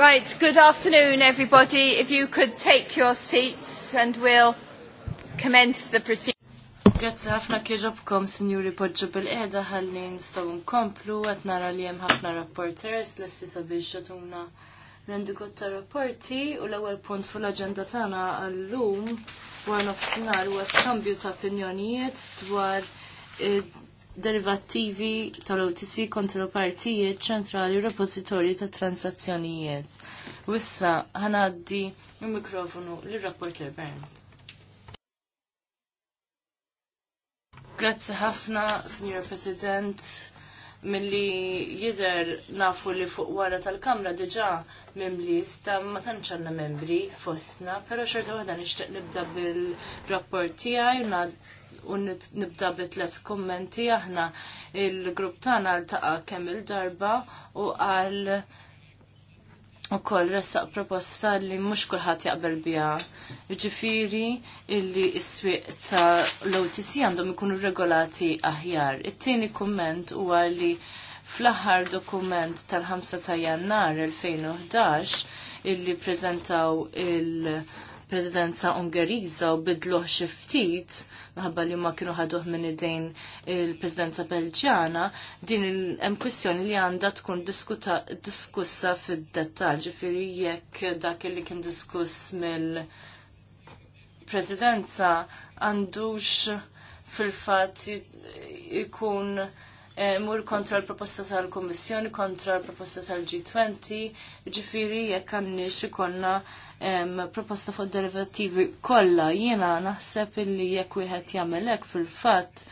Right, good afternoon everybody. If you could take your seats and we'll commence the proceeding. Grazzi ħafna kieġobkom, sinjuri podġu bil-qeda ħalli nistaw nkomplu għat nara li hemm ħafna rapporters l-essi sabiex ġatuna rendikot ta' rapporti u l ewwel punt fil-agenda tagħna għallum war nofsinar huwa skambju ta' opinjonijiet dwar derivattivi tal-OTC kontropartijiet ċentrali repozitorji ta' transazzjonijiet. Wissa ħanaddi il-mikrofonu l-rapporter Bernd. Grazzi ħafna, Signor President, milli jider nafu li fuq wara tal-kamra diġa membri sta ma tanċanna membri fosna, pero xorta waħda nixtieq nibda bil-rapport tiegħi u u nibda bitlet kommenti aħna il-grupp tagħna ltaqa' kemm il-darba u għal koll ressaq proposta li mhux kulħadd jaqbel biha. Ġifieri illi s-swieq ta' l-OTC għandhom ikunu regolati aħjar. It-tieni kumment huwa li fl-aħħar dokument tal-5 ta' Jannar 2011 illi prezentaw il- presidenza Ungeriża u bidluh xi ftit minħabba li ma kienu ħaduh minn idejn il-Presidenza Belġjana, din hemm kwistjoni li għandha tkun diskussa fid dettal ġifiri jekk dak li kien diskuss mill-Presidenza għandux fil-fatt ikun mur kontra l-proposta tal-Kommissjoni, kontra l-proposta tal-G20, ġifiri jekk għanni xikonna proposta fuq derivativi kolla. Jena naħseb illi jekk wieħed jagħmel hekk fil-fatt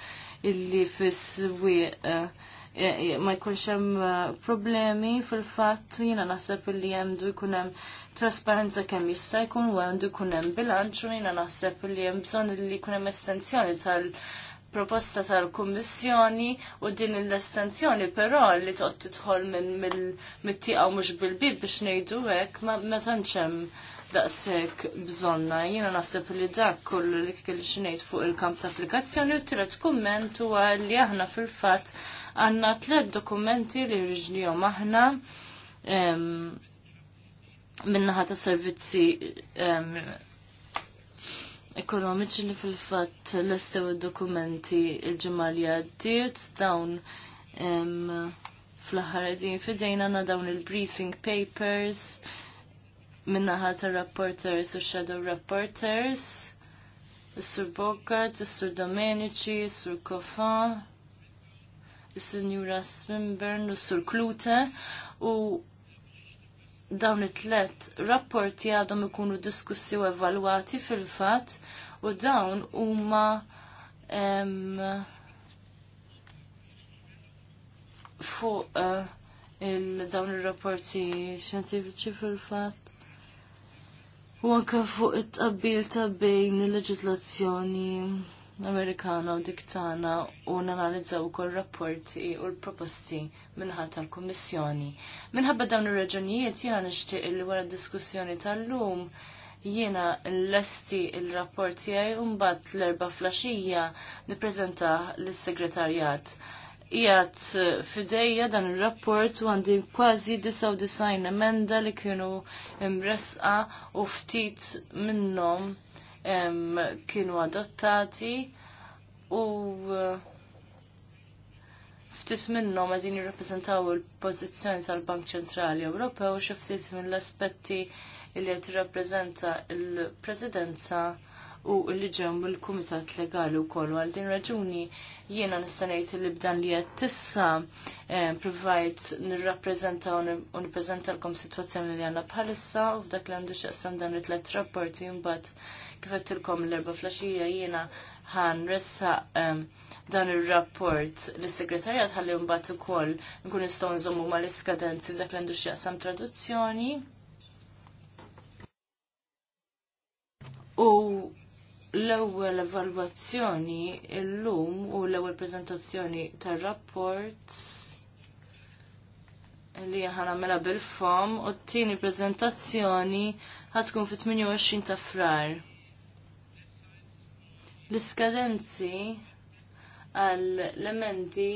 illi fis-swieq eh, eh, eh, ma jkunx hemm problemi fil-fatt jiena naħseb illi għandu jkun hemm trasparenza kemm jista' jkun u għandu jkun hemm bilanċ u jiena naħseb illi hemm bżonn illi jkun hemm estensjoni tal- proposta tal-Kummissjoni u din l-estenzjoni però li toqgħod tidħol mill-tiqgħu mhux bil-bib biex ngħidu hekk ma tantx hemm daqshekk bżonna. Jiena naħseb li dak kollu li kelli xi ngħid fuq il-kamp ta' applikazzjoni u tielet kumment huwa li aħna fil-fatt għandna tliet dokumenti li rġnihom aħna minnaħa ta' servizzi ekonomiċi li fil-fatt l istew dokumenti il ġemali li għaddiet dawn fl-aħħar din fidejna għandna dawn il-briefing papers minna ta' rapporters u shadow rapporters is-sur Bogart, is-sur Domenici, sur Kofa, is Njura Swinburne, is-sur Klute u dawn it-tlet rapporti għadhom ikunu diskussi u evalwati fil-fatt u dawn huma fuq eh, il-dawn il-rapporti xjentifiċi fil-fatt. U anke fuq it tqabbil ta' bejn il leġiżlazzjoni Amerikana u dik tagħna u nanalizzaw ukoll rapporti u l-proposti minnħat tal-Kummissjoni. Minħabba dawn ir reġunijiet jiena nixtieq li wara d diskussjoni tal-lum jiena l-lesti il-rapport tiegħi u mbagħad l-erba' flasġija nippreżentah lis-segretarjat. Ijat fidejja dan il-rapport u għandi kważi 99 emenda li kienu imresqa u ftit minnom kienu adottati u eh, ftit minnhom qegħdin jirrappreżentaw il-pożizzjoni tal-Bank Ċentrali Ewropew u xi ftit mill-aspetti li qed jirrappreżenta l-Presidenza u li ġew mill-Kumitat Legali wkoll għal din raġuni jiena nista' ngħid li b'dan li għed tissa eh, provajt nir-rapprezenta u l-kom sitwazzjoni li għandna bħalissa u f'dak li għandu x'aqsam dan it-tlet rapporti mbagħad kif kom l-erba flasġija jiena għan ressa ehm, dan il-rapport l-segretarjat ħalli mbagħad ukoll nkun nistgħu nżommu mal-iskadenzi dak l-għandu x'jaqsam traduzzjoni. U l-ewwel evalwazzjoni llum u l-ewwel preżentazzjoni tar-rapport li ħana mela bil-fom u t-tieni preżentazzjoni ħatkun fit-28 ta' frar. L-iskadenzi għall-elementi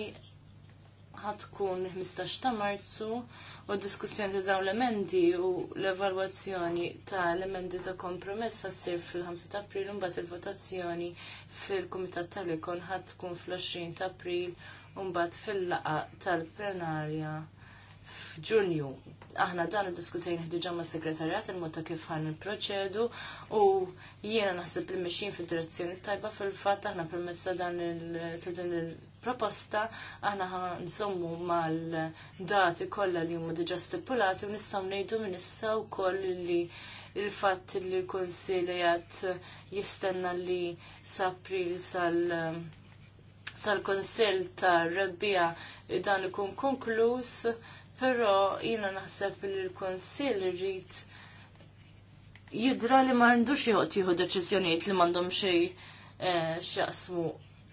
ħatkun 15 ta' marzu u diskussjoni ta' dawn l-emendi u l-evalwazzjoni ta' l-emendi ta' kompromess ħassir fil-5 ta' april u mbagħad il-votazzjoni fil-Kumitat tal-Ikon ħatkun fl-20 ta' april u mbagħad fil-laqa tal-plenarja f'Ġunju. Aħna dan iddiskutejn ħdiġa ma' segretarjat il-mod ta' kif ħan il proċedu u jiena naħseb li mexin fid-direzzjoni tajba fil-fatt aħna permezz ta' dan il proposta aħna nżommu mal-dati kollha li huma diġà stipulati u nistgħu ngħidu minn koll wkoll li il-fatt li l-konsiljat jistenna li sa april sal sal-konsil ta' rabbija dan ikun konkluż, però jiena naħseb li l-konsil rrit jidra li ma rndux jieħu deċiżjonijiet li m'għandhom xejn eh, xjaqsmu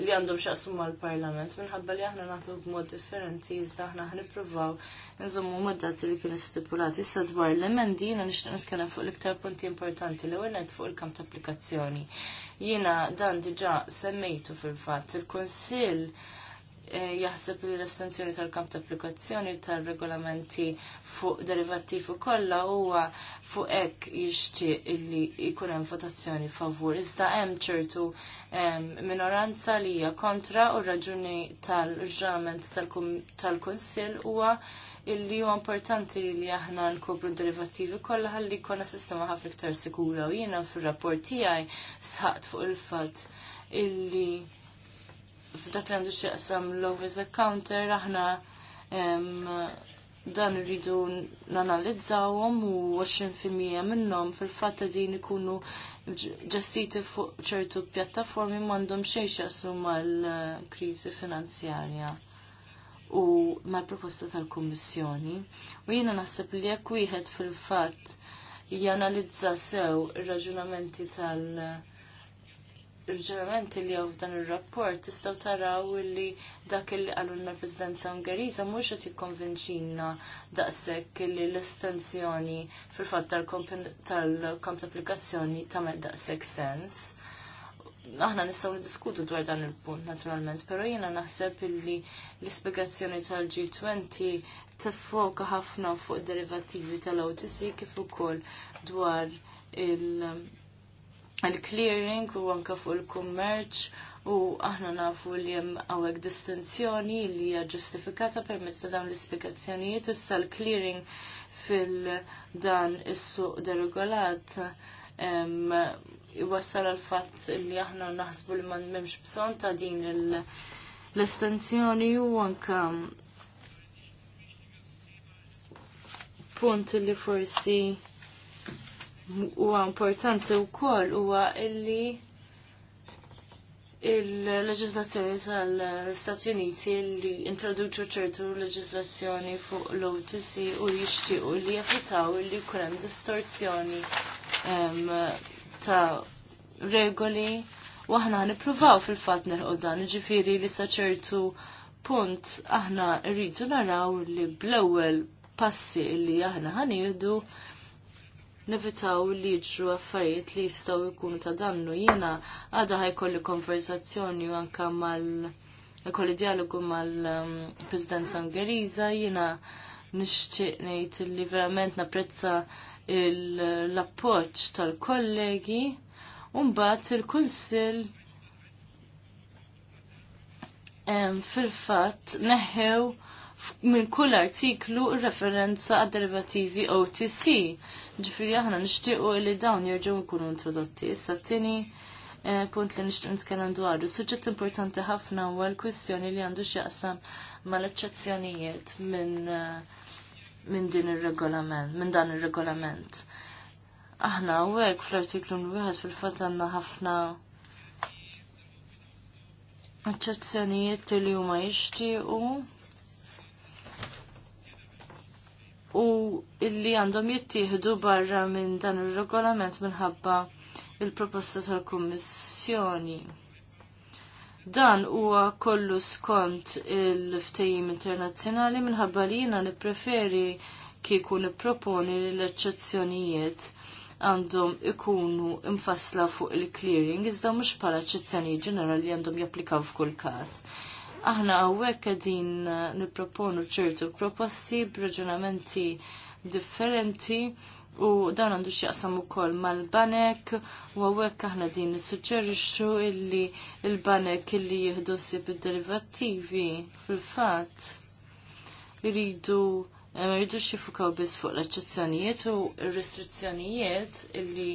li għandhom xaqsum l parlament minħabba li aħna naħdu b'mod differenti iżda aħna ħnippruvaw nżommu mad-dati li kienu stipulati issa dwar l-emendi jiena nixtieq nitkellem fuq l-iktar punti importanti li għenet fuq il-kamp ta' applikazzjoni. Jiena dan diġà semmejtu fil-fatt il-Kunsill Eh, jaħseb li l-estensjoni tal-kamp ta' applikazzjoni tal-regolamenti fuq derivattiv u kollha huwa fuq hekk jixtieq illi jkun hemm votazzjoni favur. Iżda hemm ċertu minoranza li hija kontra u raġuni tal ġurnament tal-Kunsill huwa illi huwa importanti li aħna nkopru derivattivi kollha ħalli jkollna sistema ħafna iktar sikura u jiena fir-rapport tiegħi sħaqt fuq il-fatt illi f'dak li għandu xieqsam low is a counter, aħna dan rridu nanalizzawhom u 20% minnhom fil-fatt din ikunu ġestiti fuq ċertu pjattaformi m'għandhom xejn xjaqsmu mal-kriżi finanzjarja u mal-proposta tal-Kummissjoni. U jiena naħseb li jekk wieħed fil-fatt janalizza sew ir-raġunamenti tal- il-ġeramenti li għaw f'dan il-rapport tistaw taraw li dak il għalunna l-Presidenza Ungheriża mhux qed jikkonvinċina daqshekk li l-estensjoni fil-fatt tal-kamp ta' applikazzjoni tagħmel daqshekk sens. Aħna nistgħu niddiskutu dwar dan il-punt naturalment, però jiena naħseb illi l-ispjegazzjoni tal-G20 tiffoka ħafna fuq derivativi tal-OTC kif ukoll dwar il- il-clearing u anka fuq il-kummerċ u aħna nafu li jem għawek distinzjoni li hija ġustifikata permezz ta' dawn l-ispjegazzjonijiet issa l-clearing fil-dan is-suq deregolat iwassal għal fatt li aħna naħsbu li man memx bżonn ta' din l-estensjoni u anka punt li forsi huwa importanti wkoll huwa illi il-leġislazzjoni tal-Stati Uniti li introduċu ċertu leġislazzjoni fuq l-OTC u jixtiequ li jaffitaw li jkun hemm distorzjoni ta' regoli u aħna nippruvaw fil-fatt nerqu dan, ġifiri li sa ċertu punt aħna rridu naraw li bl-ewwel passi li aħna ħanieħdu nevitaw li ġru affarijiet li jistaw ikunu ta' dannu. Jiena għada ħajkolli konverzazzjoni u anka mal- kolli dialogu mal-Presidenza um, Ungheriża, jiena nixtieq ngħid li verament napprezza l-appoġġ tal-kollegi. Umbat il-Kunsil fil-fat neħew minn kull artiklu referenza għad derivativi OTC. Ġifiri aħna nixtiequ li dawn jerġgħu jkunu introdotti. Issa t-tieni eh, punt li nixtieq nitkellem dwaru. Suġġett importanti ħafna huwa l-kwistjoni li għandu x'jaqsam mal-eċċezzjonijiet minn eh, minn din ir-regolament, minn dan ir-regolament. Aħna hekk fl-artiklu wieħed fil-fatt għandna ħafna eċċezzjonijiet li huma jixtiequ u illi għandhom jittieħdu barra minn dan ir-regolament minħabba il-proposta tal-Kummissjoni. Dan huwa kollu skont il-ftehim internazzjonali minħabba li jiena nippreferi kieku nipproponi li l-eċċezzjonijiet għandhom ikunu imfassla fuq il-clearing iżda mhux bħala eċċezzjonijiet ġenerali għandhom japplikaw f'kull każ aħna għawek għedin niproponu ċertu proposti b'raġunamenti differenti u dan għandu xieqsam u koll mal-banek u għawek aħna din nissuġġerixxu illi il-banek illi jihdu sib derivativi fil-fat jridu eh, ma jridux jifukaw bis fuq l-eċċezzjonijiet u r-restrizzjonijiet illi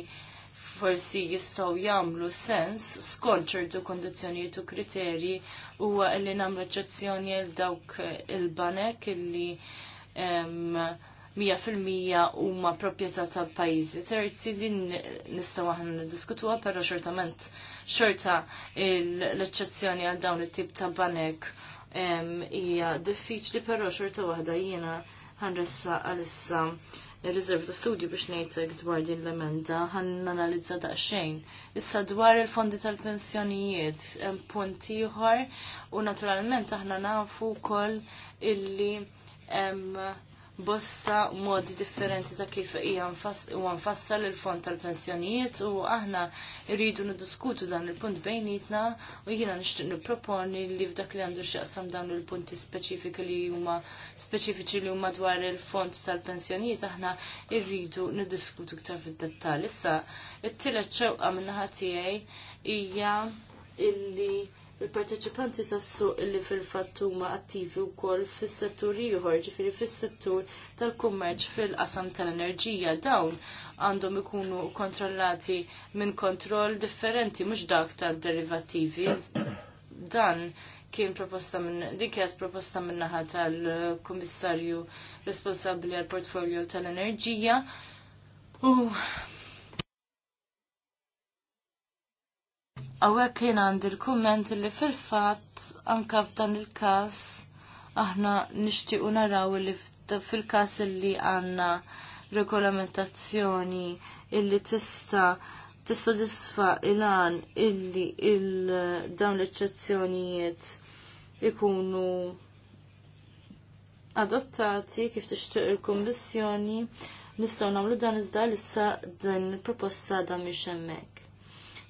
forsi jistgħu jagħmlu sens skont ċertu kondizzjonijiet u kriterji huwa li nagħmlu eċċezzjoni għal dawk il-banek illi mija fil-mija huma proprjetà ta' pajjiżi terzi din nistgħu aħna niddiskutuha però xortament xorta l-eċċezzjoni għal dawn it-tip ta' banek hija diffiċli però xorta waħda jiena ħanressa għalissa il-rizerv ta' studju biex ngħidlek dwar din l-emenda nanalizza analizza daqsxejn. Issa dwar il-fondi tal-pensjonijiet hemm punt ieħor u naturalment aħna nafu wkoll illi hemm bosta modi differenti ta' kif hija nfassal il-fond tal-pensjonijiet u aħna rridu n-diskutu dan il-punt bejnietna u jiena nixtieq nipproponi li f'dak li għandu x'jaqsam dawn il-punti speċifiki li huma speċifiċi li huma dwar il-fond tal-pensjonijiet aħna rridu niddiskutu ktar fid-dettall. Issa, it-tielet ċewqa min-naħa tiegħi hija illi il-parteċipanti tas-suq li fil-fatt huma attivi wkoll fis-settur ieħor, ġifieri fis-settur tal-kummerċ fil-qasam tal-enerġija dawn għandhom ikunu kontrollati minn kontroll differenti mhux dak tad-derivattivi. Dan kien proposta minn dik kienet proposta minn naħa tal-Kummissarju responsabbli għall portfolio tal-enerġija. U uh, Għawek jien għandi l komment li fil-fat anka f'dan il-kas aħna nixtiequ naraw li fil-kas li għanna regolamentazzjoni illi tista tissodisfa il-għan illi il-dawn l-eċċezzjonijiet ikunu adottati kif tixtieq il-Kummissjoni nistgħu nagħmlu dan iżda issa din il proposta da mhix hemmhekk.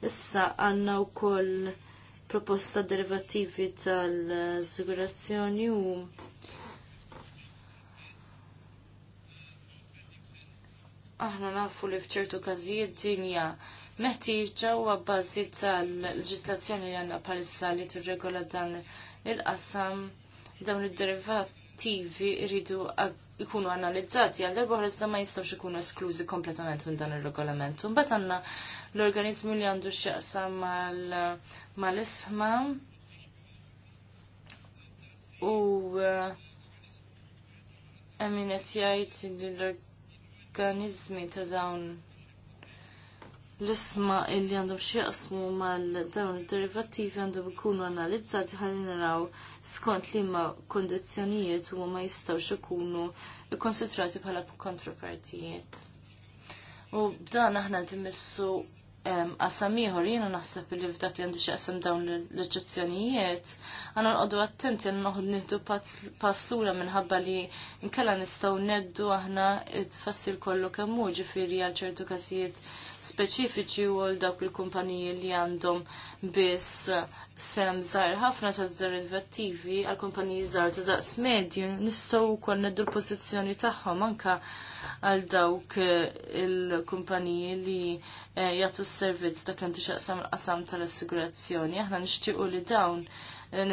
Issa għanna u koll proposta derivativi tal-assigurazzjoni u aħna nafu li fċertu kazijiet dinja meħtieġa u għabbażi tal-leġislazzjoni li għanna palissa li tirregola dan il-qasam dawn id-derivati direttivi rridu ikunu analizzati għal darba ħares ma jistawx ikunu esklużi kompletament minn dan ir-regolament. Mbagħad għandna l-organizmu li għandu x'jaqsam mal-isma u emin eh, jajt jgħid l-organizmi ta' dawn l-isma illi għandhom xieqsmu mal dawn id-derivativi għandhom ikunu analizzati ħalli naraw skont li ma kondizjonijiet u ma jistawx ikunu ikkonsidrati bħala kontropartijiet. U b'dan aħna dimmissu qasam ieħor jiena naħseb li f'dak li għandu xieqsam dawn l-eċezzjonijiet, għandna nqogħdu attenti għan noħod nieħdu pass lura minħabba li nkella nistgħu neddu aħna tfassil kollu kemm hu għal ċertu kasijiet speċifiċi u għol dawk il-kumpaniji li għandhom biss uh, sem żgħar ħafna ta' derivattivi għal kumpaniji żgħar ta' daqs medju nistgħu wkoll neddu l-pożizzjoni tagħhom anke għal dawk uh, il-kumpaniji li uh, jagħtu s-servizz dak li xaqsam l-qasam tal-assigurazzjoni. Aħna nixtiequ li dawn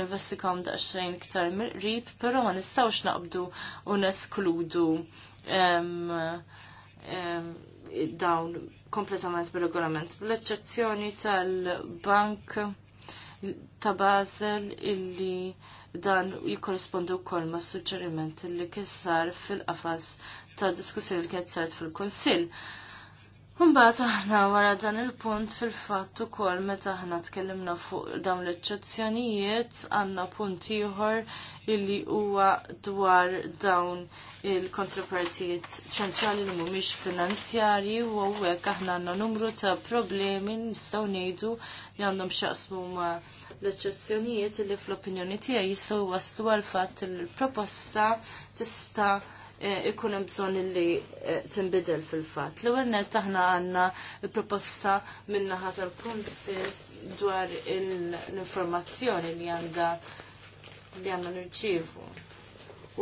nivestikom daqsxejn iktar mill-qrib, però ma nistgħux naqbdu u neskludu um, um, dawn kompletament bil-regolament, bl-eċċezzjoni tal-bank ta' Basel illi dan jikorrespondu wkoll ma' suġġeriment li sar fil-qafas ta' diskussjoni li kienet saret fil kunsill Mbagħad aħna wara dan il-punt fil-fatt ukoll meta aħna tkellimna fuq dawn l-eċċezzjonijiet għandna punt ieħor illi huwa dwar dawn il-kontrapartijiet ċentrali li mhumiex finanzjarji u hawnhekk aħna għandna numru ta' problemi nistgħu ngħidu li għandhom x'jaqsmu ma' l-eċċezzjonijiet li fl-opinjoni tiegħi jistgħu waslu għal fatt il-proposta tista' Eh, ikun bżon illi eh, timbidel fil-fat. l ewwel taħna aħna għanna proposta min-naħa tal-kunsis dwar l-informazzjoni li għanda li għanna nirċivu.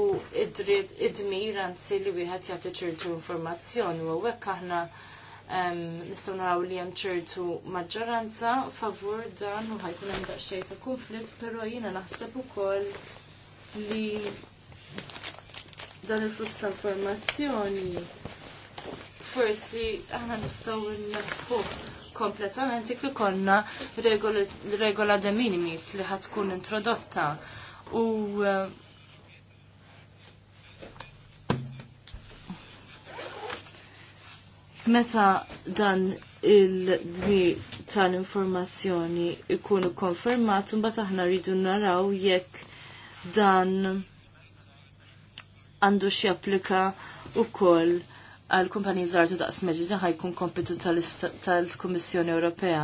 U id-dmir għanzi li wieħed jagħti ċertu informazzjoni u hekk aħna nistgħu naraw li hemm ċertu maġġoranza favur dan u ħajkun hemm daqsxejn ta' konflitt, però jiena naħseb ukoll li dan il-fluss ta' informazzjoni. Forsi aħna nistgħu nneħħu kompletament kif ikollna regola de minimis li ħad tkun introdotta u eh, meta dan il-dmi tal-informazzjoni ikunu konfermat mbagħad aħna rridu naraw jekk dan għandu xi applika wkoll għal kumpani zartu daqs medju dan ħajkun kompetu tal-Kummissjoni Ewropea.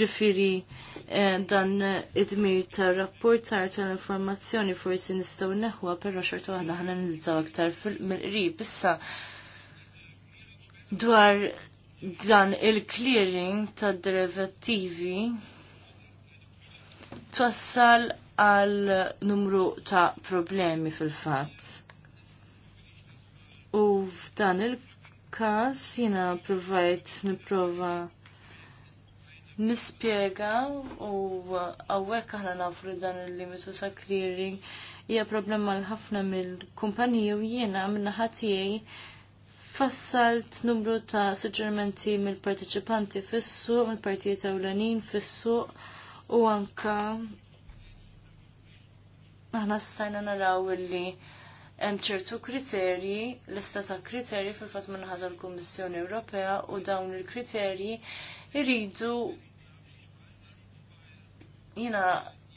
Ġifieri eh, dan id-dmir tar-rapportar tal-informazzjoni forsi nistgħu neħwa però xortu għahda ħana nilżaw aktar mill-qrib. Issa dwar dan il-clearing tad derivativi twassal għal numru ta' problemi fil-fatt U f'dan il-każ jiena provajt nipprova nispjega u għawek aħna nafru dan il-limitu sa' clearing hija problema l-ħafna mill-kumpaniji u jiena minna naħa tiegħi fassalt numru ta' suġġermenti mill-partiċipanti fis-suq, mill-partijiet ewlenin fissu u anka aħna stajna naraw illi hemm ċertu kriterji, lista ta' kriterji fil-fatt minħata l-Kummissjoni Ewropea u dawn il-kriterji irridu jina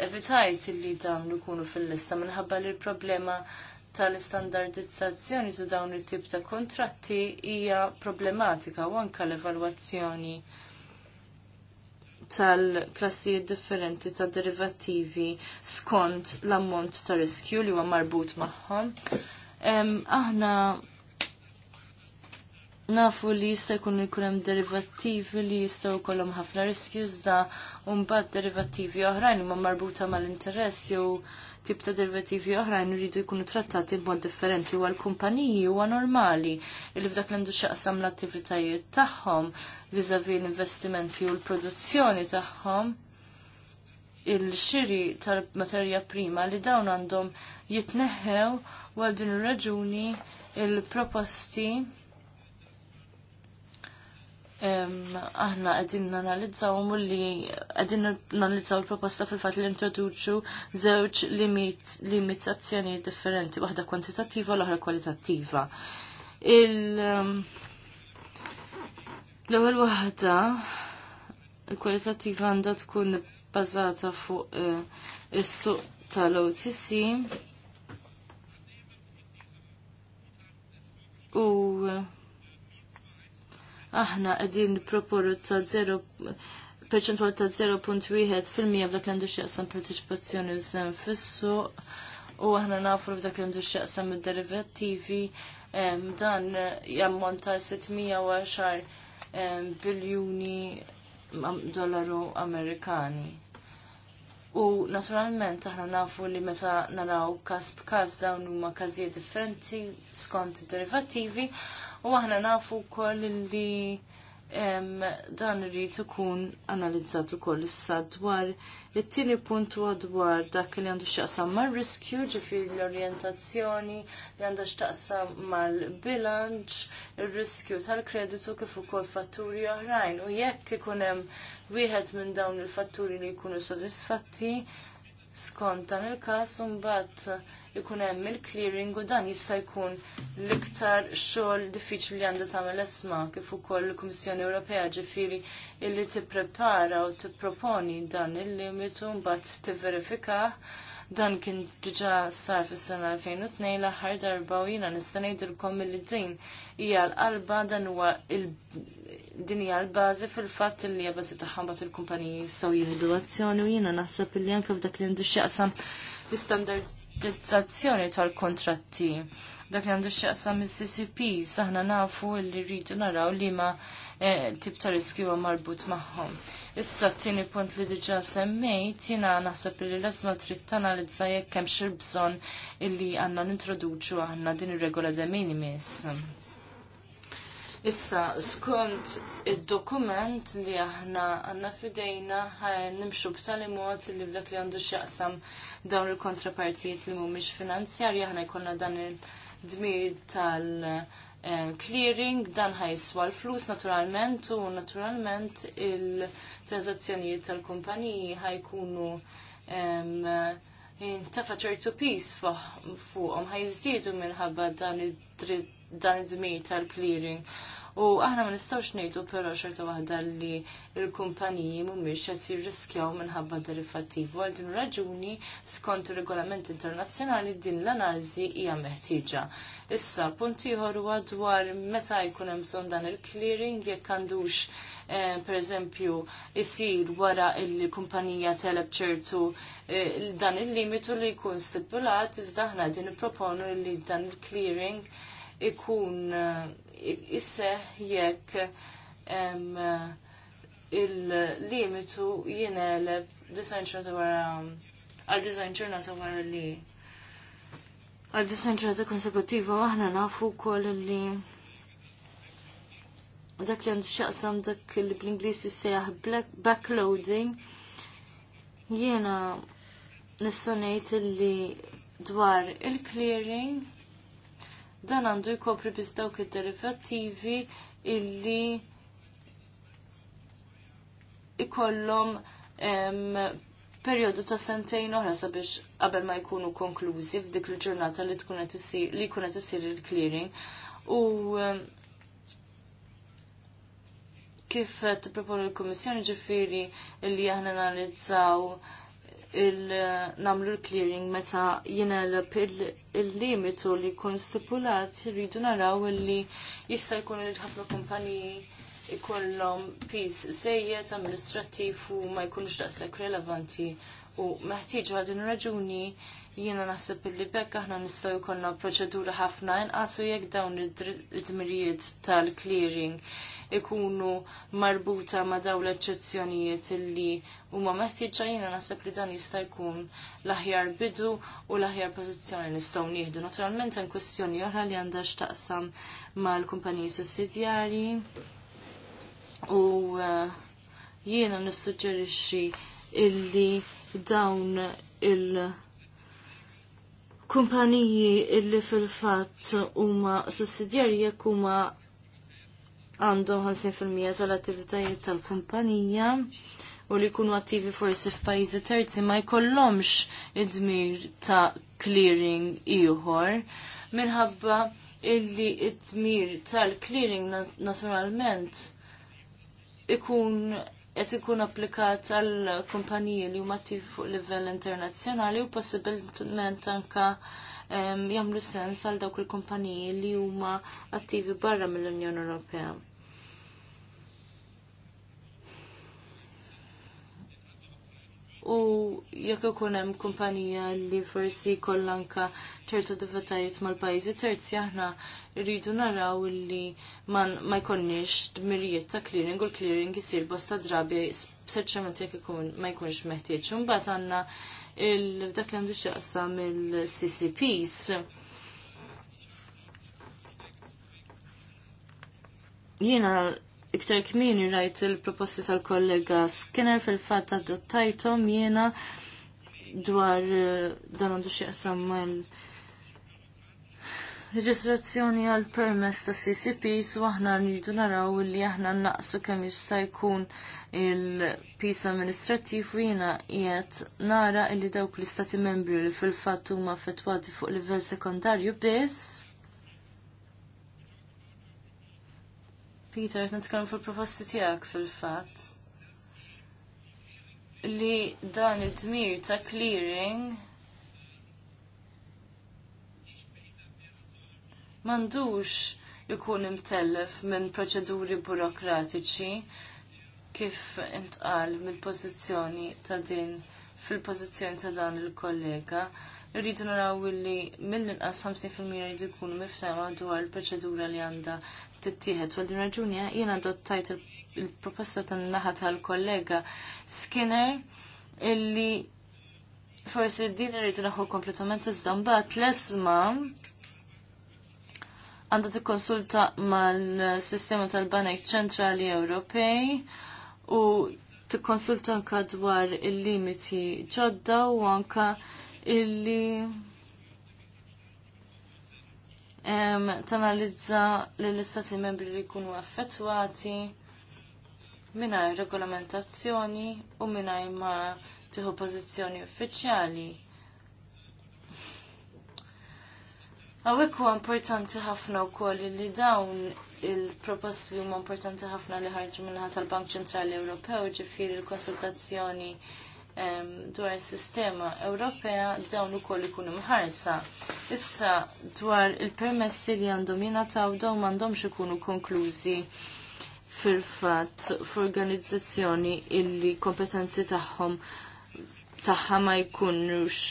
evitajt li dawn ikunu fil-lista minħabba li l-problema tal-istandardizzazzjoni ta' dawn it-tip ta' kontratti hija problematika u anke l-evalwazzjoni tal-klassijiet differenti ta' derivattivi skont l-ammont ta' riskju li huwa marbut magħhom. Aħna nafu li jista' jkun ikun hemm derivattivi li jistgħu jkollhom ħafna riskju iżda u mbagħad derivattivi oħrajn huma marbuta mal-interess jew tip ta' derivativi oħrajn rridu jkunu trattati b'mod differenti u għal-kumpaniji huwa normali li f'dak l-għandu xaqsam l-attivitajiet tagħhom viżavi l-investimenti u l-produzzjoni tagħhom il-xiri tal-materja prima li dawn għandhom jitneħħew u għal din ir-raġuni il-proposti il proposti aħna għedin nanalizzaw mulli għedin nanalizzaw il-proposta fil-fat li introduċu zewċ limitazzjoni differenti, waħda kwantitattiva u l-oħra kwalitattiva. L-ewwel waħda il-kwalitattiva għandha tkun bazata fuq eh, is-suq tal-OTC u eh, aħna qegħdin proporu ta' 0 perċentwal ta' 0.1 fil-mija f'dak l għandu x'jaqsam partecipazzjoni u sem u aħna nafu f'dak l għandu x'jaqsam id-derivattivi dan jammonta 610 biljuni dollaru Amerikani. U naturalment aħna nafu li meta naraw kas b'kas dawn huma każijiet differenti skont derivativi, u aħna nafu wkoll li dan irrid ikun analizzat ukoll issa dwar it-tieni punt huwa dwar dak li għandu x'taqsam mar-riskju ġifieri l-orjentazzjoni li għandha x'taqsam mal-bilanċ, ir-riskju tal-kreditu kif ukoll fatturi oħrajn u jekk ikun hemm wieħed minn dawn il-fatturi li jkunu sodisfatti, skont dan il-każ mbagħad ikun hemm il-clearing u dan jista' jkun l-iktar xogħol diffiċli li għandha tagħmel esma kif ukoll il-Kummissjoni Ewropea ġifieri illi tipprepara u tipproponi dan il-limitu mbagħad tivverifikah dan kien diġa sar fis sena 2002 l-aħħar darba u jiena nistanejt il-kom din hija l-qalba dan huwa din hija l-bażi fil-fatt li hija bażi tagħhom bat il-kumpaniji jistgħu jihdu azzjoni u jiena naħseb li anke f'dak li għandu x'jaqsam l-istandardizzazzjoni tal-kontratti. Dak li għandu x'jaqsam il ccp saħna nafu li rridu naraw li ma eh, tip ta' riski u marbut magħhom. Issa t-tieni punt li diġà semmejt jiena naħseb li l-esma trid tanalizza jekk hemm xi bżonn illi għandna nintroduċu aħna din ir-regola de minimis Issa, skont il-dokument li aħna għanna fidejna nimxu b'tali mod li b'dak li għandu xjaqsam dawn il-kontrapartijiet li mhumiex finanzjarja. aħna jkollna dan il-dmir tal- clearing dan ħajswa l-flus naturalment u naturalment il-transazzjonijiet tal-kumpaniji ħajkunu ta' ċertu pis fuqhom ħajżdiedu minħabba dan id-dritt dan id-dmir tal-clearing. U aħna ma nistawx ngħidu però xorta waħda li l-kumpaniji mhumiex qed jirriskjaw minħabba derivattiv. Għal din raġuni skont ir-regolament internazzjonali din l-analiżi hija meħtieġa. Issa punt ieħor huwa dwar meta jkun hemm bżonn dan il-clearing jekk għandux eh, per eżempju, jisir wara il-kumpanija teleb ċertu eh, dan il-limitu li jkun stipulat, iżda aħna din proponu li dan il-clearing ikun eh, isse jekk il-limitu jieneleb design ċerta wara għal design ċernata wara li għal design ċerta konsekutiva aħna nafu kol li dak li għandu xaqsam dak li bl-Inglis jissejjaħ backloading jiena nistanejt li dwar il-clearing dan għandu jkopri biss dawk id-derivattivi illi ikollhom periodu ta' sentejn oħra sabiex qabel ma jkunu konklużi f'dik il-ġurnata li tkun qed li jkun qed isir il-clearing. U kif tipproponu l-Kummissjoni ġifieri li aħna analizzaw il-namlu l-clearing meta jinelab il-limitu li kun stipulat rridu naraw li jista jkun il-ħafna kumpaniji ikollhom pis sejjed amministrattiv u ma jkunux daqshekk relevanti u meħtieġ għadin raġuni jiena naħseb li bekk aħna nistgħu jkollna proċedura ħafna inqasu jekk dawn id-dmirijiet tal-clearing ikunu marbuta ma daw l-eċċezzjonijiet illi huma meħtieġa naħseb li dan jista' jkun l-aħjar bidu u l-aħjar pożizzjoni nistgħu nieħdu. Naturalment hemm kwestjoni oħra li għandha x'taqsam mal-kumpaniji sussidjarji u eh, jiena nissuġġerixxi illi dawn il- kumpaniji illi fil-fatt huma sussidjarji jekk huma għandhom 50% tal-attivitajiet tal-kumpanija u li jkunu attivi forsi f'pajjiżi terzi ma jkollhomx id-dmir ta' clearing ieħor minħabba illi id-dmir tal-clearing naturalment ikun qed ikun applikat għal kumpaniji li huma attivi fuq livell internazzjonali u possibilment anka jagħmlu sens għal dawk il-kumpaniji li huma attivi barra mill-Unjoni Ewropea. u jekk ikun hemm kumpanija li forsi kollanka ċertu divatajiet mal-pajjiżi terzi aħna rridu naraw li man ma jkollniex dmirijiet ta' clearing u l-clearing isir bosta drabi serċament jekk ikun ma jkunx meħtieġ. Imbagħad għandna dak li għandu x'jaqsam mill ccps Jiena iktar kmini rajt il-proposti tal-kollega Skinner fil-fat adottajtom jiena dwar eh, dan għandu xieqsam mal reġistrazzjoni għal permess ta' CCP su aħna rridu naraw li aħna naqsu kemm jista' jkun il-pis amministrattiv u jiena qiegħed nara li dawk l-istati membri li fil-fatt huma fetwati fuq livell sekondarju biss Peter, t-kallum fil-proposti tijak fil fat Li dan id-dmir ta' clearing mandux ikun imtellef minn proċeduri burokratiċi kif intqal mill-pożizzjoni ta' din fil-pożizzjoni ta' dan il-kollega rridu naraw li mill-inqas 50% rridu jkunu miftema dwar il-proċedura li għandha tittieħed għal din raġuni jiena adottajt il-proposta tan-naħa tal-kollega Skinner illi forsi din irridu naħu kompletament iżda mbagħad l-esma għandha tikkonsulta mal-sistema tal-Banek Ċentrali Ewropej u tikkonsulta anka dwar il-limiti ġodda u anka illi tanalizza li l-istati membri li jkunu affettwati minnaj regolamentazzjoni u minnaj ma tiħu pozizjoni uffiċjali Għawek u importanti ħafna u koll li dawn il-proposti li huma importanti ħafna li ħarġu minnaħat tal-Bank Ċentrali Ewropew ġifiri l-konsultazzjoni dwar is-sistema Ewropea dawn ukoll ikunu mħarsa. Issa dwar il-permessi li għandhom jingħataw dawn mandom ikunu konklużi fil-fatt f'organizzazzjoni illi kompetenzi tagħhom tagħha ma jkunux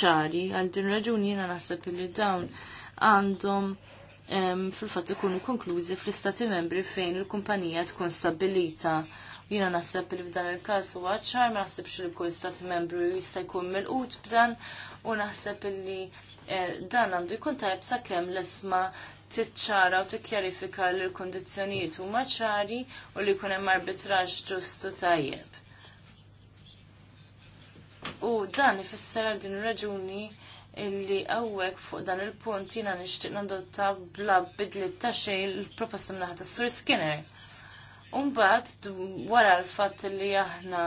ċari. Għal din raġuni jiena naħseb illi dawn għandhom fil-fatt ikunu konklużi fl-istati membri fejn il-kumpanija tkun stabilita Jiena naħseb li f'dan il-każ huwa ċar, ma nasib xil kull stat membru jista' jkun milqut b'dan u naħseb li eh, dan għandu jkun tajb sakemm l-isma titċara u tikkjarifika li l kondizjoniet huma ċari u li jkun hemm arbitraġġ ġustu tajjeb. U dan ifisser għal din raġuni illi għawek fuq dan il-punt jina nishtiq nadotta bla bidlit ta' xej l-proposta minnaħat s-sur Skinner. Umbat, wara l-fat li aħna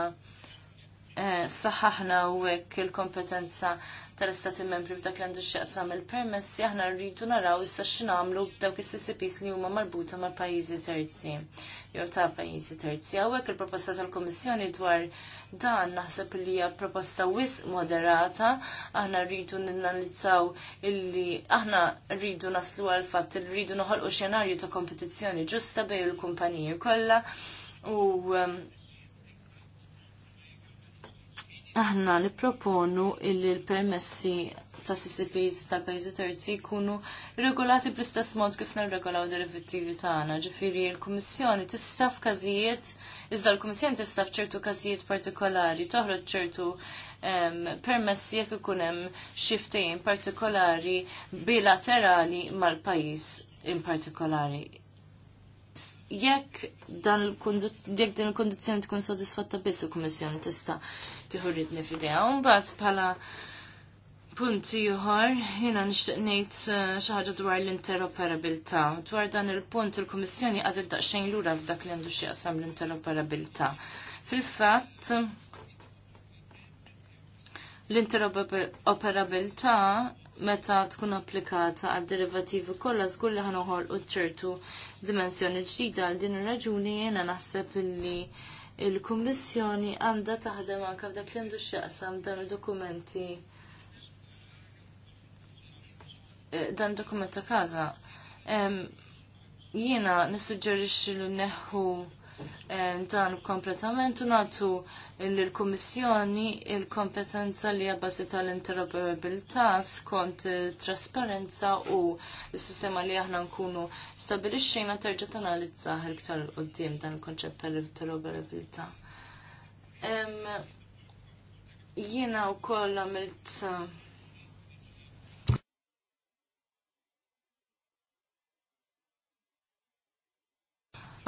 eh, saħħaħna u il-kompetenza tal-istati membri f'dak l għandu x'jaqsam il-permessi aħna rridu naraw issa x'namlu dawk is pis li huma marbuta mal pajjiżi terzi jew ta' pajjiżi terzi. Hawnhekk il-proposta tal-Kummissjoni dwar dan naħseb li hija proposta wis moderata, aħna rridu ninanalizzaw illi aħna rridu naslu għal fatt li rridu noħolqu xenarju ta' kompetizzjoni ġusta bejn il-kumpaniji kollha u um, aħna nipproponu illi l-permessi ta' CCPs ta' pajzi terzi jkunu regolati bl-istess mod kif nirregolaw derivativi tagħna. Ġifieri l-Kummissjoni tista' f'każijiet iżda l-Kummissjoni tista' f'ċertu każijiet partikolari toħroġ ċertu permessi jekk ikun hemm xi partikolari bilaterali mal-pajjiż in partikolari. Jekk dan il-kundizzjoni tkun sodisfatta biss il-Kummissjoni tista' tiħu ridni fidea. pala punti ieħor jiena nixtieq ngħid eh, xi ħaġa dwar l-interoperabilità. Dwar dan il-punt il-Kummissjoni qadet daqsxejn lura f'dak li għandu xieqsam l-interoperabilità. Fil-fatt l-interoperabilità meta tkun applikata għad derivativi kollha żgur li ħanoħol u ċertu dimensjoni ġdida għal din ir-raġuni jiena naħseb illi il-Kummissjoni għandha taħdem anke f'dak li għandu x'jaqsam dan id-dokumenti eh, dan dokumenta kaza. każa. Jiena nissuġġerixxi li neħħu Eh, dan kompletament u nagħtu lill-Kummissjoni l kompetenza li hija bażi tal-interoperabilità skont trasparenza u s-sistema li aħna nkunu stabilixxina terġa' tanalizzah iktar qudiem dan il-konċett tal-interoperabilità. Jiena wkoll għamilt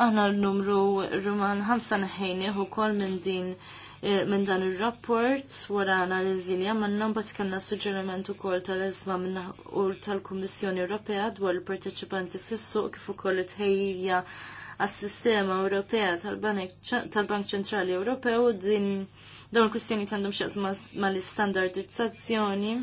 Aħna l-numru Ruman ħamsa neħejni u kol minn din eh, minn dan il-rapport wara analizi li għamman nambat kanna suġġerimentu ukoll tal-ezma minna u tal-Kummissjoni Ewropea dwar il-parteċipanti fis-suq kif ukoll it-ħejja għas-sistema Ewropea tal-Bank Ċentrali Ewropew din dawn kwistjoni kandum xaqs mal-istandardizzazzjoni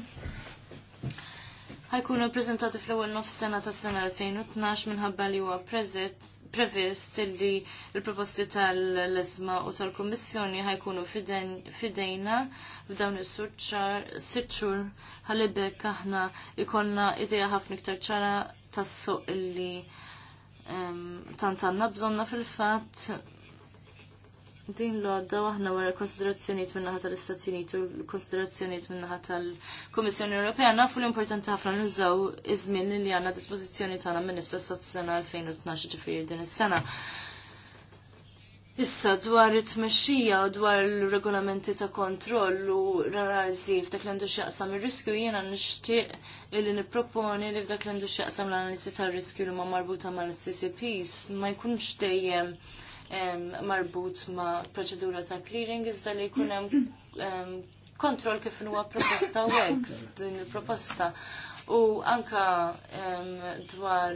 ħajkunu prezentati fl-ewwel nofs sena ta' sena 2012 minħabba li huwa previst li l-proposti tal-lesma u tal-Kummissjoni ħajkunu fidejna f'dawn is-surċar sitxur ħalibek aħna ikonna idea ħafna iktar ċara tas-suq li tantanna bżonna fil-fatt din l għadda waħna wara konsiderazzjoniet minnaħa tal-Istati Uniti u l-konsiderazzjoniet minnaħa tal-Komissjoni Ewropea nafu l-importanti ħafna nużaw iż-żmien li għandna dispożizzjoni tagħna minn issa s-sena 2012 ġifieri din is-sena. Issa dwar it-tmexxija u dwar l-regolamenti ta' kontroll u rarażi f'dak l-għandu x'jaqsam ir-riskju jiena nixtieq illi nipproponi li f'dak l-għandu x'jaqsam l-analiżi tar-riskju li ma marbuta mal-CCPs ma jkunx dejjem marbut ma' proċedura ta' clearing iżda li jkun hemm kontroll kif huwa proposta u hekk din il-proposta. U anka dwar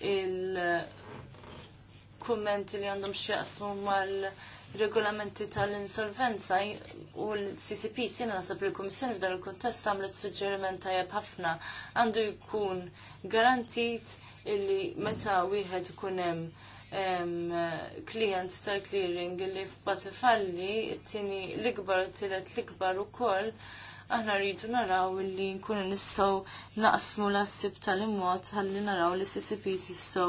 il-kummenti li għandhom x'jaqsmu mal- regolamenti tal-insolvenza u l-CCP sena nasab il-Komissjoni f'dan il-kontest għamlet suġġeriment tajab ħafna għandu jkun garantit illi meta wieħed ikun hemm klient tal-clearing li f'bat falli, t tieni l-ikbar, t-tielet l-ikbar ukoll, aħna rridu naraw li nkunu nistaw naqsmu l-assib tal-immod ħalli naraw li s CCP jistgħu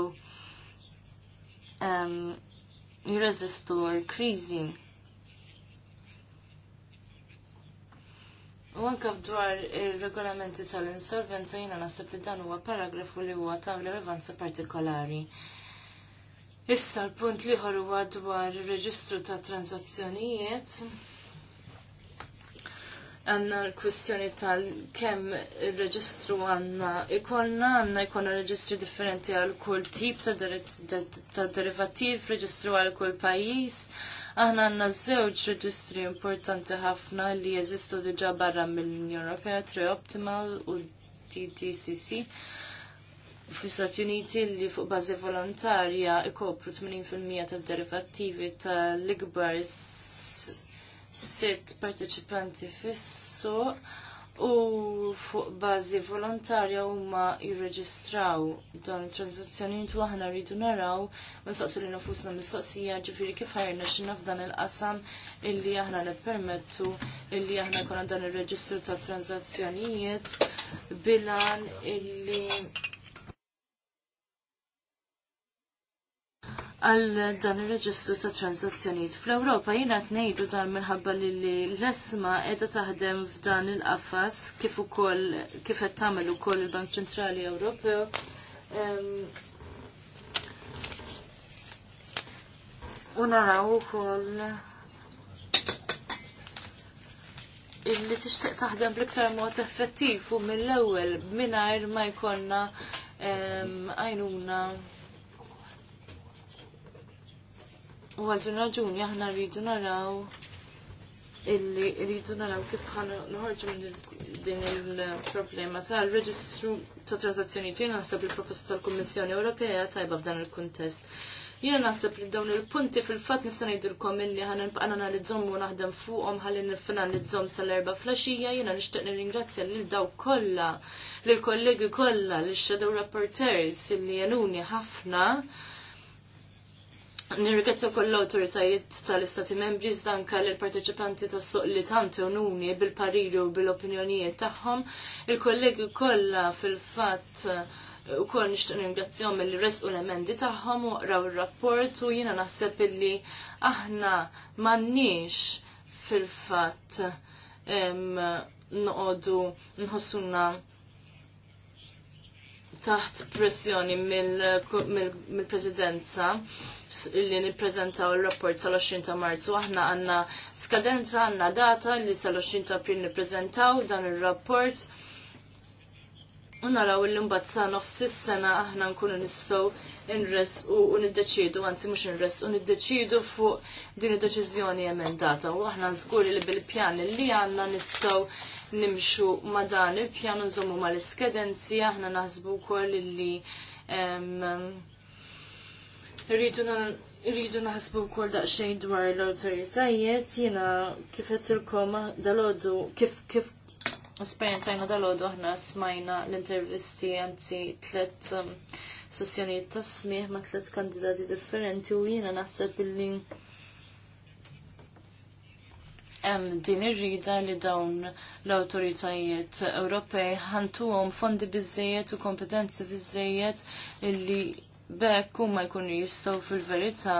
jirreżistu l-kriżi. U anka f'dwar il regolamenti tal-insolvenza jiena naħseb li dan huwa paragrafu li huwa ta' rilevanza partikolari. Issa l-punt liħor huwa dwar reġistru ta' tranzazzjonijiet. Għanna l-kwistjoni tal kemm il-reġistru għanna ikonna, għanna ikonna reġistri differenti għal kull tip ta', derivattiv ta derivativ, reġistru għal kull pajis. Aħna għanna żewġ reġistri importanti ħafna li jeżistu diġa barra mill-Unjoni Ewropea, Tre Optimal u DDCC fl Uniti li fuq bażi volontarja ikopru 80% tad-derivattivi tal-ikbar sitt partecipanti fis-suq u fuq bażi volontarja huma jirreġistraw dawn it-transazzjonijiet u aħna rridu naraw nistaqsu li nafusna mistoqsija ġifieri kif ħajrna x'inna f'dan il-qasam illi aħna nippermettu illi aħna konna dan ir-reġistru tat transazzjonijiet bilan illi għal dan il-reġistru ta' transazzjonijiet. Fl-Ewropa jina qed ngħidu dan minħabba li l-esma edha taħdem f'dan il-qafas kif ukoll kif qed tagħmel ukoll il-Bank Ċentrali Ewropew. U naraw ukoll illi tixtieq taħdem bl-iktar mod effettiv u mill-ewwel mingħajr ma jkollna għajnuna um, U għaldun raġuni aħna rridu naraw illi rridu naraw kif ħan nħorġu minn din il-problema ta' tal-reġistru ta' transazzjonijiet jiena naħseb il-proposta tal-Kummissjoni Ewropea tajba f'dan il-kuntest. Jiena naħseb li dawn il-punti fil-fatt nista' ngħidilkom illi għan nibqa' analizzhom u naħdem fuqhom ħalli nifinalizzhom sal-erba' flaxija jiena nixtieq nirringrazzja lil daw kollha, lill kollegi kollha, x shadow rapporteurs illi jenuni ħafna Nirrigrazzaw koll l-autoritajiet tal-Istati membri zdanka l-parteċipanti tas suq li tanti ununi bil-pariri u bil-opinjonijiet tagħhom. Il-kollegi kollha fil-fatt eh, u koll nixtieq ringrazzjahom il resqu l-emendi tagħhom u qraw ir-rapport u jiena naħseb li aħna m'għandniex fil-fatt noqogħdu nħossuna taħt pressjoni mill-presidenza. Mil, mil li nippreżentaw il-rapport sal-20 ta' Marzu. Aħna għandna skadenza, għandna data li sal-20 ta' April nippreżentaw dan ir-rapport. U naraw li sa nofs is-sena aħna nkunu nistgħu inres u niddeċidu, anzi mhux inres u niddeċidu fuq din id-deċiżjoni emendata. U aħna żguri li bil-pjan li għandna nistgħu nimxu ma dan il-pjan nżommu mal-iskedenzi aħna naħsbu wkoll li um, rridu naħsbu wkoll daqsxejn dwar l-awtoritajiet jiena kif dal dalodu kif kif dal dalodu aħna smajna l-intervisti anzi tliet um, sessjonijiet ta' smieħ ma' tliet kandidati differenti u jiena naħseb illi hemm din irrida li dawn l-awtoritajiet Ewropej ħantuhom fondi biżejjed u kompetenzi biżejjed illi bekk huma jkunu jistgħu fil-verità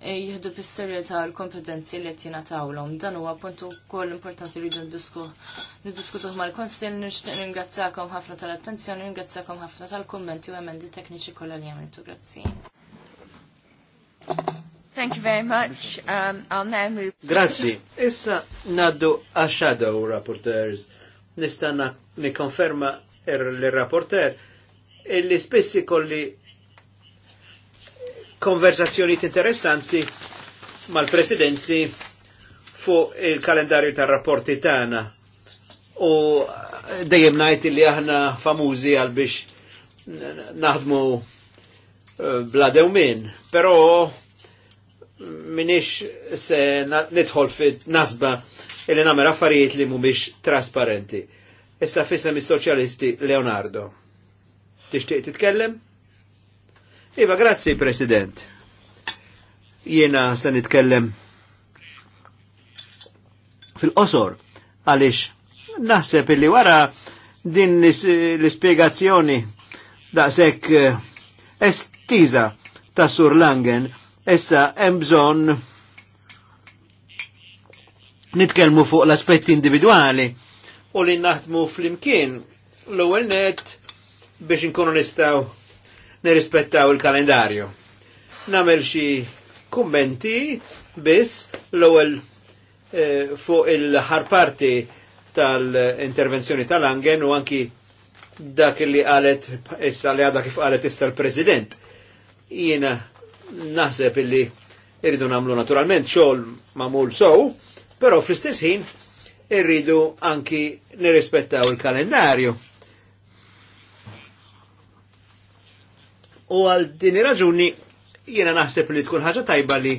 eh, jihdu bis-serjetà l-kompetenzi li qed jingħatawhom. Dan huwa punt wkoll importanti li niddiskutuh mal-Konsil, nixtieq ningrazzjakom ħafna tal-attenzjoni, ringrazzakom ħafna tal-kummenti u emendi tekniċi kollha li għamiltu grazzi. Thank you very much. Um, I'll now move. Grazzi. Issa naddu għax-shadow rapporteris Nistanna nikonferma er- l rapporter illi spessi kolli konverzazzjoniet interessanti mal-presidenzi fuq il-kalendarju tar-rapporti tagħna. U dejjem ngħid li aħna famużi għal biex naħdmu eh, bla dewmin, però minix se nidħol fit nasba li nagħmel affarijiet li mhumiex trasparenti. Issa fissa mis-soċjalisti Leonardo. Tixtieq titkellem? Iva, grazzi, President. Jena se nitkellem fil-qosor għalix naħseb illi wara din l-ispiegazzjoni daqshekk eh, estiza ta' Sur Langen, essa hemm bżonn nitkellmu fuq l-aspetti individwali u li naħdmu fl-imkien l-ewwel net biex inkunu nistgħu nirrispettaw il-kalendarju. Namel xi kummenti biss l-ewwel eh, fuq il ħar parti tal-intervenzjoni tal-Angen u anki dak li qalet issa li għadha kif qalet issa l-President. Jiena naħseb illi irridu namlu naturalment xogħol mamul sow, però fl-istess ħin irridu anki nirrispettaw il-kalendarju. U għal din raġuni jiena naħseb li tkun ħaġa tajba li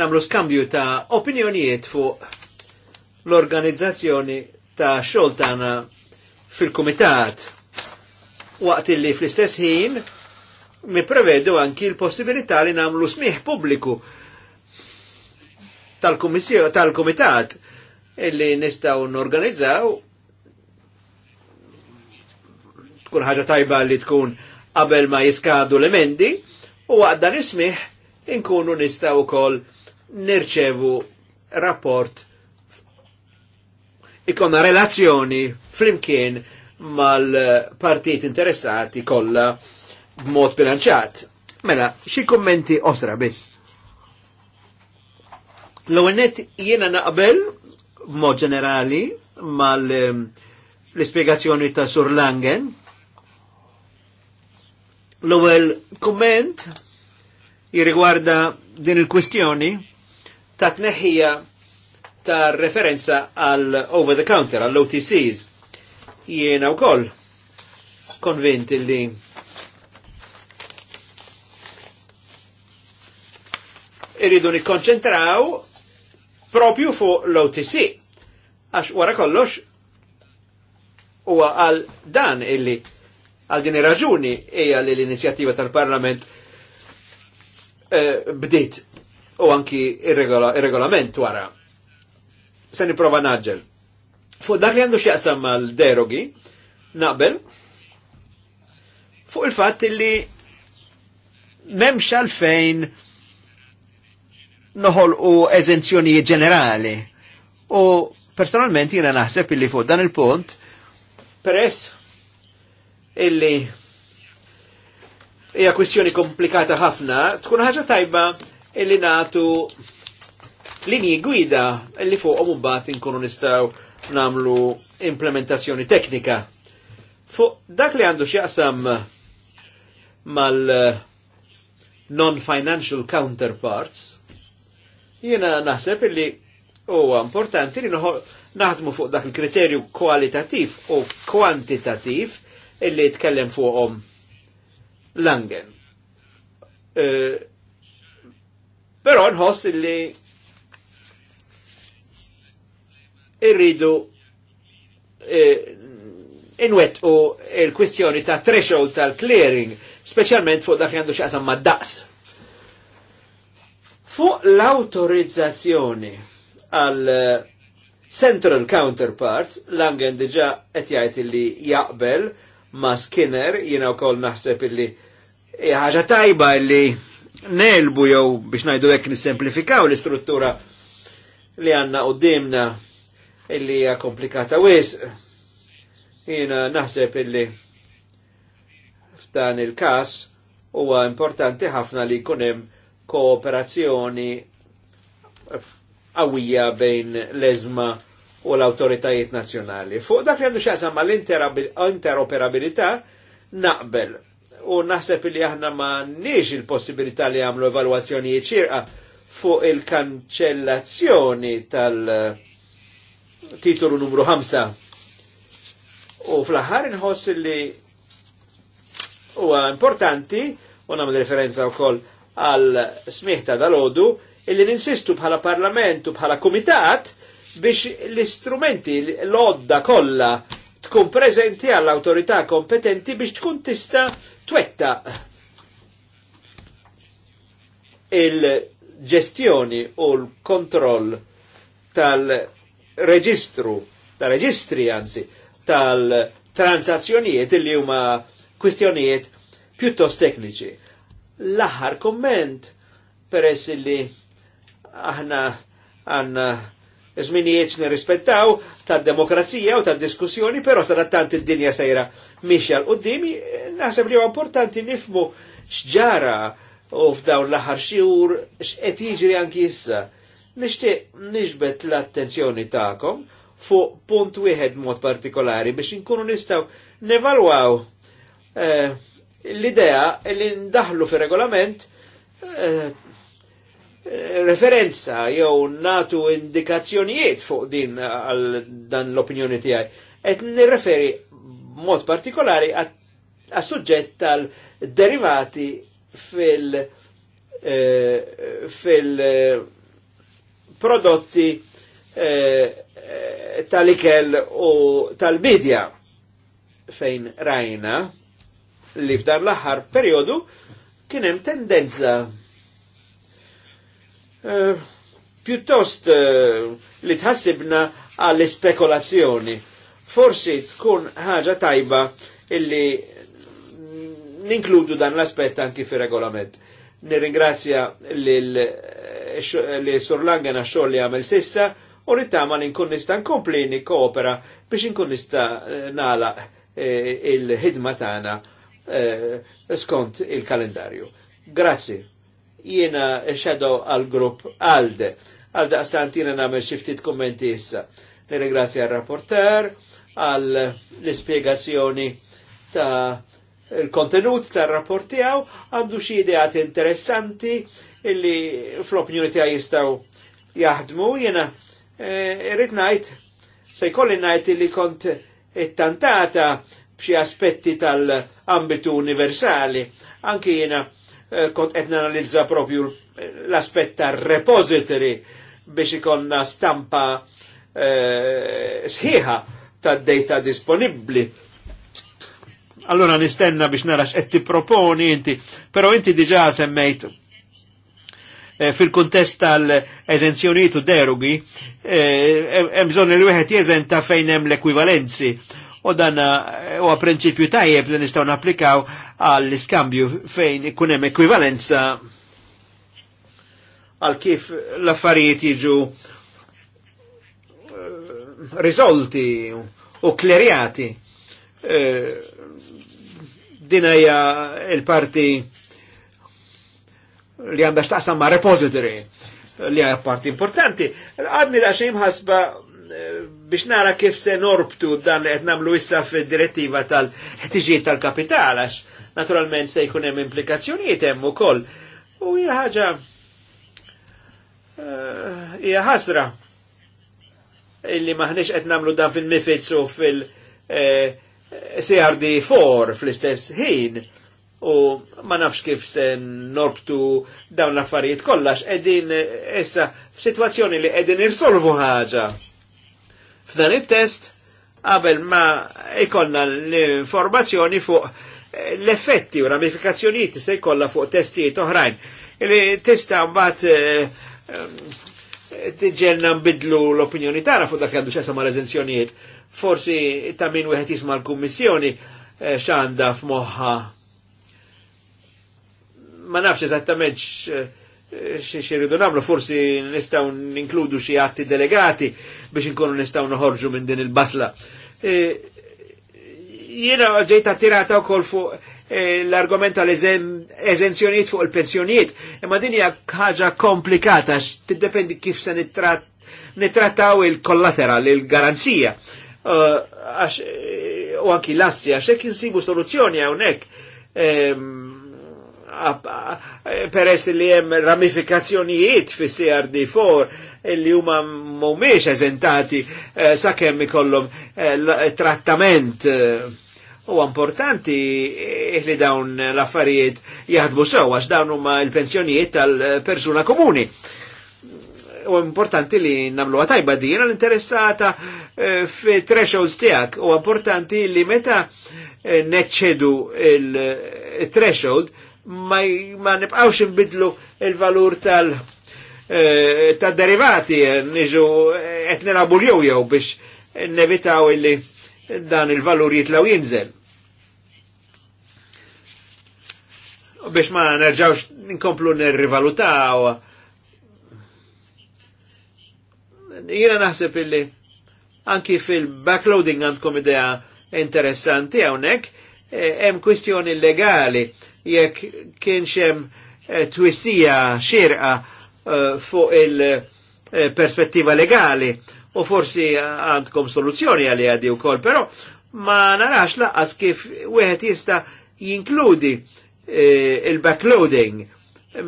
namlu skambju ta' opinjonijiet fuq l-organizzazzjoni ta' xogħol tagħna fil-kumitat waqt li fl-istess ħin mi prevedu anki l-possibilità li namlu smih pubbliku tal-komitat illi nistaw n-organizzaw tkun ħaġa tajba li tkun qabel ma jiskadu l-emendi u għaddan ismiħ inkunu nistaw kol nirċevu rapport ikonna relazzjoni flimkien mal-partijiet interessati kolla b'mod bilanċat. Mela, xi kommenti osra biss. l għennet jiena naqbel b'mod ġenerali mal-l-ispiegazzjoni ehm, ta' Sur Langen, L-ewwel kumment jirrigwarda din il kwestjoni ta' tneħħija ta' referenza għal over the counter, għall OTCs. Jiena wkoll konvint li irridu nikkonċentraw propju fuq l-OTC. Għax wara kollox huwa għal dan illi Għal din raġuni eja li l-inizjattiva tal-Parlament eh, bdiet u anki ir-regolament wara. Se niprofa naġġel. Fuq dak li għandu xieqsam mal-derogi, naqbel, fuq il-fatt li memx għalfejn noħol u eżenzjonijiet ġenerali. U personalment jina naħseb illi fuq dan il-punt, peress illi hija kwistjoni komplikata ħafna, tkun ħaġa tajba illi natu linji gwida illi fuqhom mbagħad inkunu nistgħu namlu implementazzjoni teknika. Fuq dak li għandu x'jaqsam mal non-financial counterparts, jiena naħseb illi huwa importanti li naħdmu fuq dak il-kriterju kwalitativ u kwantitativ illi tkellem fuqhom Langen. E, però nħoss illi irridu e, inwet u il-kwistjoni ta' threshold tal-clearing, specialment fuq dak li għandu xaqsam ma' daqs. Fuq l-autorizzazzjoni għal e, Central Counterparts, Langen diġa qed jgħid illi jaqbel, ma' Skinner, jiena wkoll naħseb illi ħaġa tajba illi nelbu jew biex ngħidu hekk nissemplifikaw l-istruttura li għandna dimna illi hija komplikata wis. Jiena naħseb illi f'dan il-każ huwa importanti ħafna li jkun hemm kooperazzjoni għawija bejn l-eżma' u l-autoritajiet nazjonali. Fuq dak li għandu xaqsam ma l-interoperabilità naqbel u naħseb li aħna ma nix il-possibilità li għamlu evalwazzjoni ċirqa fuq il-kanċellazzjoni tal-titolu eh, numru 5. U fl ħar inħoss li huwa importanti u nagħmel referenza wkoll għal smiħta dal-ħodu illi ninsistu bħala parlamentu bħala komitat biex l-istrumenti l-odda kollha tkun prezenti għall-autorità kompetenti biex tkun tista twetta il-ġestjoni u l-kontroll tal-reġistru, tal-reġistri anzi, tal-transazzjonijiet li huma kwistjonijiet piuttost tekniċi. L-aħħar komment peress li aħna għanna Zminijiet nirrispettaw tad-demokrazija u tad-diskussjoni, però tant id-dinja sejra mixja l-qoddimi, naħseb li huwa importanti nifmu x'ġara u f'dawn l-aħħar xiur x'qed jiġri anki issa. Nixtieq nixbet l-attenzjoni tagħkom fuq punt wieħed mod partikolari biex inkunu nistgħu nevalwaw eh, l-idea li ndaħlu fir-regolament eh, referenza jew natu indikazzjonijiet fuq din għal dan l-opinjoni tiegħi. Qed nirreferi mod partikolari għas suġġett tal-derivati fil- eh, fil-prodotti eh, eh, tal-ikel u tal-bidja fejn rajna li f'dan l-aħħar periodu kienem tendenza Eh, piuttost eh, li tħassibna għall-spekulazzjoni. Forsi tkun ħaġa tajba illi ninkludu dan l-aspett anki fi regolament. Nirringrazzja eh, li Sur Langen għaxxol li għamil sissa u nittama li nkun nista nkompli koopera biex nkun nista nala il-ħidma tagħna skont il-kalendarju. Grazie jiena shadow għal grupp ALDE. Għalde għastantina namel xiftit kommenti issa. Nirringrazzja għal-rapporter għal l-ispiegazzjoni ta' il-kontenut tar rapport tiegħu għandu xi ideat interessanti illi fl-opinjoni tiegħi jistgħu jaħdmu jiena eh, irrid e, ngħid se jkolli ngħid illi kont it-tantata b'xi aspetti tal-ambitu universali. Anki jiena Eh, kont qed nanalizza propju l-aspett tar-repository biex ikonna stampa eh, sħiħa tad-data disponibbli. Allora nistenna biex narax qed tipproponi inti, però inti diġà semmejt eh, fil-kuntest tal-eżenzjonijiet u derugi, hemm bżonn li wieħed jeżenta fejn hemm l-ekwivalenzi u dan huwa prinċipju tajjeb li nistgħu napplikaw għall-iskambju fejn ikun hemm ekwivalenza għal kif l-affarijiet jiġu eh, risolti u klerjati. Eh, din hija l-parti li għandha x'taqsam ma' repository li għandha parti importanti. Għadni da xejn ħasba eh, biex nara kif se norbtu dan qed nagħmlu issa fid-direttiva tal-ħtiġijiet tal kapitalax naturalment se jkun hemm implikazzjonijiet hemm ukoll. U hija ħaġa eh, hija ħasra illi maħniex qed nagħmlu dan fil-mifits u fil-CRD4 eh, fl-istess ħin u ma nafx kif se norbtu dawn l-affarijiet kollax, edin essa eh, f'sitwazzjoni li edin irsolvu ħaġa. F'dan it-test, qabel ma ikollna l-informazzjoni fuq l-effetti u ramifikazzjonijiet se jkollha fuq testijiet oħrajn. Li tista' mbagħad eh, eh, tiġelna nbidlu l-opinjoni tara fuq dak għandu xesa ma' reżenzjonijiet. Forsi ta' min wieħed jisma' l-kummissjoni eh, x'għandha f'moħħa. Ma nafx eżattament xirridu namlu, forsi nistaw ninkludu xie atti delegati biex nkunu nistaw noħorġu minn din il-basla. Jiena ġejta tirata kol fuq eh, l-argument tal-eżenzjoniet fuq il-pensjoniet, imma din hija ħaġa komplikata għax tiddependi kif se nittrattaw il-kollateral, il-garanzija. Eh, għax eh, u anki l-assi għax hekk insibu soluzzjoni hawnhekk ehm, peress li hemm ramifikazzjonijiet fis CRD4 li huma mhumiex eżentati sakemm ikollhom trattament U importanti eh, li dawn l-affarijiet jaħdmu sew għax dawn huma l-pensjonijiet tal-persuna komuni. U importanti li namlu għatajba din l-interessata eh, fi thresholds tijak. U importanti li meta eh, neċċedu il-threshold ma, ma nibqawx nbidlu il-valur tal- ta' derivati niġu etnela buljow jew biex nevitaw illi dan il-valur jitlaw jinżel. U biex ma nerġawx ninkomplu nirrivalutaw. Jina naħseb illi anki fil-backloading għandkom idea interessanti hawnhekk, e, hemm kwistjoni legali jekk kienx hemm e, twissija xirqa e, fuq il-perspettiva legali u forsi għandkom soluzzjoni għalli għaddi u koll, pero ma narax laqas kif wieħed jista jinkludi e, il-backloading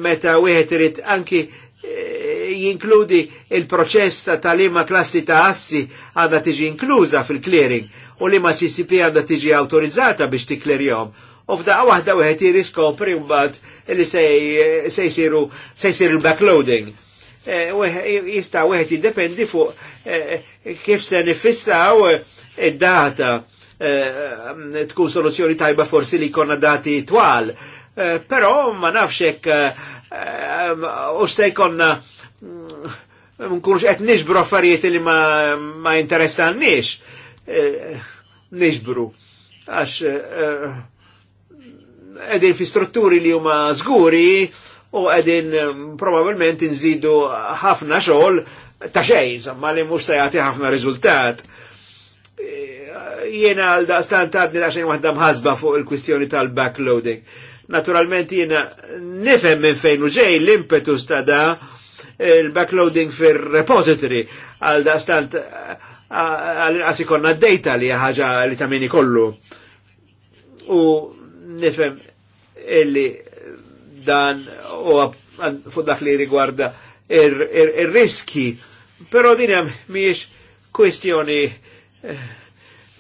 meta wieħed irid anki eh, jinkludi il-proċess ta' lima klassi ta' assi għadha tiġi inkluża fil-clearing u ma CCP għadha tiġi autorizzata biex tiklerjom. U f'daqqa waħda wieħed jiriskopri mbagħad li se jsiru se jsir il-backloading Eh, jista' wieħed jiddependi fuq eh, kif se nifissaw eh, id-data tkun soluzzjoni tajba forsi li konna dati twal. Però ma nafxek u se konna mm, nkunx qed nixbru affarijiet li ma, ma interessannix. Nixbru. Għax edin fi strutturi li huma żguri u għedin eh, probabilment nżidu ħafna xogħol ta' xejn, ma li mhux se jagħti ħafna riżultat. Eh, jiena għal daqstan għadni għaxejn waħda ħazba fuq il-kwistjoni tal-backloading. Naturalment jiena nifhem minn fejn u ġej l-impetus ta' da il-backloading fir-repository għal daqstant eh, għal-inqas ikonna d-data li ħaġa li tamini kollu. U nifhem illi dan u fuq dak li rigwarda ir-riski. Però din hemm miex kwistjoni eh,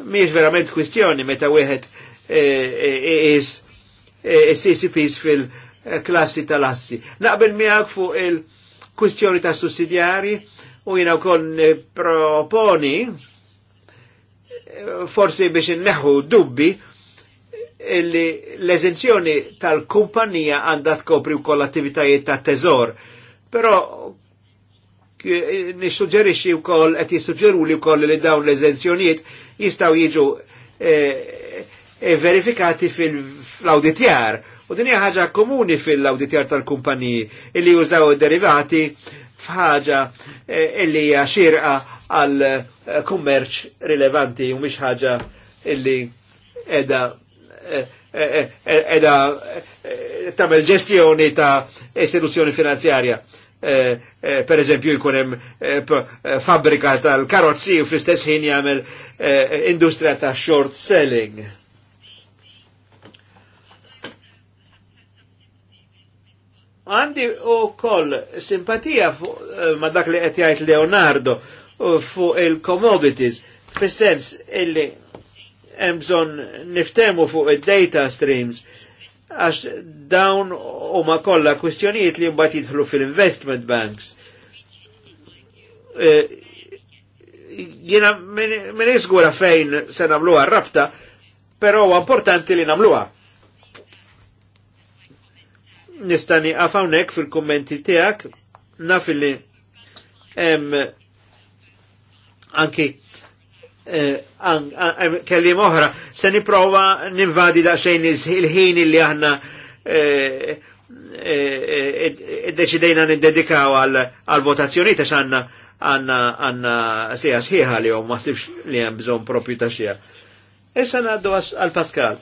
miex verament kwistjoni meta wieħed eh, eh, is CCPs fil-klassi tal-assi. Naqbel miegħek fuq il-kwistjoni ta' sussidjari u jina wkoll proponi forsi biex inneħu dubbi l-eżenzjoni tal-kumpanija għandha tkopri koll attivitajiet ta' teżor. Però nissuġġerixxi wkoll qed jissuġġeru li wkoll li dawn l-eżenzjonijiet jistgħu jiġu eh, eh, verifikati fil-auditjar. U din hija ħaġa komuni fil-auditjar tal-kumpaniji illi jużaw derivati f'ħaġa eh, illi hija xirqa għal kummerċ rilevanti u mhix ħaġa illi edha edha tamel ġestjoni ta' istituzzjoni finanzjarja. Eh, eh, per eżempju jkunem eh, fabrika tal-karozzi u fl-istess ħin jgħamil industrija ta' short selling. Għandi u koll simpatija ma' dak li għetjajt Leonardo fuq il-commodities fil sens illi hemm niftemu fuq id-data streams għax dawn u ma kolla kwistjonijiet li mbagħad jidħlu fil-investment banks. E, Jiena min isgura fejn se nagħmluha rabta, però huwa importanti li nagħmluha. Nistani għafawnek fil kommenti tijak, naf li hemm anki Eh, kelli moħra, se niprofa ninvadi daqsxejn il-ħin li aħna id-deċidejna eh, eh, niddedikaw għal-votazzjoni ta' xanna għanna għanna sija sħiħa li għom ma sibx li għem bżon propju ta' xija. Issa għaddu għal Pascal.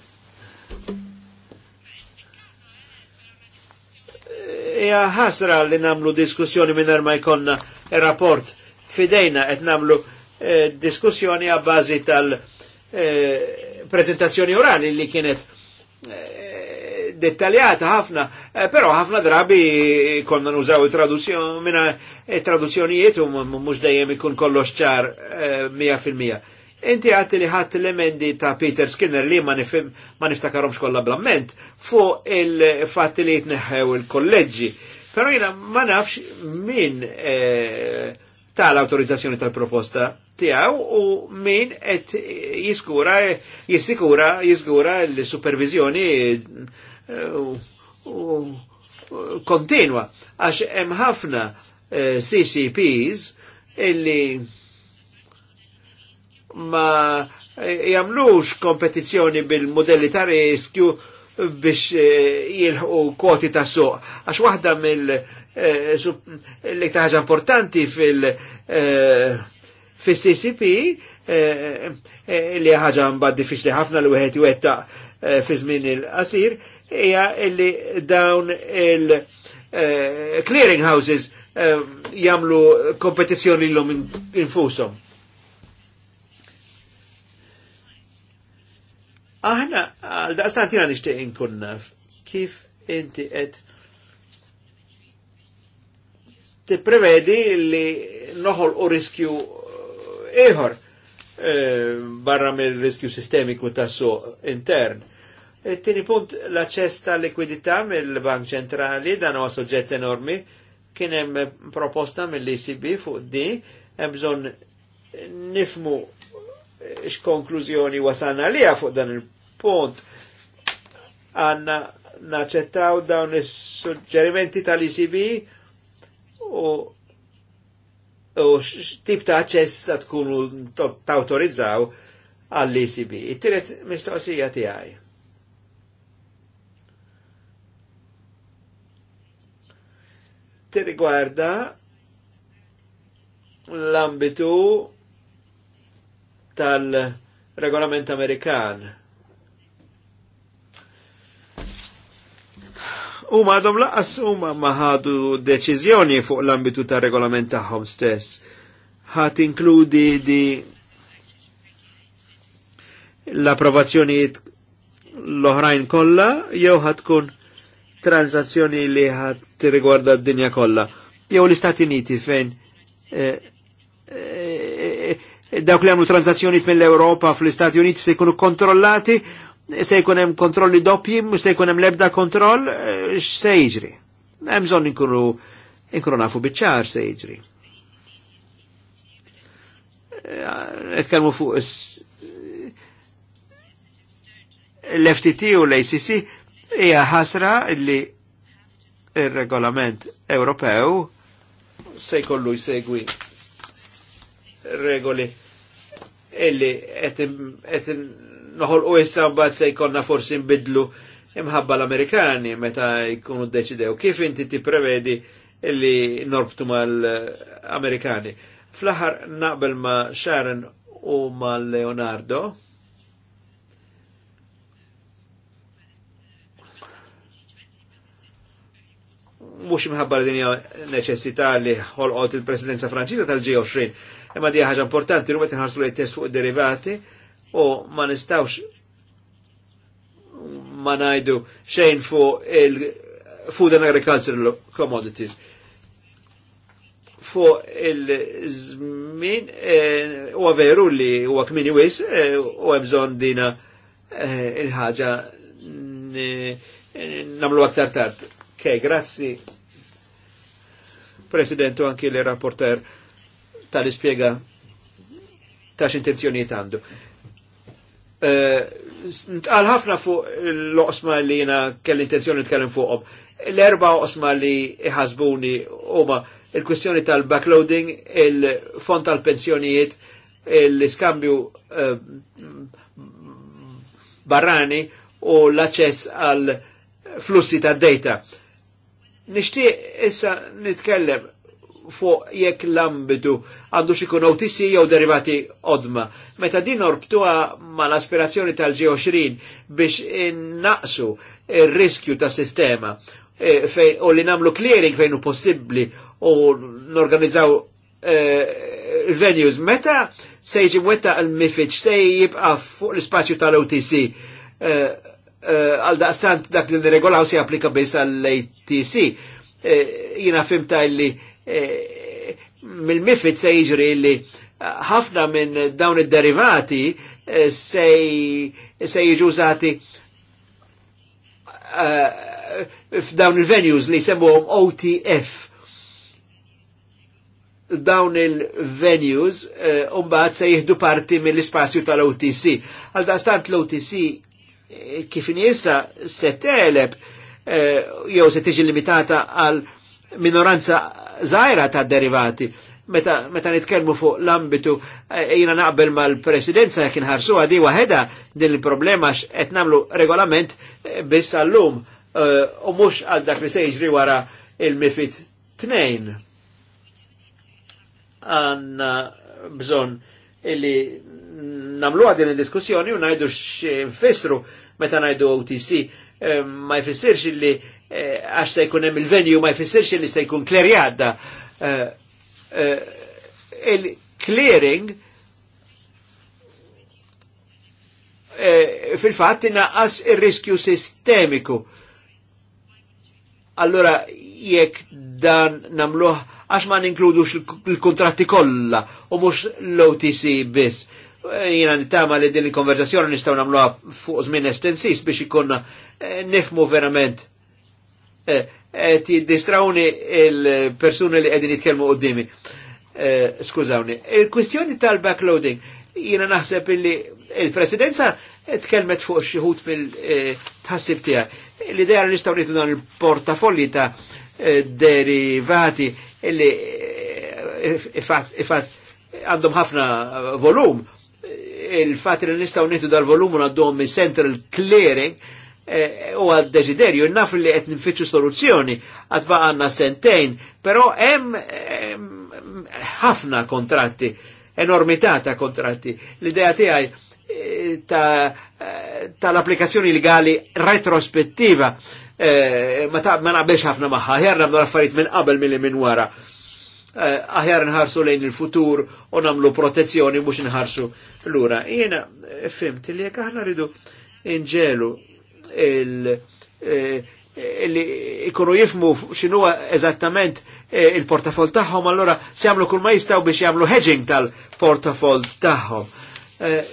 Ija ħasra li namlu diskussjoni minn ma jkonna il rapport fidejna et namlu Eh, diskussjoni a bażi tal-prezentazzjoni eh, orali li kienet eh, dettaljata ħafna, però ħafna drabi konna nużaw il traduzzjonijiet u mhux dejjem ikun kollox ċar 100%. Inti għatti li ħadd l-emendi ta' Peter Skinner li ma, niftakarom xkolla kollha blamment fuq il-fatti li jitneħħew il-kolleġġi. Però jina ma nafx min tal autorizzazzjoni tal-proposta tijaw u min et jiskura jissikura jiskura l-supervizjoni eh, kontinua. għax emħafna eh, CCPs illi ma eh, jamlux kompetizjoni bil-modelli ta' riskju biex jilħu kwoti ta' suq. Għax wahda mill- li ta' ħaġa importanti fil- uh, Fis-CCP eh, eh, eh, li ħaġa mbagħad diffiċli ħafna li wieħed wetta eh, fi żmien il-qasir hija li dawn il- eh, clearing houses jamlu kompetizzjoni l-lum infusom. Aħna, għal daqstan tira nishtiq inkun naf, kif inti qed prevedi li noħol u riskju ieħor eh, barra mill-riskju sistemiku tas-suq intern. E tini punt l-aċċess ta' likwidità mill-Bank Ċentrali dan huwa soġġett enormi kien hemm proposta mill-ECB fuq di hemm bżonn nifmu x'konklużjoni wasalna għalija fuq dan il-punt għandna naċċettaw dawn is-suġġerimenti tal-ECB u u tip ta' aċċess sa tkunu tawtorizzaw għall-ECB. It-tiret mistoqsija tiegħi. Tirrigwarda l-ambitu tal-regolament Amerikan u madhom laqas huma ma ħadu deċiżjoni fuq l-ambitu ta' regolament taħħom stess. Ħat inkludi di l approvazzjoni l-oħrajn kollha jew ħat kun transazzjoni li ħad rigwarda d-dinja kollha. Jew l-Istati Uniti fejn eh, eh, eh, dawk li għamlu transazzjoni mill-Europa fl-Istati Uniti se jkunu kontrollati se jkun hemm kontrolli doppji, mhux se jkun hemm lebda kontroll, eh, se jiġri. Hemm bżonn inkunu inkunu nafu biċċar se jiġri. Eh, nitkellmu fuq l-FTT u l-ACC hija ħasra li il regolament Ewropew se jkollu jsegwi regoli illi qed noħol u issa mbagħad se jkollna forsi mbidlu imħabba l-Amerikani meta jkunu deċidew kif inti ti prevedi illi norbtu mal-Amerikani. Fl-aħħar naqbel ma' Sharon u ma' Leonardo. Mux imħabba l-dinja neċessita li ħolqot il-presidenza franċiza tal-G20, imma di ħaġa importanti, rumet nħarsu li test fuq derivati, derivati u ma nistawx ma najdu xejn fu il-Food and Agricultural Commodities Fu il-żmien eh, u għaveru li eh, u għakmini wis u għemżon dina eh, il ħagġa namlu għaktar tard. Kej, grazzi. Presidentu anki li rapporter tal-ispiega tax intenzjoni għandu. Ntqal ħafna fuq l-oqsma li jena kell intenzjoni nitkellem fuqhom. L-erba' oqsma li ħasbuni huma il-kwistjoni tal-backloading, il-fond tal-pensjonijiet, l-iskambju eh, barrani u l-aċċess għal flussi ta' data. Nixtieq issa nitkellem fuq jekk l-ambitu għandu xikun OTC jew derivati odma. Meta din orbtuha mal-aspirazzjoni tal-G20 biex innaqsu il-riskju ta' sistema e, u li namlu clearing fejn u possibli u norganizzaw e, il venues meta se jġi mwetta l mifiċ se jibqa fuq l-spazju tal-OTC e, e, għal e, daqstant dak li regolaw se applika biss għall-ATC jina fimta illi Eh, mill-mifid se jiġri li ħafna minn dawn id-derivati eh, se jiġu użati eh, f'dawn il-venues li semmuhom OTF. Dawn il-venues umbaħt se jihdu parti mill-ispazju tal-OTC. Għal stant l-OTC kif jissa se teleb jew se tiġi limitata għal minoranza zaħira ta' derivati. Meta, meta nitkellmu fuq l-ambitu, eh, jina naqbel mal-presidenza jek nħarsu għadi waheda din il-problema x'et namlu regolament eh, biss għallum eh, u mux għal dak li sejġri wara il-mifit tnejn. Għanna bżon illi namlu din il-diskussjoni u najdu x'infissru meta najdu OTC ma jfissirx illi Eh, għax se jkun hemm il-venju ma jfissirx li se jkun klerjadda. Eh, eh, Il-clearing fil-fatt inaqqas ir-riskju sistemiku. Allora jekk dan namluħ għax ma ninkludux il-kontratti kollha u mhux l-OTC biss jina nittama li din il-konverzazzjoni nistaw namluha fuq żmien estensis biex ikun nifmu verament Eh, eh, ti distrawni il-persuni li qegħdin jitkellmu dimi. Eh, skużawni. Il-kwistjoni tal-backloading jina naħseb illi il-presidenza tkellmet fuq xieħut bil tħassib tiegħek. l ideja li nistgħu nitu dan il-portafolli ta' derivati illi għandhom ħafna volum il-fat li nistaw nitu dal-volum għandhom il central clearing Eh, u għad desiderju, naf li għet nfittxu soluzzjoni, għad għanna sentejn, pero hemm ħafna kontratti, enormità ta' kontratti. L-idea tiegħi eh, eh, tal-applikazzjoni legali retrospettiva ma ta' ma naqbex ħafna maħħa, ħjar nabdu l-affarijiet minn qabel milli minn wara. Aħjar nħarsu lejn il-futur u namlu protezzjoni mhux nħarsu lura. Jena, fimt li jekk aħna rridu inġelu Eh, li ikunu jifmu xinu eżattament eh, il-portafol tagħhom, allora se jagħmlu kull ma jistgħu biex jagħmlu hedging tal-portafol tagħhom. Eh,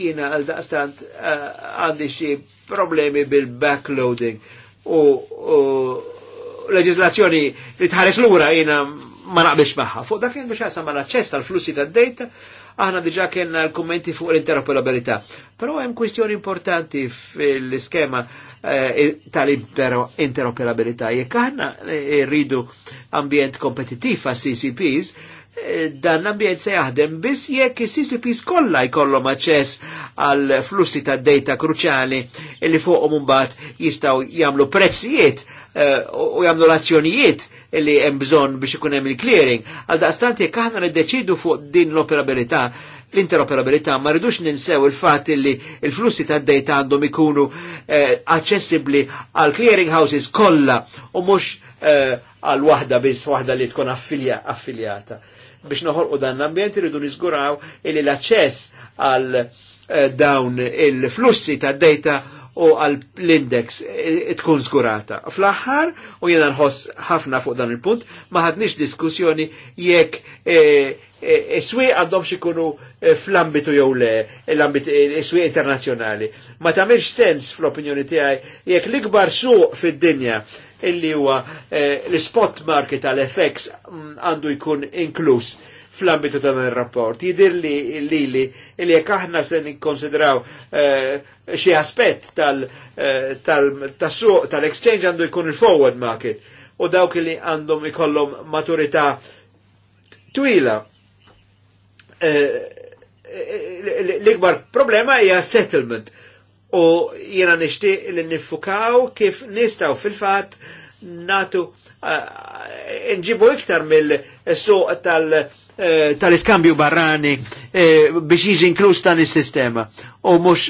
jiena għal daqstant għandi xi problemi bil-backloading u leġislazzjoni li tħares lura jiena ma naqbilx magħha. Fuq dak biex jasam mal-aċċess għal flussi tad data Aħna diġa kienna l-kommenti fuq l-interoperabilità. Però hemm kwistjoni importanti fil-iskema eh, tal-interoperabilità. Jekk aħna eh, rridu ambjent kompetittiv għas CCPs, dan l-ambjent se jaħdem biss jekk is-CCPs kollha jkollhom aċċess għal flussi ta' data kruċali li fuqhom imbagħad jistgħu jagħmlu prezzijiet eh, u jagħmlu l-azzjonijiet li hemm bżonn biex ikun hemm il-clearing. Għal daqstant jekk aħna niddeċidu fuq din l-operabilità l-interoperabilità ma rridux ninsew il-fatt li il-flussi ta' data għandhom ikunu eh, aċċessibbli għal clearing houses kollha u mhux eh, għal waħda biss waħda li tkun affilja, affiljata biex noħolqu dan l-ambjent irridu nizguraw illi l-aċċess għal eh, dawn il-flussi ta' data u għal l-index eh, tkun zgurata. Fl-aħħar, u jena nħoss ħafna fuq dan il-punt, ma ħadniex diskussjoni jekk eh, iswi għandhom xikunu fl-ambitu jew le, l-ambit iswi internazjonali. Ma tamiex sens fl-opinjoni tiegħi jekk l-ikbar suq fid-dinja illi huwa l-spot market tal-FX għandu jkun inkluż fl-ambitu ta' dan rapport Jidir li li li li jek aħna se nikkonsidraw xi aspett tal-suq tal-exchange għandu jkun il-forward market u dawk li għandhom ikollhom maturità twila. L-ikbar problema hija settlement u jena nishti li nifukaw kif nistaw fil-fat natu eh, nġibu iktar mill-suq eh, tal-iskambju barrani eh, biex jiġi inkluż dan is-sistema u mhux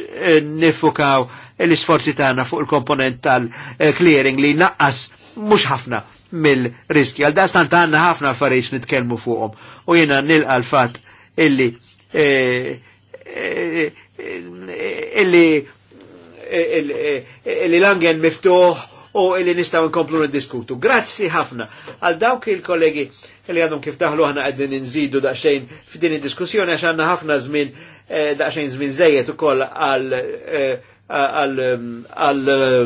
nifukaw l-isforzi tagħna fuq il-komponent tal-clearing li naqqas mhux ħafna mill-riski. Għal dastan għandna ħafna affarijiet nitkellmu fuqhom u jiena nilqa l-fatt illi illi li langen miftuħ u li nistaw nkomplu diskutu. Grazzi ħafna għal dawk il-kollegi li għadhom kif daħlu għana għedin nżidu daqxejn f'din id-diskussjoni għax għanna ħafna żmien eh, daqxejn żmien zejet ukoll koll għal eh, eh,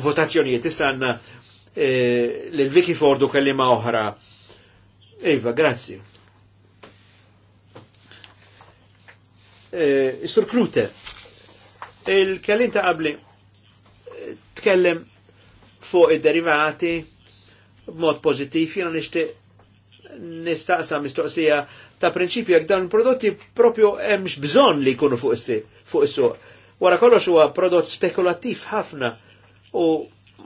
votazzjonijiet. Issa għanna l-Viki Fordu kellima oħra. Iva, grazzi. Sur Krute il kellin ta' qabli tkellem fuq id-derivati b'mod pozittiv jiena nixtieq nistaqsa mistoqsija ta' prinċipju jekk dan prodotti propju hemmx bżonn li jkunu fuq fuq is-suq. Wara kollox huwa prodott spekulattiv ħafna u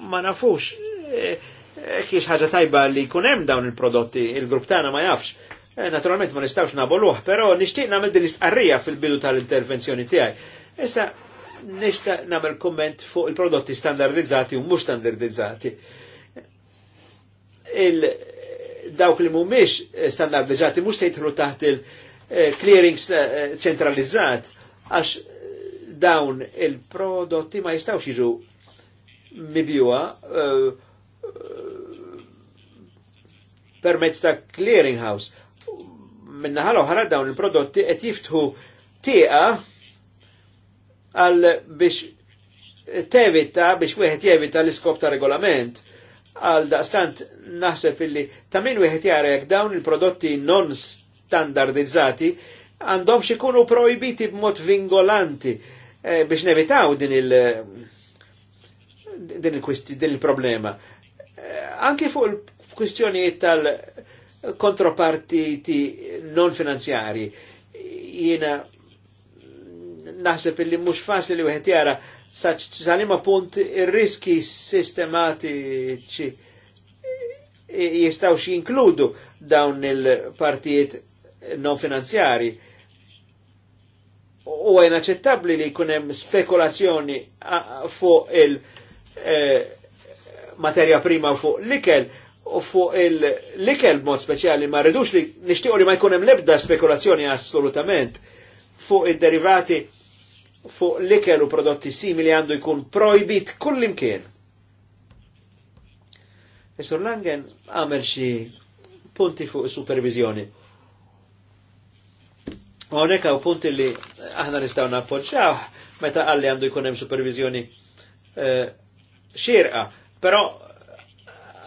ma nafux eh, eh, kiex ħaġa tajba li jkun hemm dawn il-prodotti, il-grupp tagħna ma jafx. Eh, naturalment ma nistawx naboluh, però nixtieq nagħmel din l-istqarrija fil-bidu tal-intervenzjoni tiegħi. Issa nishta namel komment fuq il-prodotti standardizzati u mux standardizzati. Il dawk li mumiex standardizzati mux sejtru taħt il-clearings eh, ċentralizzat eh, għax eh, dawn il-prodotti ma jistawx jiġu mibjuwa permezz ta' clearing house. Minnaħal oħra dawn il-prodotti qed jiftħu tieqa għal biex tevita biex wieħed jevita l-iskop ta' regolament għal daqstant naħseb illi ta' min wieħed jara jek dawn il-prodotti non standardizzati għandhom ikunu projbiti b'mod vingolanti eh, biex nevitaw din il- din il din il-problema. Eh, anki fuq il kwistjoni tal kontropartiti non finanzjari, jina naħseb illi mhux faċli li wieħed jara salima punt ir-riski sistematiċi xi jinkludu dawn il-partijiet non finanzjari. U inaċċettabbli li li kunem spekulazzjoni fuq il-materja eh, prima u fuq l-ikel u fuq l-ikel mod speċjali ma rridux li nishtiqo li ma jkunem lebda spekulazzjoni assolutament fuq id-derivati fuq l-ikel u prodotti simili għandu jkun projbit imkien. Isur Langen għamel xi punti fuq supervizjoni. Għonek għaw punti li aħna nistaw nappoġġaw meta għalli għandu jkun hemm supervizjoni eh, xirqa, però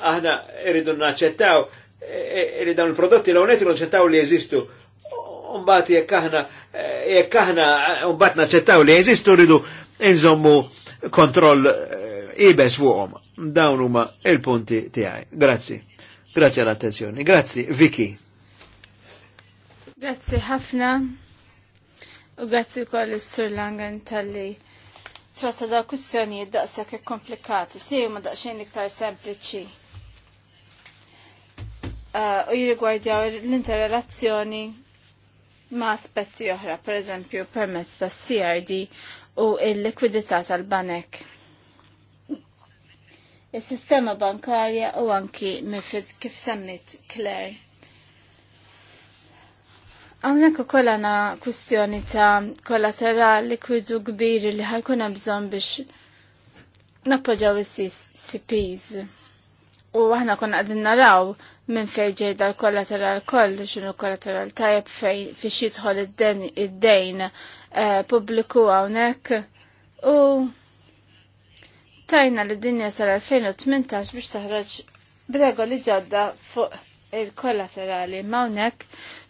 aħna irridu naċċettaw eh, eh, irridu dawn il-prodotti l-għonet irridu naċċettaw li jeżistu Umbat jekk aħna jekk aħna umbat naċċettaw li jeżistu rridu inżommu kontroll eh, ibes fuqhom. Dawn huma il-punti tiegħi. Grazzi. Grazzi għall-attenzjoni. Grazzi, Viki. Grazzi ħafna. U grazzi wkoll is-Sur Langan tal-li tratta da kwistjonijiet daqshekk komplikati, tiegħu ma daqsxejn iktar sempliċi eh, u jirrigwardjaw l-interrelazzjoni ma' aspetti oħra, per eżempju permezz ta' CRD u il-likwidità tal-banek. Il-sistema bankarja u anki mifid kif semmit Claire. Għamnek u kollana kustjoni ta' kollatera likwidu kbiri li ħajkun bżon biex nappoġaw is-CPs. U aħna konna għadin naraw minn fejn ġej dal-kollateral kollu xinu kollateral tajjeb fejn fiex jidħol id-dejn eh, pubbliku hawnhekk u tajna li dinja sal-2018 biex toħroġ b'regoli ġodda fuq il-kollaterali mawnek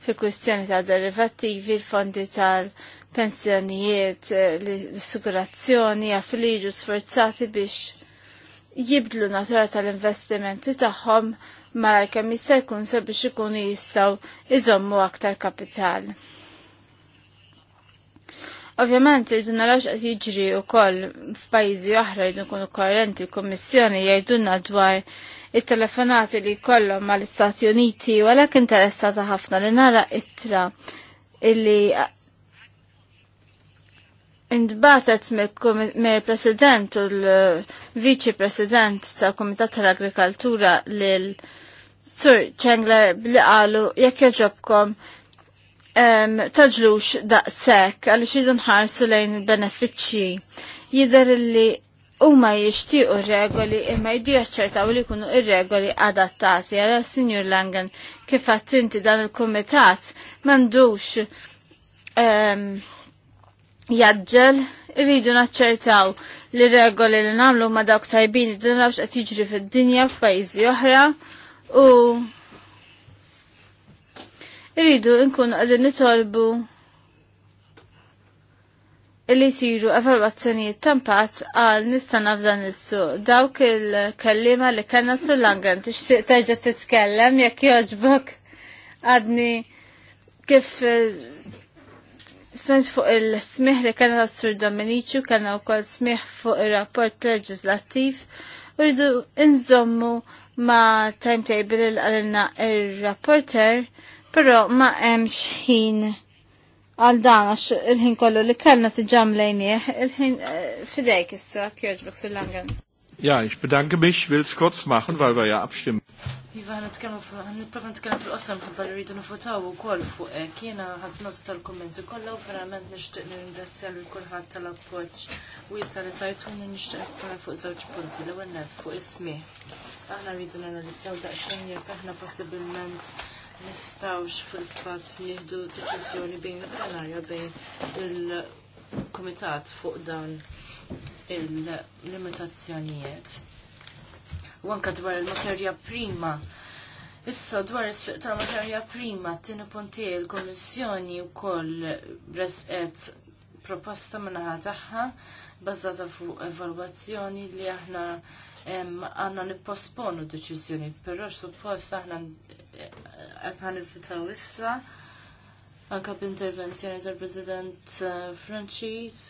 fi kwistjoni ta' derivativi, il-fondi tal-pensjonijiet, eh, l-assigurazzjoni, affiliġu sforzati biex jibdlu natura tal-investimenti tagħhom mara kemm jista' jkun biex ikunu jistgħu iżommu aktar kapital. Ovvjament irridu narax qed jiġri wkoll f'pajjiżi oħra jdu nkunu koerenti l-Kummissjoni jgħidunna dwar it-telefonati li jkollhom mal-Istati Uniti walakin interessata ħafna li nara ittra illi Indbatet mill-President u l-Viċi President ta' Komitat tal-Agrikoltura lil Sur Chandler bli qalu jekk joġobkom taġlux sekk għaliex idu nħarsu lejn il-benefiċċji. Jidher li huma jixtiequ regoli imma jdu jaċċertaw li jkunu ir-regoli adattati. Għal Sinjur Langen kif inti dan il-kumitat m'għandux jaġġel irridu naċċertaw li regoli li nagħmlu ma dawk tajbin id nafx qed jiġri fid-dinja f'pajjiżi oħra. U irridu nkun għadin nitolbu illi jisiru evalwazzjonijiet tampat għal nistana f'dan is-su. Dawk il-kellima li kellna su langan tixtieq terġa' titkellem jekk jogħġbok għadni kif eh, smajt fuq il-smiħ li kellna s-sur Dominiċu kellna wkoll smiħ fuq ir-rapport leġislattiv u rridu nżommu ma' timetable il-għalina il-rapporter, pero ma' emx ħin għal dan għax il-ħin kollu li kellna t-ġam lejnieħ, il-ħin eh, fidejk issa kjoġbuk sul-langan. Ja, ich bedanke mich, will kurz machen, weil wir ja abstimmen. Iva, għan nitkellmu għan nitkellmu fil-qosam ħabba li rridu nifutaw ukoll fuq hekk. Jiena ħadd nozz tal-kummenti kollha u verament nixtieq nirringrazzja lil kulħadd tal-appoġġ u jisa li tajtuni nixtieq nitkellem fuq żewġ punti l-ewwel fuq is-smih aħna rridu nanalizzaw daqsxejn jekk aħna possibilment nistawx fil-fatt nieħdu deċiżjoni bejn il-plenarja bejn il-kumitat fuq dawn il-limitazzjonijiet. U anka dwar il-materja prima. Issa dwar is-sfiq tal materja prima t-tieni punti l kummissjoni wkoll resqet proposta minnaħa tagħha bażata fuq evalwazzjoni li aħna għanna nipposponu deċiżjoni, però suppost aħna eh, għan nifutaw issa, anka b'intervenzjoni tal-President eh, Franċiż,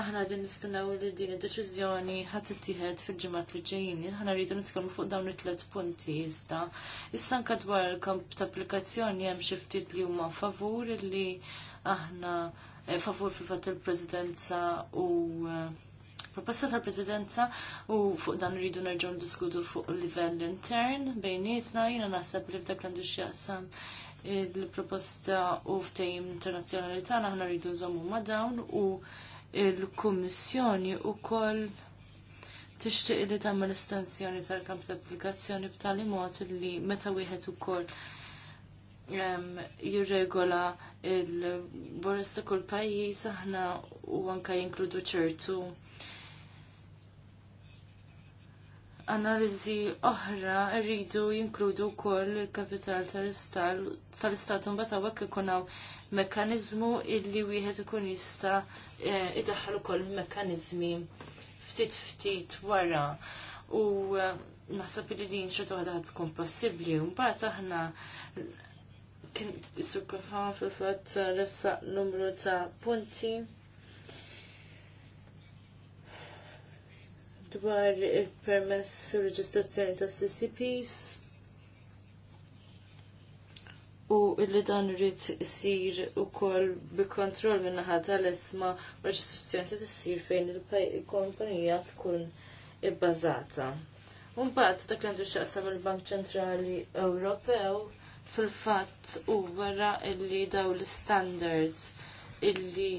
aħna din nistennaw li din id-deċiżjoni ħadd ittieħed fil-ġimgħat li ġejjin. Aħna rridu nitkellmu fuq dawn it tlet punti iżda. Issa anke dwar il-kamp ta' applikazzjoni hemm xi ftit li huma favur li aħna eh, favur fil-fatt il-Presidenza u proposta tal-Presidenza u fuq dan rridu nerġgħu ndiskutu fuq livell intern bejnietna jiena naħseb li f'dak l-għandu x'jaqsam il-proposta u ftehim internazzjonali tagħna aħna rridu nżommu ma' dawn u l kummissjoni wkoll tixtieq li tagħmel estensjoni tal-kamp ta' applikazzjoni b'tali mod li meta wieħed ukoll jirregola il-boris ta' kull pajjiż aħna u anka jinkludu ċertu analiżi oħra rridu jinkludu wkoll il-kapital tal-istat un bata ikun hawn mekkaniżmu illi wieħed ikun jista' eh, idaħħal ukoll mekkaniżmi ftit ftit wara. U eh, naħseb li din xorta waħda tkun possibbli. Mbagħad aħna kien sukkafa fil-fatt ressaq numru ta' punti dwar il-permess u reġistrazzjoni ta' CCPs u illi dan rrit isir u koll kontrol minna ħata l-isma reġistrazzjoni ta' isir fejn il-kompanija tkun ibbażata. Unbat, dak li għandu xaqsam il-Bank Ċentrali Ewropew fil-fatt u wara illi daw l-standards illi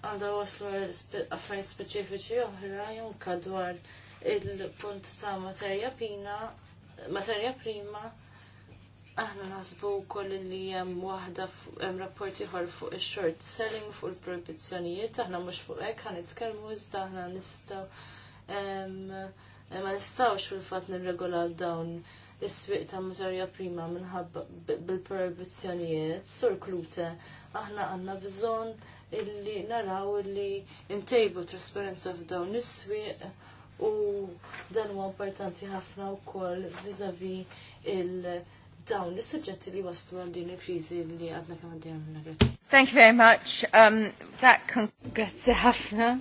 għanda waslu għal specifiċi speċifiċi oħra dwar il-punt ta' materja pina, materja prima aħna nasbu koll li jem wahda jem rapporti ħor fuq il-short selling, fuq il-proibizjonijiet, aħna mux fuq ek, ħan itkelmu izda, aħna nistaw, ma nistawx fil-fat nirregolaw dawn is-swiq ta' materja prima minħabba bil-proibizjonijiet, sur klute, aħna għanna bżon illi naraw illi intejbu trasparenza f'dawn is-swieq u dan huwa importanti ħafna wkoll vis il- dawn is suġġetti li waslu għal din il-kriżi li għadna kemm għaddejna minna grazzi. Thank you very much. Um, that Grazzi ħafna.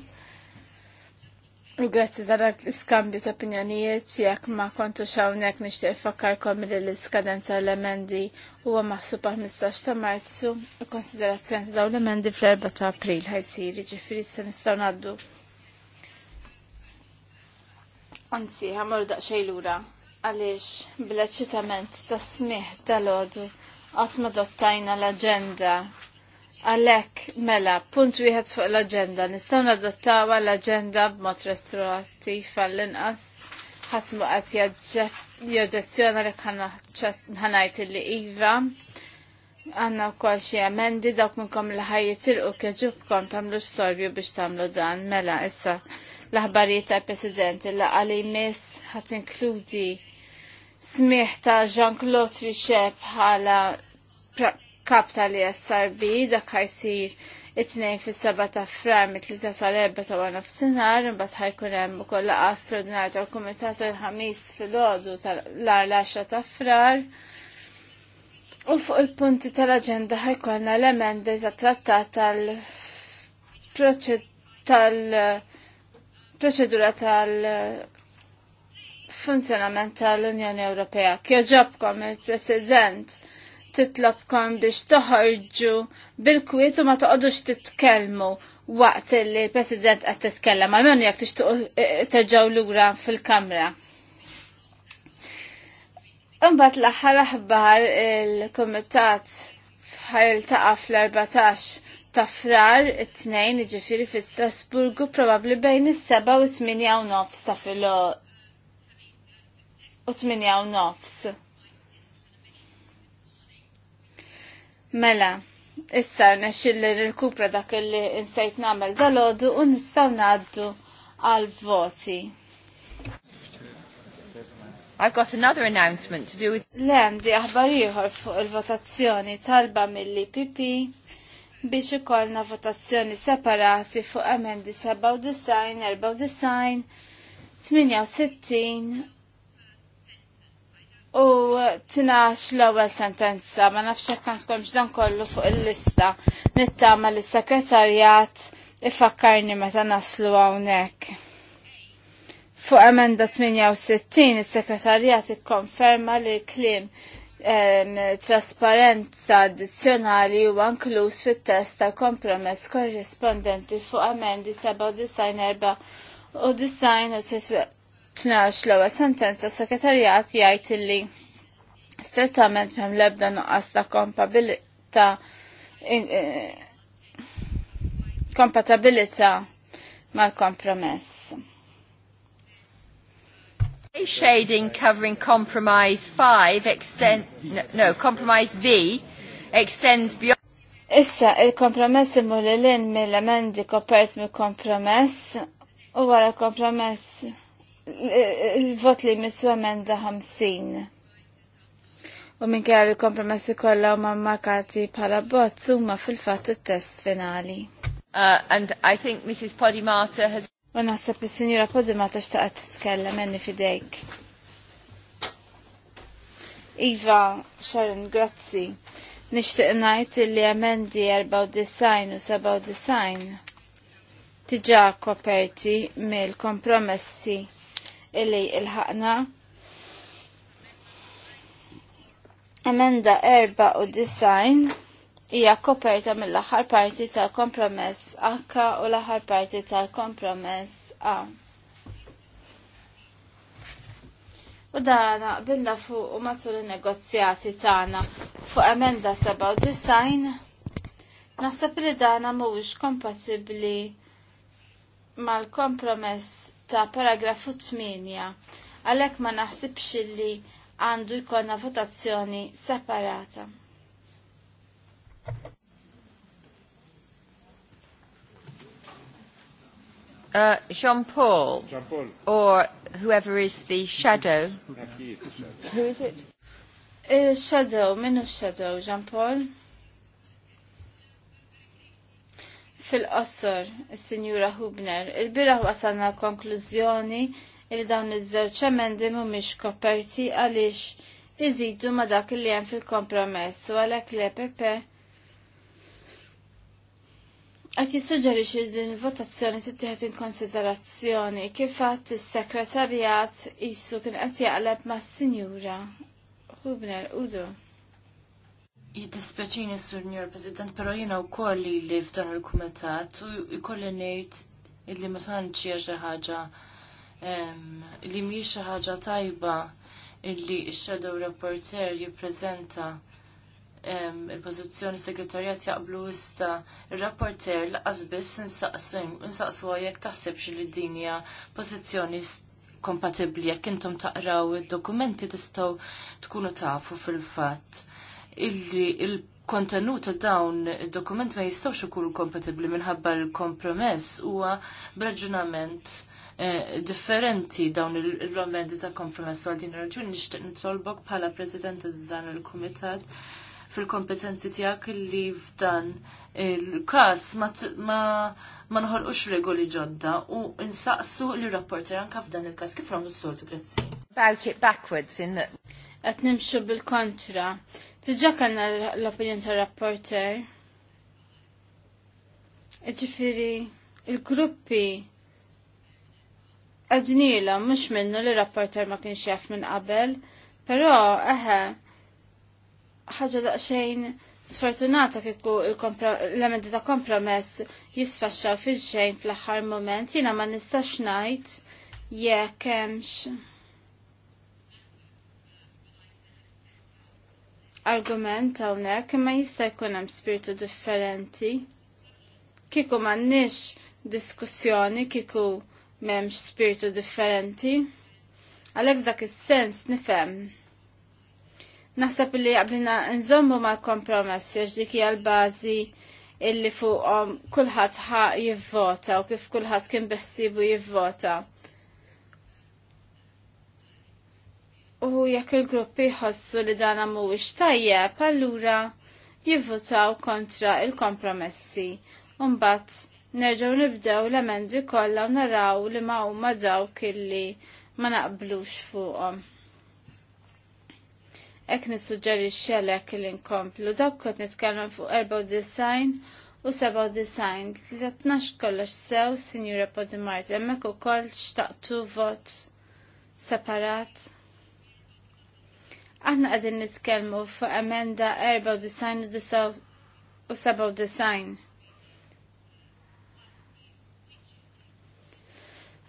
U grazzi ta' dak l-iskambju ta' opinjonijiet jekk ma kontu xawnek nixtieq fakkarkom li l-iskadenza l-emendi huwa maħsub għal 15 ta' Marzu u konsiderazzjoni ta' dawn l-emendi fl-4 ta' April ħajsir, ġifieri se nistgħu ngħaddu. Anzi, ħamor daqsxejn lura għaliex bl-eċitament ta' smih tal ħodu qatt ma dottajna l-aġenda Għalek, mela, punt wieħed fuq l-agenda. Nistaw nadottaw l-agenda b'mod retroattiv għall-inqas. ħatmu għat joġezzjona li ħanajt li Iva. Għanna u kol xie amendi dawk minnkom l ħajiet u keġubkom tamlu storju biex tamlu dan. Mela, issa, l-ħbarijiet ta' president illa għalli mis ħat inkludi smieħ ta' Jean-Claude Richep bħala kap tal-ISRB dak ħajsir it-tnejn fis 7 ta' frar mit-3 sal-4 ta' għana f-sinar, imbagħad ħajkun hemm għastru d straordinarja tal-Kumitat il-ħamis fil-għodu tal-lar l-10 ta' frar. U fuq il-punti tal-aġenda ħajkollna l-emendi ta' trattat tal-proċedura tal- funzjonament tal-Unjoni Ewropea. Kjoġobkom il-President titlobkom biex toħorġu bil-kwiet u ma toqgħodux titkellmu waqt li president qed titkellem għalmenu jekk tixtuq eh, eh, terġgħu lura fil-kamra. Imbagħad l-aħħar aħbar il-Kumitat ta' fl-14 ta' frar it-tnejn ġifiri fi Strasburgu probabli bejn is-7 u 8 u nofs ta' filo 8 u nofs. Mela, issa nexxill nirkupra dak li insejt nagħmel dalodu u nistgħu ngħaddu għal voti. I've got another announcement to do with... Lem, di aħbar ieħor fuq il-votazzjoni talba mill pp biex ikollna votazzjoni separati fuq emendi 97, 94, 68 U tinax l-ewwel sentenza, ma nafx hekk skomx dan kollu fuq il-lista. Nittama li s-sekretarjat ifakkarni meta naslu hawnhekk. Fuq emenda 68 is-sekretarjat ikkonferma li l-kliem trasparenza addizzjonali huwa inkluż fit-test ta' kompromess korrispondenti fuq emendi 97 u design u 12 l sentenza s-sekretarjat jgħid illi strettament m'hemm lebda ebda nuqqas ta' kompabilita eh, kompatibilità mal-kompromess. Shading covering compromise 5 extend no, no compromise V extends beyond Issa, il-kompromess mulilin mill amendi kopert mill-kompromess u għala kompromess il-vot li missu emenda 50. U minn li kompromessi kollha huma markati bħala bozz huma fil-fatt it-test finali. Uh, and I think Mrs. Podimata has U naħseb is-Sinjura Podimata t titkellem enni fidejk. Iva, Sharon, grazzi. Nixtieq ngħid li għamendi 94 u 97 tiġa koperti mill-kompromessi illi il-ħakna. Emenda 4 u design hija koperta mill-aħħar parti tal-kompromess H u l-aħħar parti tal-kompromess A. U dana binna fuq u matul il-negozjati tagħna fuq emenda 7-9 naħseb li dana mhuwiex kompatibbli mal-kompromess ta' paragrafu 8. Għalek ma naħsibx li għandu jkollna votazzjoni separata. Uh, Jean Paul, Jean Paul, or whoever is the shadow. Who is it? Uh, shadow, minus shadow, Jean Paul. Fil-qossor, il-Sinjura Hubner, il-biraħ wasalna konklużjoni il dawn iż-żewġ emendi mhumiex koperti għaliex iżidu ma dak li hemm fil-kompromess u għalhekk l-EPP Għat li din il-votazzjoni tittieħed in konsiderazzjoni kif għat is-sekretarjat jissu kien qed jaqleb mas-Sinjura Hubner Udo. Jiddispjaċini Sur President, pero jiena wkoll kolli li f'dan il-kumitat u jkolli ngħid illi ma tantx xi ħaġa li mi xi ħaġa tajba illi x-shadow reporter jippreżenta il-pożizzjoni segretarjat jaqblu ista ir-rapporter laqas biss insaqsu jekk taħseb li din hija pożizzjoni kompatibbli jekk intom taqraw id-dokumenti tistgħu tkunu tafu fil-fatt illi il-kontenut ta' dawn id-dokument ma jistawx ikun kompatibbli minħabba l-kompromess huwa b'raġunament eh, differenti dawn il-romendi ta' kompromess għal din raġuni nixtieq nitolbok bħala president ta' dan il-kumitat fil-kompetenzi tiegħek li f'dan il-każ ma ma nħolqux regoli ġodda u nsaqsu l rapporter anka f'dan il-każ kif rom s-soltu grazzi. backwards in qed nimxu bil-kontra. Tiġa kanna l opinjon tar-rapporter. Ġifiri, il-gruppi għadnila mhux minnu li rapporter ma kienx xef minn qabel, però eħe ħaġa daqsxejn sfortunata kieku l-elementi ta' kompromess jisfaxxaw fil-xejn fl-aħħar moment, jiena ma nistax ngħid jekk hemmx argument hawnhekk ma jista' jkun hemm spiritu differenti. Kieku m'għandniex diskussjoni kieku m'hemmx spiritu differenti. Għalhekk dak is-sens nifhem. Naħseb li qablina nżommu mal-kompromess għax dik hija l-bażi illi fuqhom kulħadd ħaq jivvota u kif kulħadd kien biħsibu jivvota. u jekk il-gruppi jħossu li dan mhuwiex tajjeb, allura jivvotaw kontra il-kompromessi. Umbat nerġgħu nibdew l-emendi kollha u naraw li ma huma dawk illi ma naqblux fuqhom. Ek nissuġġerixxi għalhekk li nkomplu dawk kont nitkellem fuq design u 97 li 12 kollox sew Sinjura Podimarti hemmhekk ukoll xtaqtu vot separat. Aħna qegħdin nitkellmu fuq emenda 94 u 97.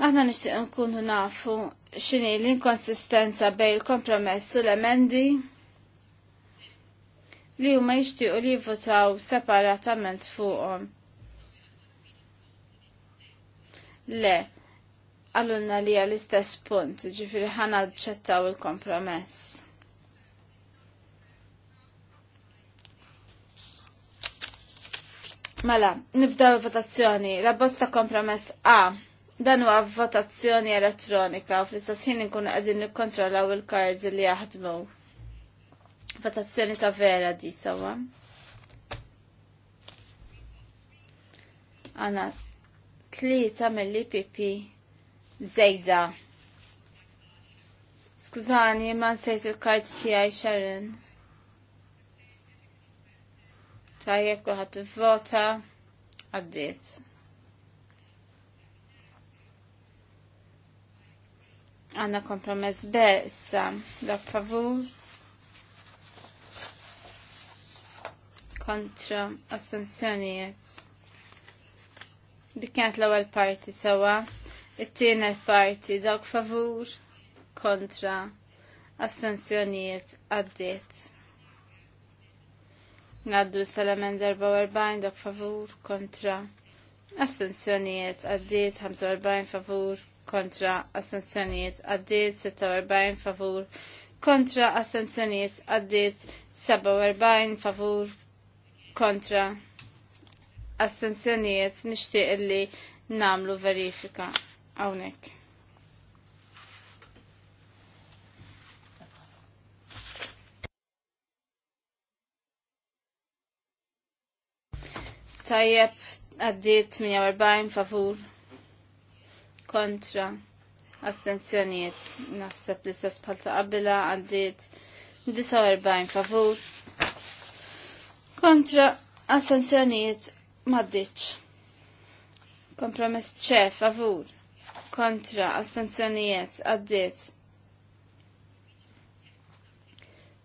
Aħna nixtieq nkunu nafu x'inhi l-inkonsistenza bejn il-kompromess u l-emendi li huma jixtiequ li jivvotaw separatament fuqhom. Le, għallunna li għal-istess punt, ġifiri ħana ċettaw il-kompromess. Mela, nibdaw votazzjoni. La bosta kompromess A. Dan huwa votazzjoni elettronika u fl-istess ħin inkunu qegħdin nikkontrollaw il-cards li jaħdmu. Votazzjoni ta' vera di sawa. Għana tlieta mill-IPP zejda. Skużani, ma nsejt il-cards tiegħi Sharon. Tajjeb kulħadd ivvota għaddiet. Għanna kompromess bessa, issa dak favur kontra astensjonijiet. Dik kienet l-ewwel parti sewwa, it-tienet parti dak favur kontra astensjonijiet għaddiet. Naddu s-salamen 44 dak favur kontra astenzjoniet għaddit 45 favur kontra astenzjoniet għaddit 46 favur kontra astenzjoniet għaddit 47 favur kontra astenzjoniet nishtiq li namlu verifika għawnek. Tajjeb, għaddit 48 favur kontra astenzjonijiet naħseb l-istess bħal ta' qabila għaddit 49 favur kontra astenzjoniet maddiċ. Kompromess ċe favur kontra astenzjonijiet għaddit.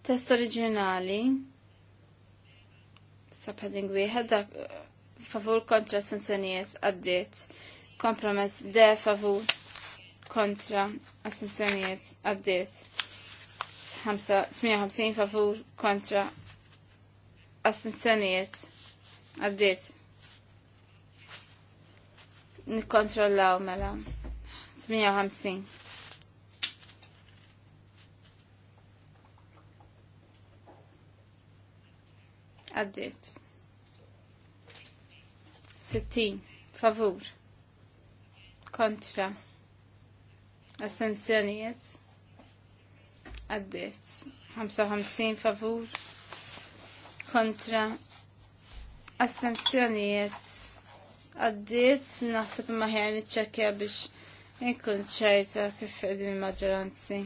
Test oriġinali sa' padding wieħed dak favur kontra astensjonijiet għaddiet. Kompromess D favur kontra astensjonijiet għaddiet. 58 favur kontra astensjonijiet għaddiet. Nikontrollaw mela. 58. Għaddiet. Settin, favur kontra astenzjonijiet Hamsa 55 favur kontra astenzjonijiet għaddit naħseb maħjar nitċekkja biex nkun ċajta kif qegħdin il-maġġoranzi.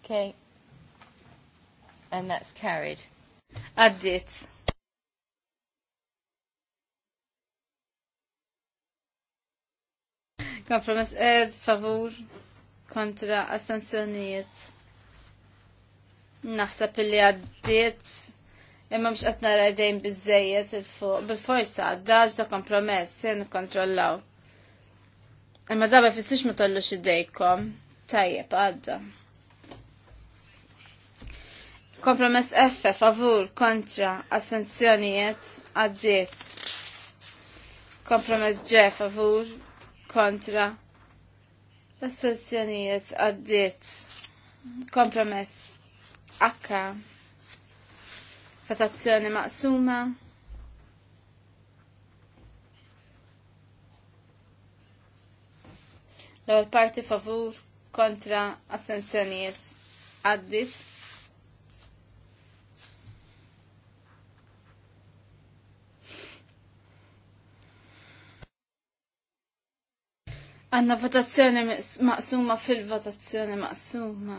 Okay. And that's carried. Għaddit. Kompromess ed, favur, kontra astensjonijiet. Naħseb li għaddiet, imma mx qed nara bizzejiet il-fuq, bil-forsa għaddaġ ta' kompromess se nikkontrollaw. Imma daba fissiex ma tollux idejkom, tajjeb għadda. Kompromess F, favur, kontra, astensjonijiet, għaddiet. Kompromess G, favur, kontra l astensjonijiet għaddit kompromess akka Fatazzjoni maqsuma l-ewwel parti favur kontra assenzjonijiet għaddit Għanna votazzjoni maqsuma fil-votazzjoni maqsuma.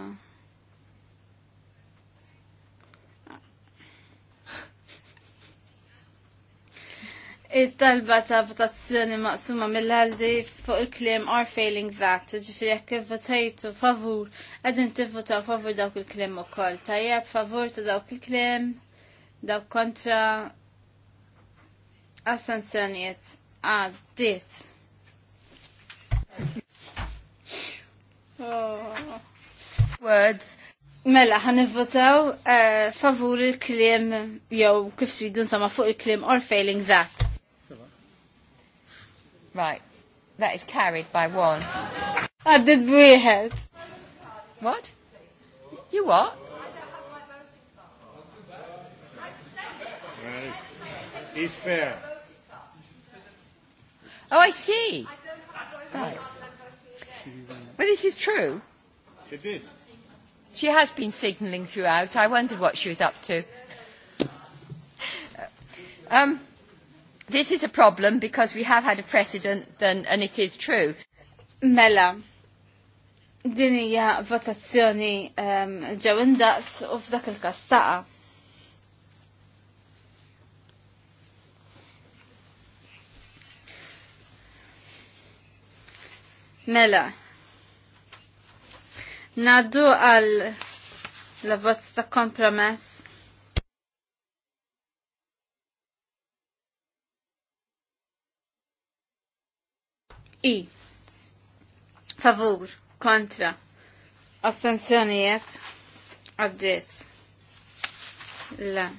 il talba ta' votazzjoni maqsuma mill-ħaldi fuq il-klim are failing that, ġifiri jekk votajtu favur, għadin tivvotaw favur dawk il-klim u koll. Tajjeb favur ta' dawk il-klim, dawk kontra assenzjoniet għaddit. Ah, Oh. Words. Mela, ħan votaw uh, eh, favur il-klim jow, kif sridu nsama fuq il-klim or failing that. Right. That is carried by one. we bwieħed. What? You what? He's fair. Oh, I see. Right. Well, this is true. It is. She has been signalling throughout. I wondered what she was up to. Uh, um, this is a problem because we have had a precedent then, and it is true. Mela, dinija votazzjoni um, ġewindaqs u f'dak il kastaqa Mela. Naddu għal la vots ta' kompromess. I. Favur. Kontra. Astenzjonijiet. Għaddit. La.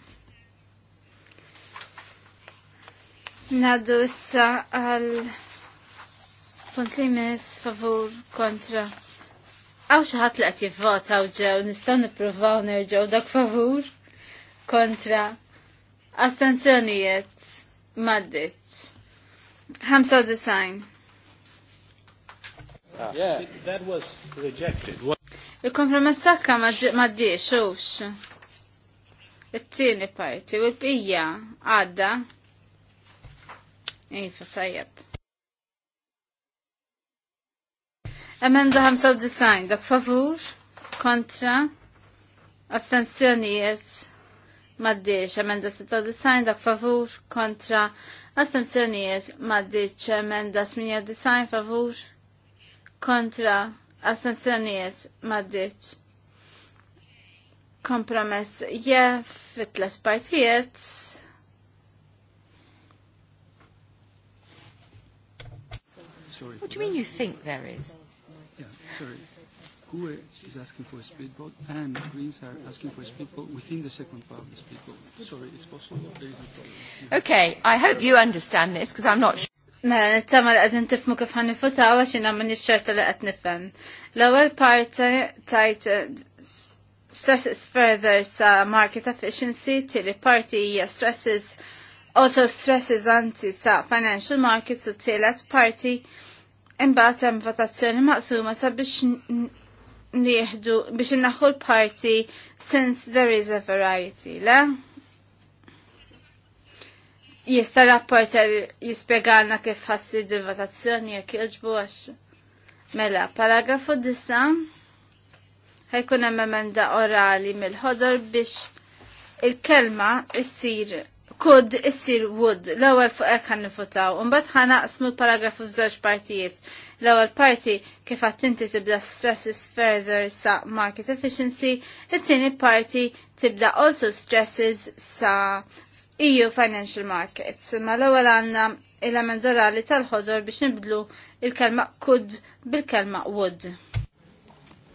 Naddu issa għal Kont li mis, favur, kontra. Għaw xaħat li għat jivvot għaw ġew, nistan niprovaw nerġaw dak favur, kontra. Astanzjonijiet, maddit. 95. Ah. Yeah, Il-kompromess sakka maddiex, ux. It-tieni parti, u bija għadda. ifa tajjeb. Emenda 95, dak favur, kontra, astenzjonijiet, maddiċ. Emenda 96, dak favur, kontra, astenzjonijiet, maddiċ. Emenda 98, favur, kontra, astenzjonijiet, maddiċ. Kompromess jef, fitles partijiet, What do you mean you think there is? sorry. who is asking for a split vote and Greens are asking for a speedboat within the second part of the split Sorry, it's possible. Okay, I hope you understand this because I'm not sure. Mela, li għadin tifmu kif għan nifuta għawa xina minn iċċerta li għad nifem. L-ewel parti tajt eh, stresses further sa market efficiency, tili parti hija stresses, also stresses anti sa financial markets u tielet parti imbagħad hemm votazzjoni maqsuma sabiex nieħdu biex naħu l-parti since there is a variety, le? Jista rapporter jispjegalna kif ħassir din votazzjoni jekk jħġbu għax. Mela, paragrafu disa ħajkun hemm emenda orali mill-ħodor biex il-kelma issir kod issir would l-ewwel fuq hekk għan nifutaw, imbagħad ħa naqsmu l-paragrafu f'żewġ partijiet. L-ewwel parti kif għattinti inti tibda stresses further sa market efficiency, it-tieni parti tibda also stresses sa EU financial markets. Ma l-ewwel għandna il-element li tal-ħodor biex nibdlu il-kelma kod bil-kelma wood.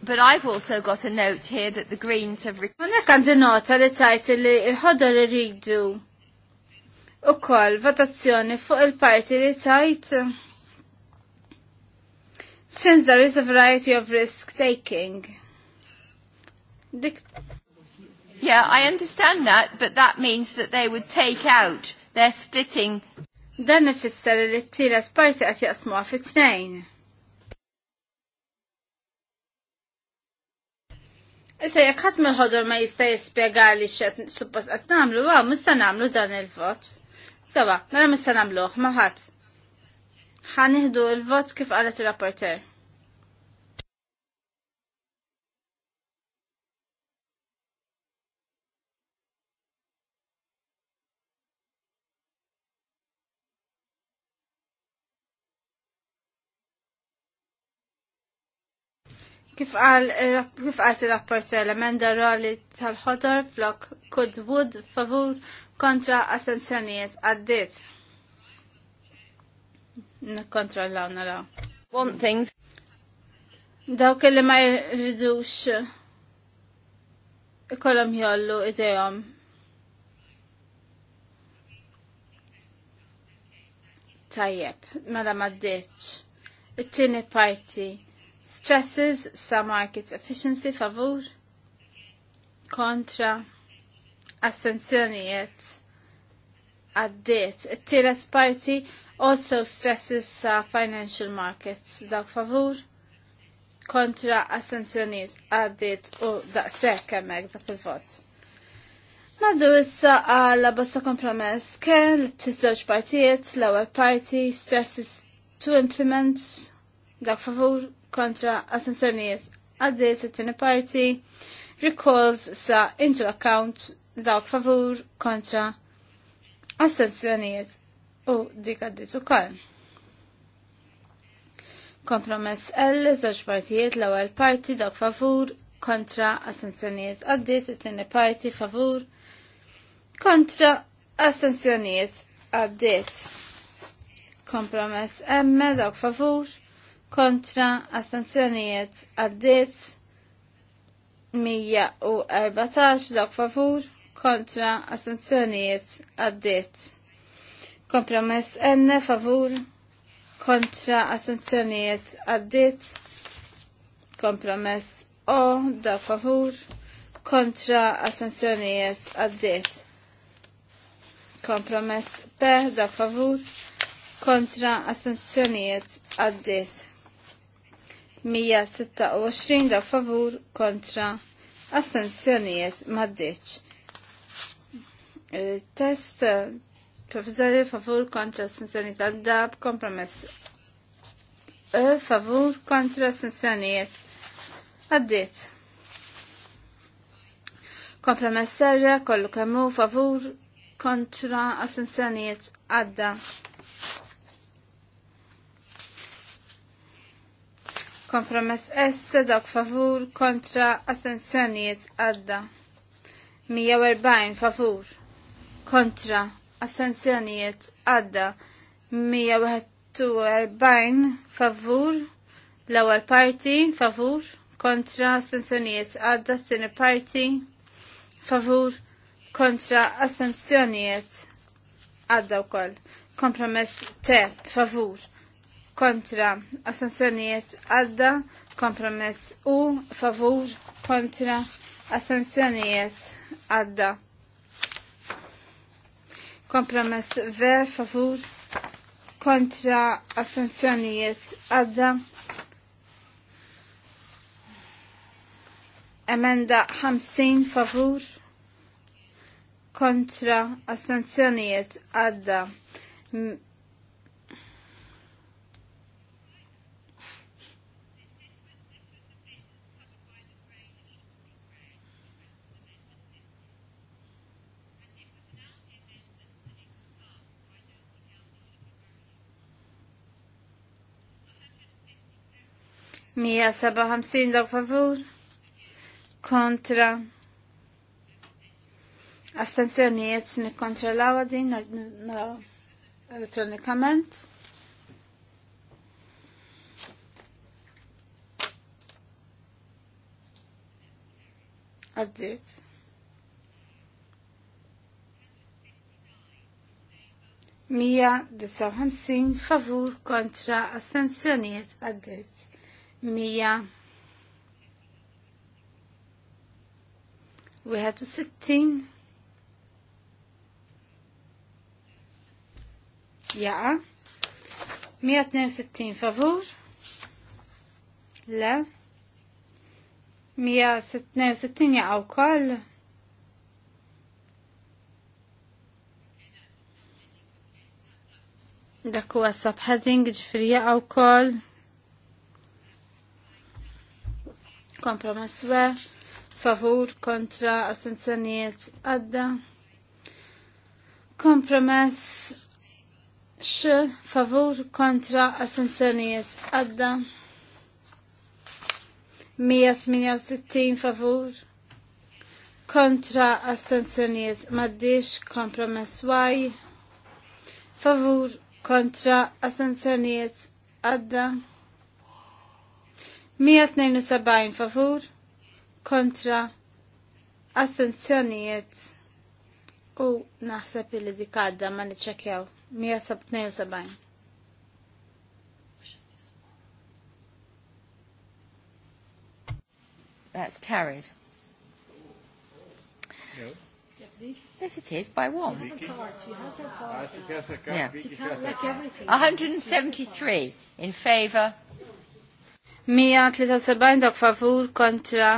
But I've also got a note here that the Greens have... Unek għandi nota li tajt li il-ħodor u kol votazzjoni fuq il-parti li tajt since there is a variety of risk taking. Dik yeah, I understand that, but that means that they would take out, their splitting. Dan ifisser li t-tielet parti qed jaqsmuha fit-tnejn. Issa jekk ħadd mill-ħodor ma jista' jispjega li x'qed suppost qed nagħmlu, wa mhux se nagħmlu dan il-vot. Sawa, mela mista nagħmluh maħat. Ħaniħdu l-vot kif qalet ir-rapporter. Kif għal kif ir-rapporter l-emenda rali tal-ħodor flok could wood favur kontra assenzjoniet għaddit. Nikkontrollaw naraw. Want things. Dawk li ma jridux Ikolom jollu idejhom. Tajjeb, mela ma ddeċ. It-tieni parti. Stresses sa market efficiency favur kontra assenzjonijiet għaddiet. It-tielet parti also stresses sa financial markets dawk favur kontra assenzjonijiet għaddiet u daqshekk hemmhekk dak il-vot. Naddu issa għalla bosta kompromess kien t tizzoċ partijiet, l-ewwel parti stresses to implement dak favur kontra assenzjonijiet għaddiet it tini parti recalls sa into account da favur kontra assenzjonijiet u dik għaddit ukoll. Kompromess L, żewġ partijiet l-ewwel parti da favur kontra assenzjonijiet għaddit, it-tieni parti favur kontra assenzjonijiet għaddit. Kompromess M, da favur kontra astenzjonijiet għaddit 114 dak favur kontra assenzjonijiet għaddit. Kompromess N favur kontra assenzjonijiet għaddit. Kompromess O da favur kontra assenzjonijiet għaddit. Kompromess P da favur kontra astenzjonijiet għaddit. 126 da favur kontra assenzjonijiet maddiċ. Test provizori favur kontra sanzjoni tal-dab, kompromess e, favur kontra sanzjonijiet. Għaddit. Kompromess serra kollu kemmu favur kontra assenzjonijiet għadda. Kompromess S dawk favur kontra assenzjonijiet għadda. 140 favur kontra astenzjonijiet għadda 141 favur l-ewwel parti favur kontra astenzjonijiet għadda t-tieni parti favur kontra astenzjonijiet għadda wkoll. Kompromess te favur kontra astenzjonijiet għadda kompromess u favur kontra astenzjonijiet għadda. Kompromess ver favur kontra astenzjonijiet għadda. Emenda 50 favur kontra astenzjonijiet għadda. 157 daw favur kontra astenzjonijiet nikkontrollaw din naraw elettronikament. Għaddit. 159 favur kontra astenzjonijiet għaddit mija wieħed u sittin jaqa' 162 favur le 162 jaqa' wkoll Dak huwa sabħadin ġifieri jaqa' wkoll Kompromess we, favur kontra assenzjoniet, għadda. Kompromess x, favur kontra assenzjoniet, għadda. 168 favur kontra assenzjoniet, maddix kompromess waj favur kontra assenzjoniet, għadda 172 favur kontra astenzjonijiet u naħseb li dikadda ma niċċekjaw 172. That's carried. No. Yes, it is, by one. She has her card. She has her card. Ah, she has her card. Yeah. She can't like everything. 173 in favour, 173 dak favur kontra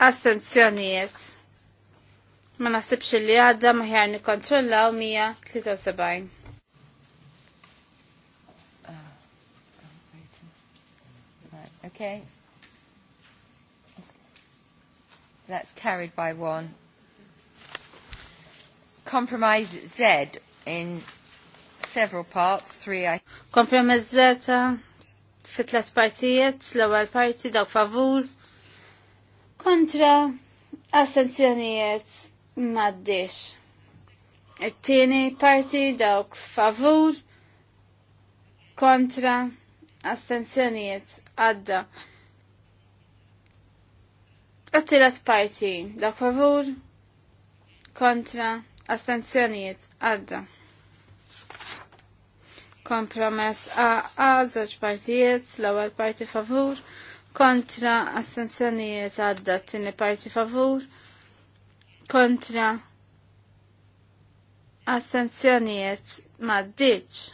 astenzjonijiet. Ma naħsibx li għadda maħjar nikontrollaw 173. Okay. That's carried by one. Compromise Z in several parts, three I... Compromise Z fit tlet partijiet, l-ewwel parti dawk favur kontra astenzjonijiet m'għaddix. It-tieni parti dawk favur kontra astenzjonijiet għadda. Għattilat parti daw favur kontra astenzjonijiet għadda. Kompromess AA, żewġ partijiet, l-ewwel parti favur, kontra assenzjonijiet għadda t tini parti favur, kontra assenzjonijiet maddiċ.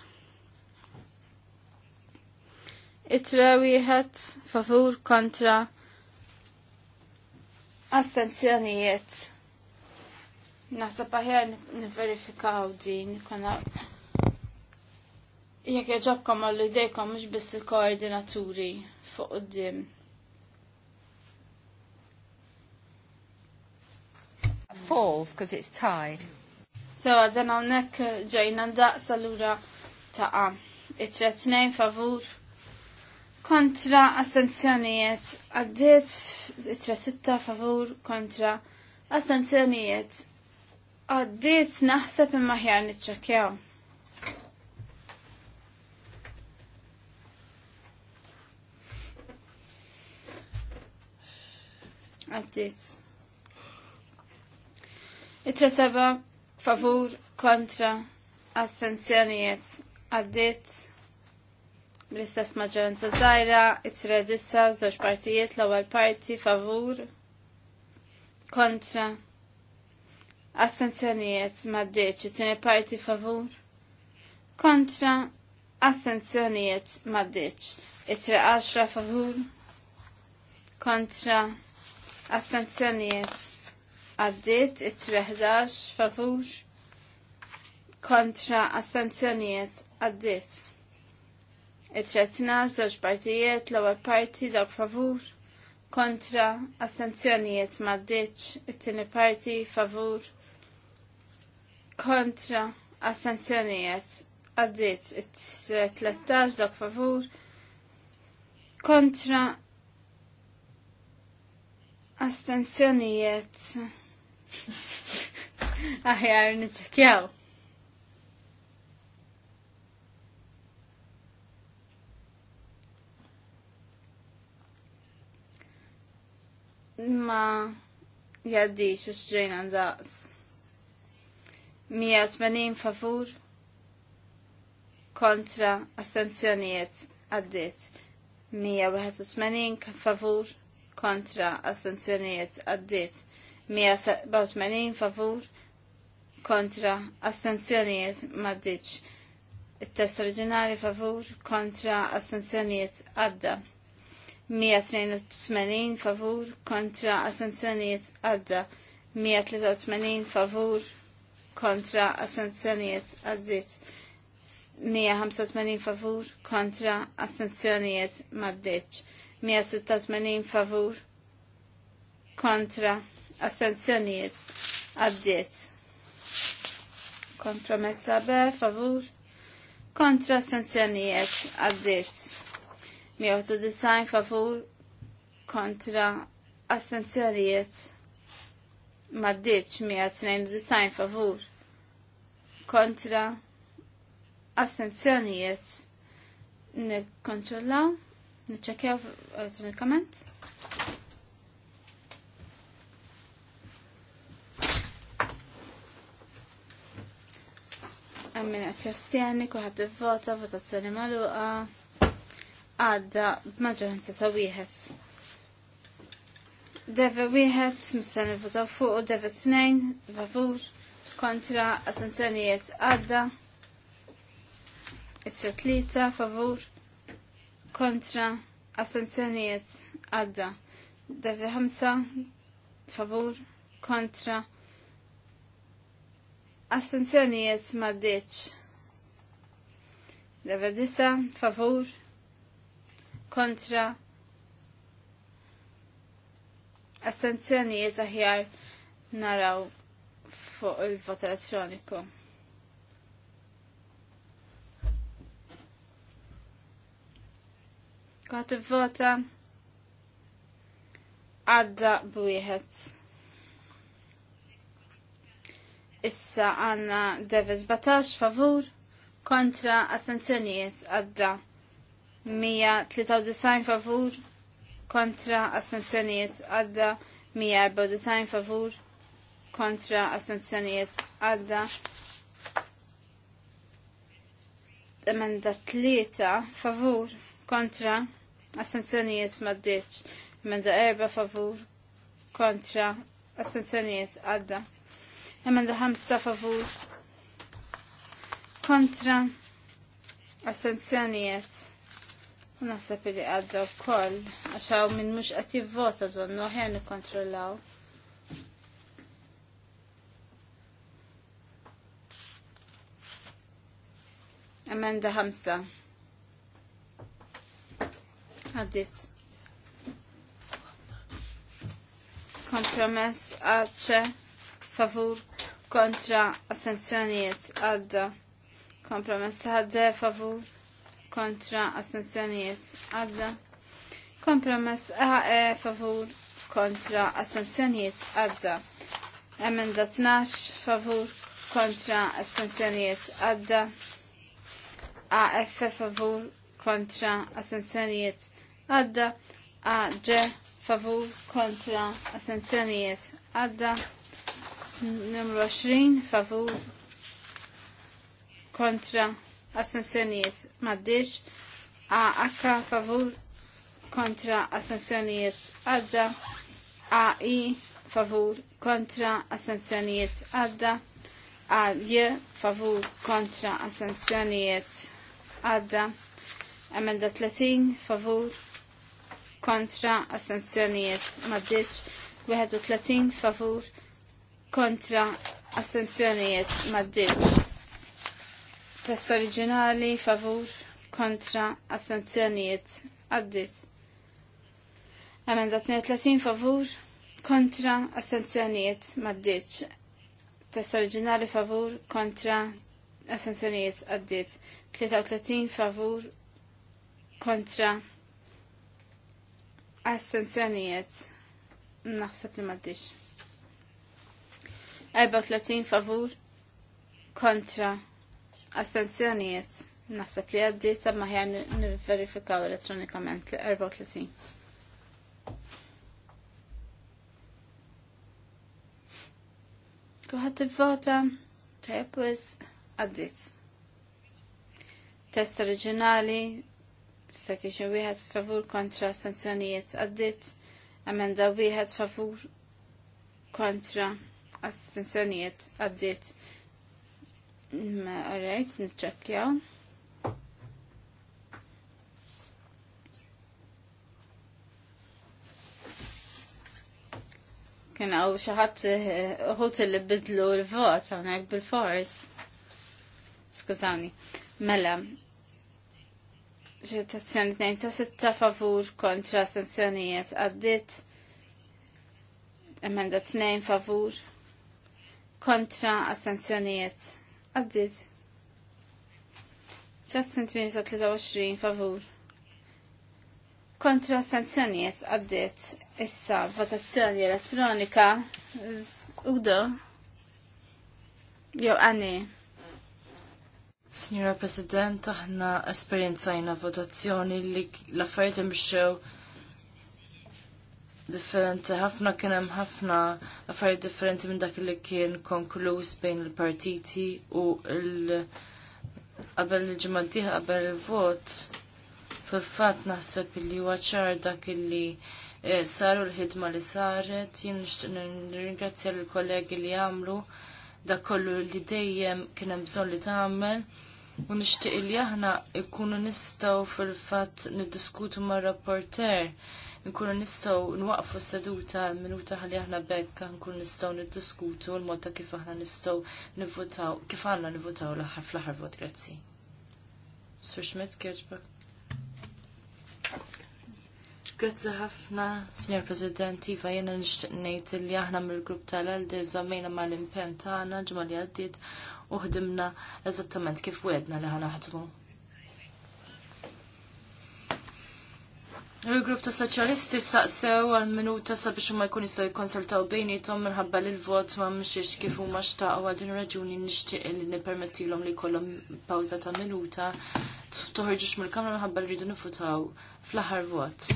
Itra wieħed favur kontra astenzjonijiet. Nasab aħjar niverifikaw din, konna Jekk jaġobkom għallu idejkom mhux biss il-koordinaturi fuq d-dim. Falls because it's tied. So, dan hawnhekk ġejna ndaq salura ta' it-tret favur kontra astenzjonijiet għaddit it-tret favur kontra astenzjonijiet għaddiet naħseb imma ħjar niċċekjaw. għaddit. Itra seba favur kontra astenzjonijiet għaddit bl-istess maġġoranza żgħira, itra dissa żewġ partijiet l-ewwel parti favur kontra astenzjonijiet maddeċ, it-tieni parti favur kontra astenzjonijiet maddeċ, itra għaxra favur kontra Astenzjonijiet għaddit it-treħdax favur kontra astanzjoniet għaddit. It-tretnax żewġ partijiet l-ewwel parti dawk favur kontra astanzjoniet m'għaddiċ it-tieni parti favur kontra astanzjoniet għaddit it-tlettax dawk favur kontra Astenzjonijiet. Aħjar nċekjaw. Ma jaddix xġejn għandaqs. 180 favur kontra astenzjonijiet għaddit. 181 favur kontra astenzjonijiet għaddit 187 favur kontra astenzjonijiet maddiċ. Il-test oriġinali favur kontra astenzjonijiet għadda. 182 favur kontra astenzjonijiet għadda. 183 favur kontra astenzjonijiet għaddit. 185 favur kontra astenzjonijiet maddiċ. 186 favur kontra astenzjonijiet għaddiet. Kompromessa B favur kontra astenzjonijiet għaddiet. 189 favur kontra astenzjonijiet maddiċ 192 favur kontra astenzjonijiet nikkontrollaw il elettronikament. Għammin għat jastjani, kuħat vota, votazzjoni maluqa, għadda b'maġġoranza ta' wieħed. Deve wieħed, mistan il-vota fuq, deve tnejn, favur, kontra, attenzjonijiet għadda, isra tlita, favur, kontra astenzjoniet għadda. Devi ħamsa favur kontra astenzjonijiet maddeċ. Devi disa favur kontra astenzjonijiet aħjar naraw fuq il-vot elettroniku. Kħat vota għadda bujħet. Issa għanna Deves Batax favur kontra astenzjonijiet għadda 193 favur kontra astenzjonijiet għadda 194 favur kontra astenzjonijiet għadda emenda tlieta favur kontra Astenzjonijiet maddiċ. Emenda erba favur kontra. assenzjonijiet għadda. Emenda ħamsa favur kontra. Astenzjonijiet. Naħseb li għadda u koll. Għaxaw minn mux għati vota donnu ħen kontrollaw. Emenda ħamsa. Għaddit. Kompromess għadċe favur kontra assenzjonijiet għadda. Kompromess għadde favur kontra assenzjonijiet għadda. Kompromess għadde favur kontra assenzjonijiet għadda. Emenda 12 favur kontra assenzjonijiet għadda. AF favur kontra assenzjonijiet għadda ġe favu kontra assenzjonijiet għadda numru 20 favu kontra assenzjonijiet maddix akka favu kontra assenzjonijiet għadda I, favu kontra assenzjonijiet għadda j favu kontra assenzjonijiet għadda emenda 30 favur kontra astenzjonijiet maddiċ 31 favur kontra astenzjonijiet maddiċ test oriġinali favur kontra astenzjonijiet għaddit Amenda 32 favur kontra astenzjonijiet maddiċ. Test oriġinali favur kontra astenzjonijiet għaddit. 33 favur kontra Astenzjonijiet. Naħseb li maddix. 34 favur kontra astenzjonijiet. Naħseb li għaddit ma ħjar nivverifikaw elettronikament li 34. Kuħat t-vota, tajab għaddit. Test oriġinali, citation wieħed favur kontra astenzjonijiet għaddit emenda wieħed favur kontra astenzjonijiet għaddit ma rajt nitċekkjaw kien għaw xaħat eh, uħut li bidlu l-vot għonek bil-fors. Skużani. Mela, Ġitazzjoni tnejn ta' sitta favur kontra sanzjonijiet għaddit. Emenda tnejn favur kontra astenzjonijiet għaddit. Ġitazzjoni 8 23 favur kontra astenzjonijiet għaddit. Issa votazzjoni elettronika u do. Jo għani. Signora President, aħna esperienzajna votazzjoni li l-affarijiet imxew differenti ħafna kien hemm ħafna affarijiet differenti minn dak li kien konkluż bejn il-partiti u l qabel il-ġimgħa qabel il-vot fil-fatt naħseb li huwa ċar dak li eh, saru l-ħidma li saret, jien nixtieq nirringrazzja lill kollegi li għamlu da kollu li dejjem kien hemm bżonn li tagħmel. U nixtieq li aħna nkunu nistgħu fil-fatt niddiskutu mar-rapporter nkunu nistgħu nwaqfu s-seduta minuta ħalli aħna bekka nkunu nistgħu niddiskutu l-mod kif aħna nistgħu nivvotaw, kif għandna nivvotaw l-aħħar fl-aħħar vot, grazzi. Sir Schmidt, kieġbek. Grazzi ħafna, Signor President, Iva, jena nixtieq ngħid li aħna mill-grupp tal-Eldi żammejna mal-impenn tagħna ġimgħa li għaddiet u ħdimna eżattament kif wedna li ħadmu. Il-grupp ta' soċjalisti saqsew għal minuta sabiex ma jkun jistgħu bejni tom minħabba li l-vot ma mxiex kif huma xtaqgħu għal din raġuni nixtieq li nippermettilhom li jkollhom pawża ta' minuta toħorġux mill-kamra minħabba li rridu nifutaw fl-aħħar vot.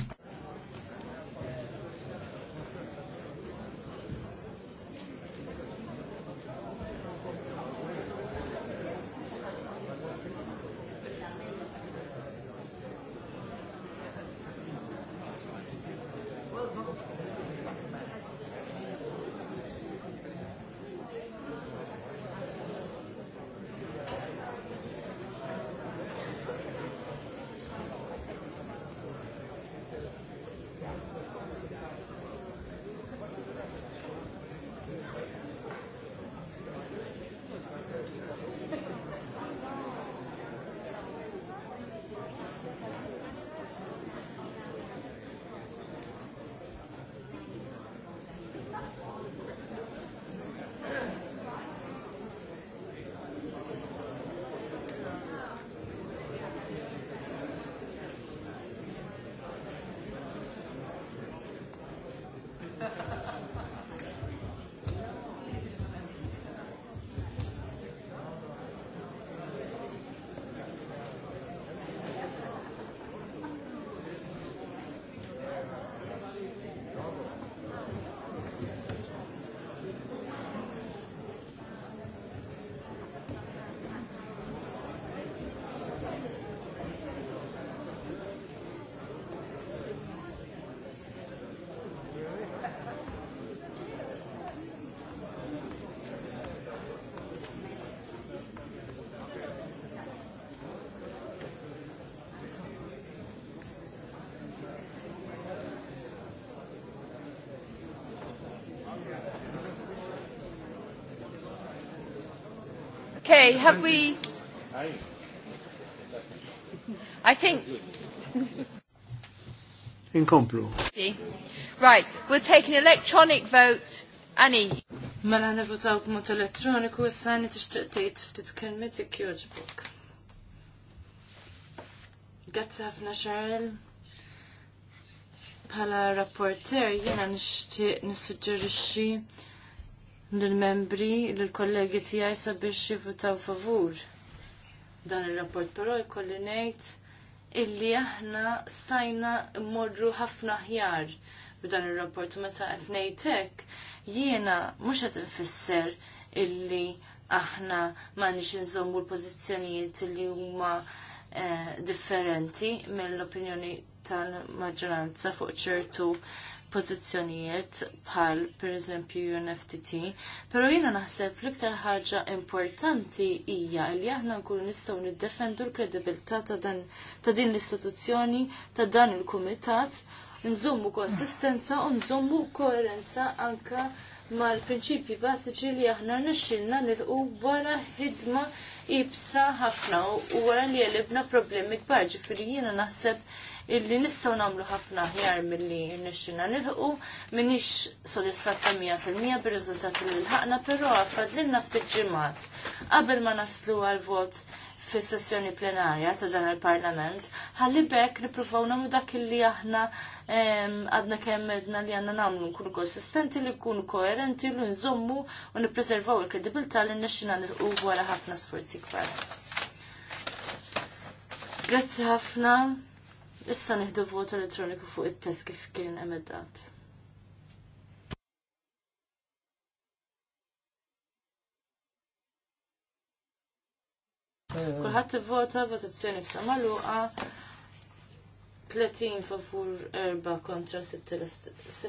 Okay, have we... I think... In complu. Right, we'll take an electronic vote. Ani. Mela nivutaw b'mod elettroniku issa għani tixtieq tgħid ftit kelmiet jekk jogħġbok. Grazzi ħafna Cheryl. Bħala rapporter jena nixtieq nissuġġerixxi l-membri, l-kollegi tijaj sabiex jivutaw favur dan il-rapport, pero jkolli nejt illi aħna stajna morru ħafna ħjar b'dan il-rapport meta qed ngħidlek jiena mhux qed infisser illi aħna m'għandniex inżommu l-pożizzjonijiet li huma eh, differenti mill-opinjoni tal-maġġoranza fuq ċertu pożizzjonijiet bħal pereżempju UNFTT, però jiena naħseb l-iktar ħaġa importanti hija li aħna nkunu nistgħu niddefendu l-kredibilità ta' dan ta' din l-istituzzjoni, ta' dan il-kumitat, nżommu konsistenza u nżommu koerenza anka mal-prinċipji bażiċi li aħna nixxilna nilqu wara ħidma ibsa ħafna u wara li għalibna problemi kbar ġifieri jiena naħseb illi nistgħu nagħmlu ħafna ħjar milli nixxina nilħu minix sodisfatta 100% bir-riżultat li l-ħaqna, però għafadlinna ftit ġimgħat qabel ma naslu għal-vot fis-sessjoni plenarja ta' dan il-Parlament, ħalli bekk nippruvaw nagħmlu dak li aħna għadna kemm edna li għandna nagħmlu nkunu konsistenti li nkunu koerenti li nżommu u nippreservaw il kredibilta li nexxina nilqu għala ħafna sforzi kbar. Grazzi ħafna Issa nieħdu vot elettroniku fuq it-test kif kien emedat. Eh. Kulħadd ivvota votazzjoni issa magħluqa 30 favur 4 kontra 6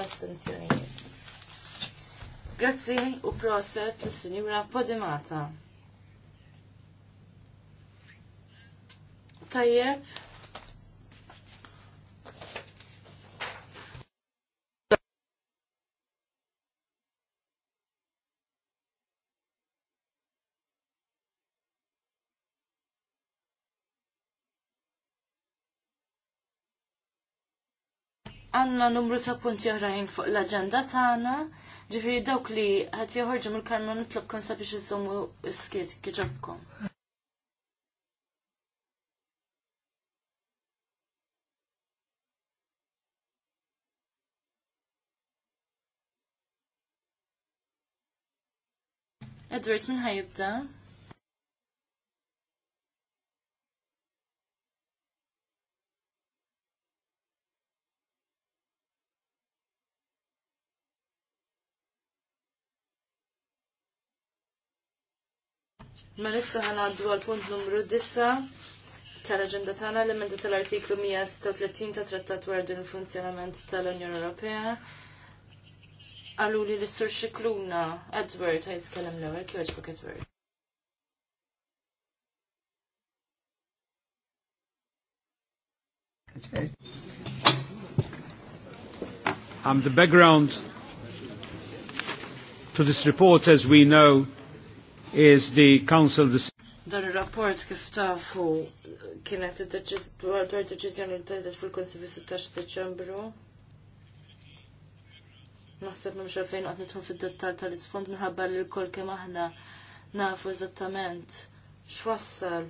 astenzjonijiet. Grazzi u proset l-Sinjura Podimata. Tajjeb, għanna numru ta' punti oħrajn fuq l-agenda tagħna. Ġifieri dawk li ħadd joħorġu mill-karma nitlobkom sabiex iżommu skiet kiġobkom. Edward minn ħajibda. Ma issa ħanaddu għal punt numru 9 tal-aġenda tagħna l-emenda tal-artiklu 136 ta' Trattat dwar din il-funzjonament tal-Unjoni Ewropea. Għallu li l-sur xikluna, Edward, għajt kellem l-ewel, kjoġbuk Edward. Um, the background to this report, as we know, is the council Dan il-rapport kif tafu kienet dwar deċiżjoni li tajdet fil-Konsilju 16 Deċembru. Naħseb m'hemmx għalfejn qatt nidħol fid-dettall tal-isfond minħabba li l-kol kemm aħna nafu eżattament x'wassal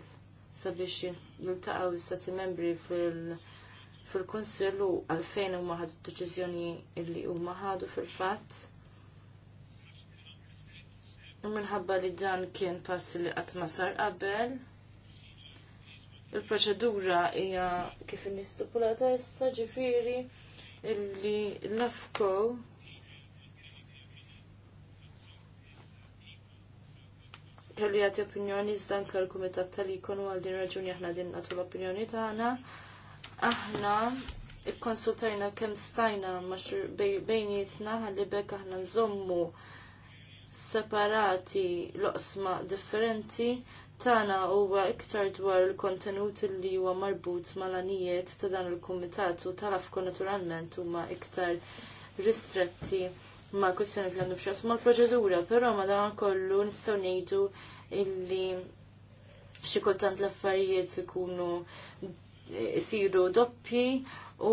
sabiex niltaqgħu is-sati membri fil- kunsill u għalfejn huma ħadu d-deċiżjoni li huma ħadu fil-fatt Minħabba li dan kien pass li qatt sar qabel. Il-proċedura hija kif nistipulata issa ġifieri illi l-afko kelli jagħti opinjoni zdan kal l-kumitat tal-ikon u għal din raġuni aħna din nagħtu l-opinjoni tagħna. Aħna ikkonsultajna kemm stajna bejnietna ħalli bekk aħna nżommu separati loqsma differenti tagħna huwa iktar dwar il-kontenut li huwa marbut mal-anijiet ta' dan il-kumitat u tal naturalment huma iktar ristretti ma' kwestjoni li għandu b'xas mal-proċedura, però ma' kollu nistgħu ngħidu illi xi kultant l-affarijiet ikunu isiru doppi u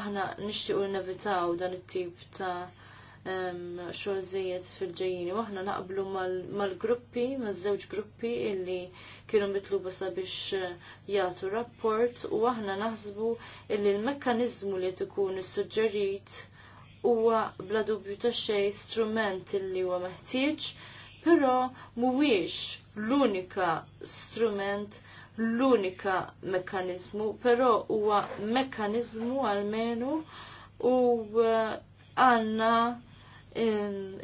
aħna nixtiequ nevitaw dan it-tip ta' xorżijiet fil-ġejjini. Waħna naqblu mal-gruppi, maż-żewġ gruppi illi kienu mitluba sabiex eh, jagħtu rapport u aħna naħsbu illi l-mekkaniżmu li tkun issuġġerit huwa bla dubju ta' xej strument illi huwa meħtieġ, però mhuwiex l-unika strument l-unika mekkanizmu, però huwa mekkanizmu għalmenu u eh, għanna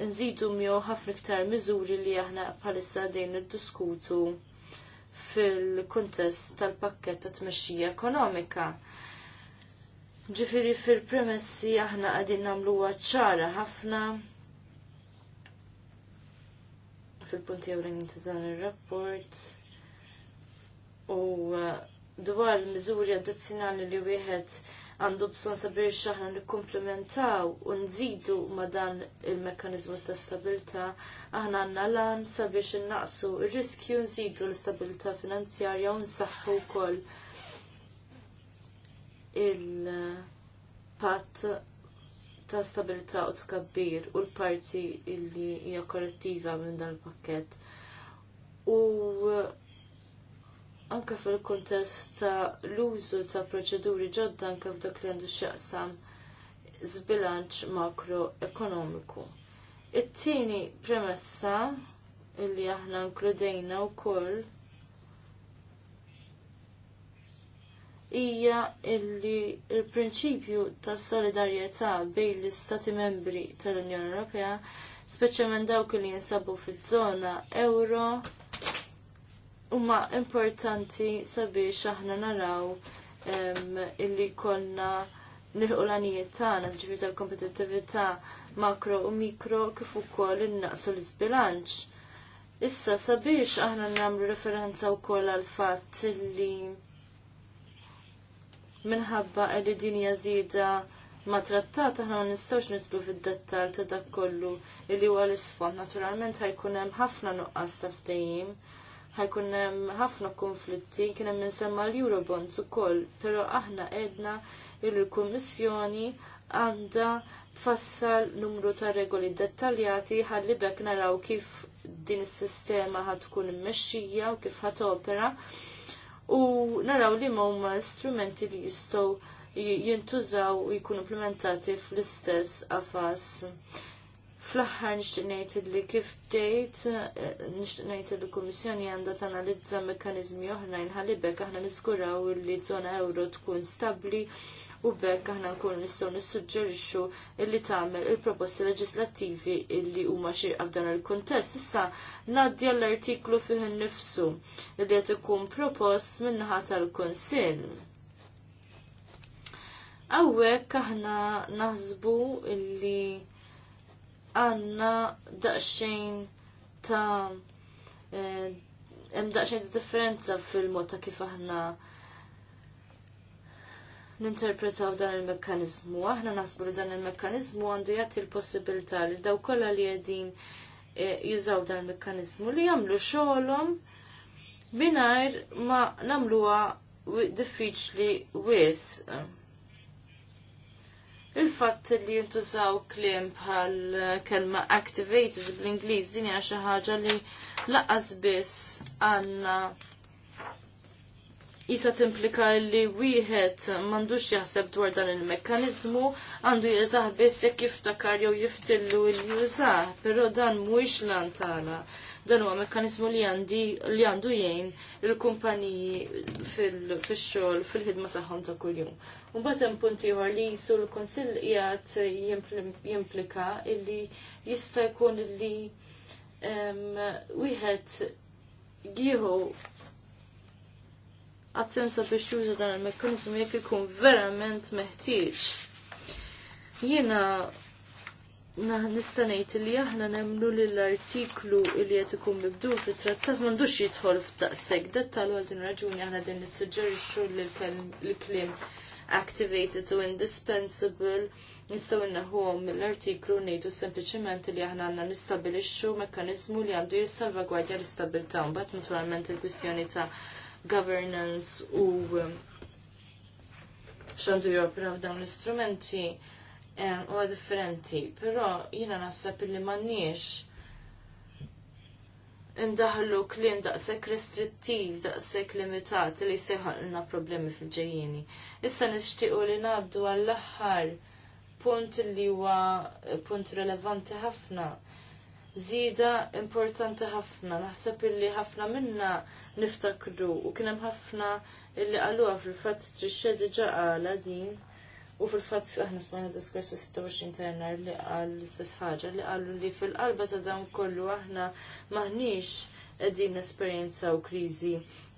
nżidu miegħu ħafna iktar miżuri li aħna bħalissa dejn id-diskutu fil-kuntest tal-pakket ta' tmexxija ekonomika. Ġifiri fil-premessi aħna għadin namlu ċara ħafna fil-punti għawlin dan il-rapport u uh, dwar miżuri mizuri addizzjonali li wieħed għandu bżonn sabir aħna nikkumplementaw u nżidu ma dan il mekanizmu ta' stabilità, aħna għanna lan sabiex innaqsu r-riskju nżidu l-istabilità finanzjarja u nsaħħu wkoll il-patt ta' stabilità u tkabbir u l-parti li hija korrettiva minn dan il-pakket. U anke fil kontest ta' l-użu ta' proċeduri ġodda anke f'dak li għandu x'jaqsam zbilanċ makroekonomiku. It-tieni premessa illi aħna nkludejna wkoll hija illi il-prinċipju ta' solidarjetà bejn l-Istati membri tal-Unjoni Ewropea, speċjalment dawk li jinsabu fiż-żona euro, huma importanti sabiex aħna naraw illi konna nilħu l-għanijiet tagħna ġifier tal-kompetittività makro u mikro kif ukoll innaqsu l-isbilanċ. Issa sabiex aħna nagħmlu referenza wkoll għal fatt li minħabba li din jażida ma trattat aħna ma nistgħux nidlu fid-dettall ta' dak kollu li huwa l-isfond. Naturalment ħajkun hemm ħafna nuqqas ta' ftehim ħajkun hemm ħafna konflitti, kien hemm insemma l-Eurobonds ukoll, però aħna qedna il-Kummissjoni għandha tfassal numru ta' regoli dettaljati ħalli bekk naraw kif din is-sistema ħad tkun immexxija u kif ħad opera u naraw li huma strumenti li jistgħu jintużaw u jkunu implementati fl-istess qafas Fl-aħħar nixtieq ngħid li kif bdejt eh, nixtieq ngħid li l-Kummissjoni għandha tanalizza mekkaniżmi oħra inħalibek aħna niżguraw li żona euro tkun stabbli u bekk aħna nkun nistgħu nissuġġerixxu li tagħmel il-proposti leġislattivi li huma xirqa f'dan il-kuntest. Issa ngħaddi l artiklu fih innifsu li qed ikun propost min-naħa tal-Kunsill. Awwek aħna naħsbu li għanna daqxejn ta' eh, hemm daqsxejn ta' differenza fil-mod ta' kif aħna ninterpretaw dan il-mekkanizmu. Aħna naħsbu li dan il-mekkanizmu għandu jagħti l-possibilità li daw kollha li qegħdin eh, jużaw dan il-mekkanizmu li jagħmlu xogħolhom mingħajr ma nagħmluha diffiċli wisq il-fatt li jintużaw klim bħal eh, kelma activated bl-Ingliż din hija xi ħaġa li laqas biss għandna jisa timplika li wieħed m'għandux jaħseb dwar dan il-mekkaniżmu għandu jeżaħ biss jekk jiftakar jew jiftillu li jużah, però dan mhuwiex lan tagħna. Dan huwa mekkaniżmu li għandi li għandu jgħin il-kumpaniji fil-xogħol fil-ħidma tagħhom ta' kuljum. Mbagħad hemm punt ieħor li jisu l-Kunsill qiegħed jimplika illi jista' jkun illi wieħed jieħu għazzenza biex juża dan il-mekkanizmu jekk ikun verament meħtieġ. Jiena nista' ngħid li aħna nemmnu li l-artiklu li qed ikun mibdu fit-trattat m'għandux jidħol f'daqshekk dettal għal din raġuni aħna din nissuġġerixxu lill-kliem activated u indispensable nistaw innaħuhom mill-artiklu ngħidu sempliċement li aħna għandna nistabilixxu mekkaniżmu li għandu jissalvagwardja l-istabilità mbagħad naturalment il-kwistjoni ta' governance u um, xandu jopra f'dawn l-istrumenti huwa eh, differenti, però jiena naħseb li m'għandniex indaħlu klim daqshekk restrittiv, daqshekk limitat li jseħħalna problemi fil-ġejjieni. Issa nixtiequ li ngħaddu għall-aħħar punt li huwa punt relevanti ħafna. Zida importanti ħafna, naħseb illi ħafna minna niftakru u kien hemm ħafna illi qaluha fil-fatt tixxed diġà din U fil-fatt aħna smajna diskors fil 26 tenar li qal l-istess li qalu li fil-qalba ta' dawn kollu aħna maħniex qegħdin nesperjenzaw kriżi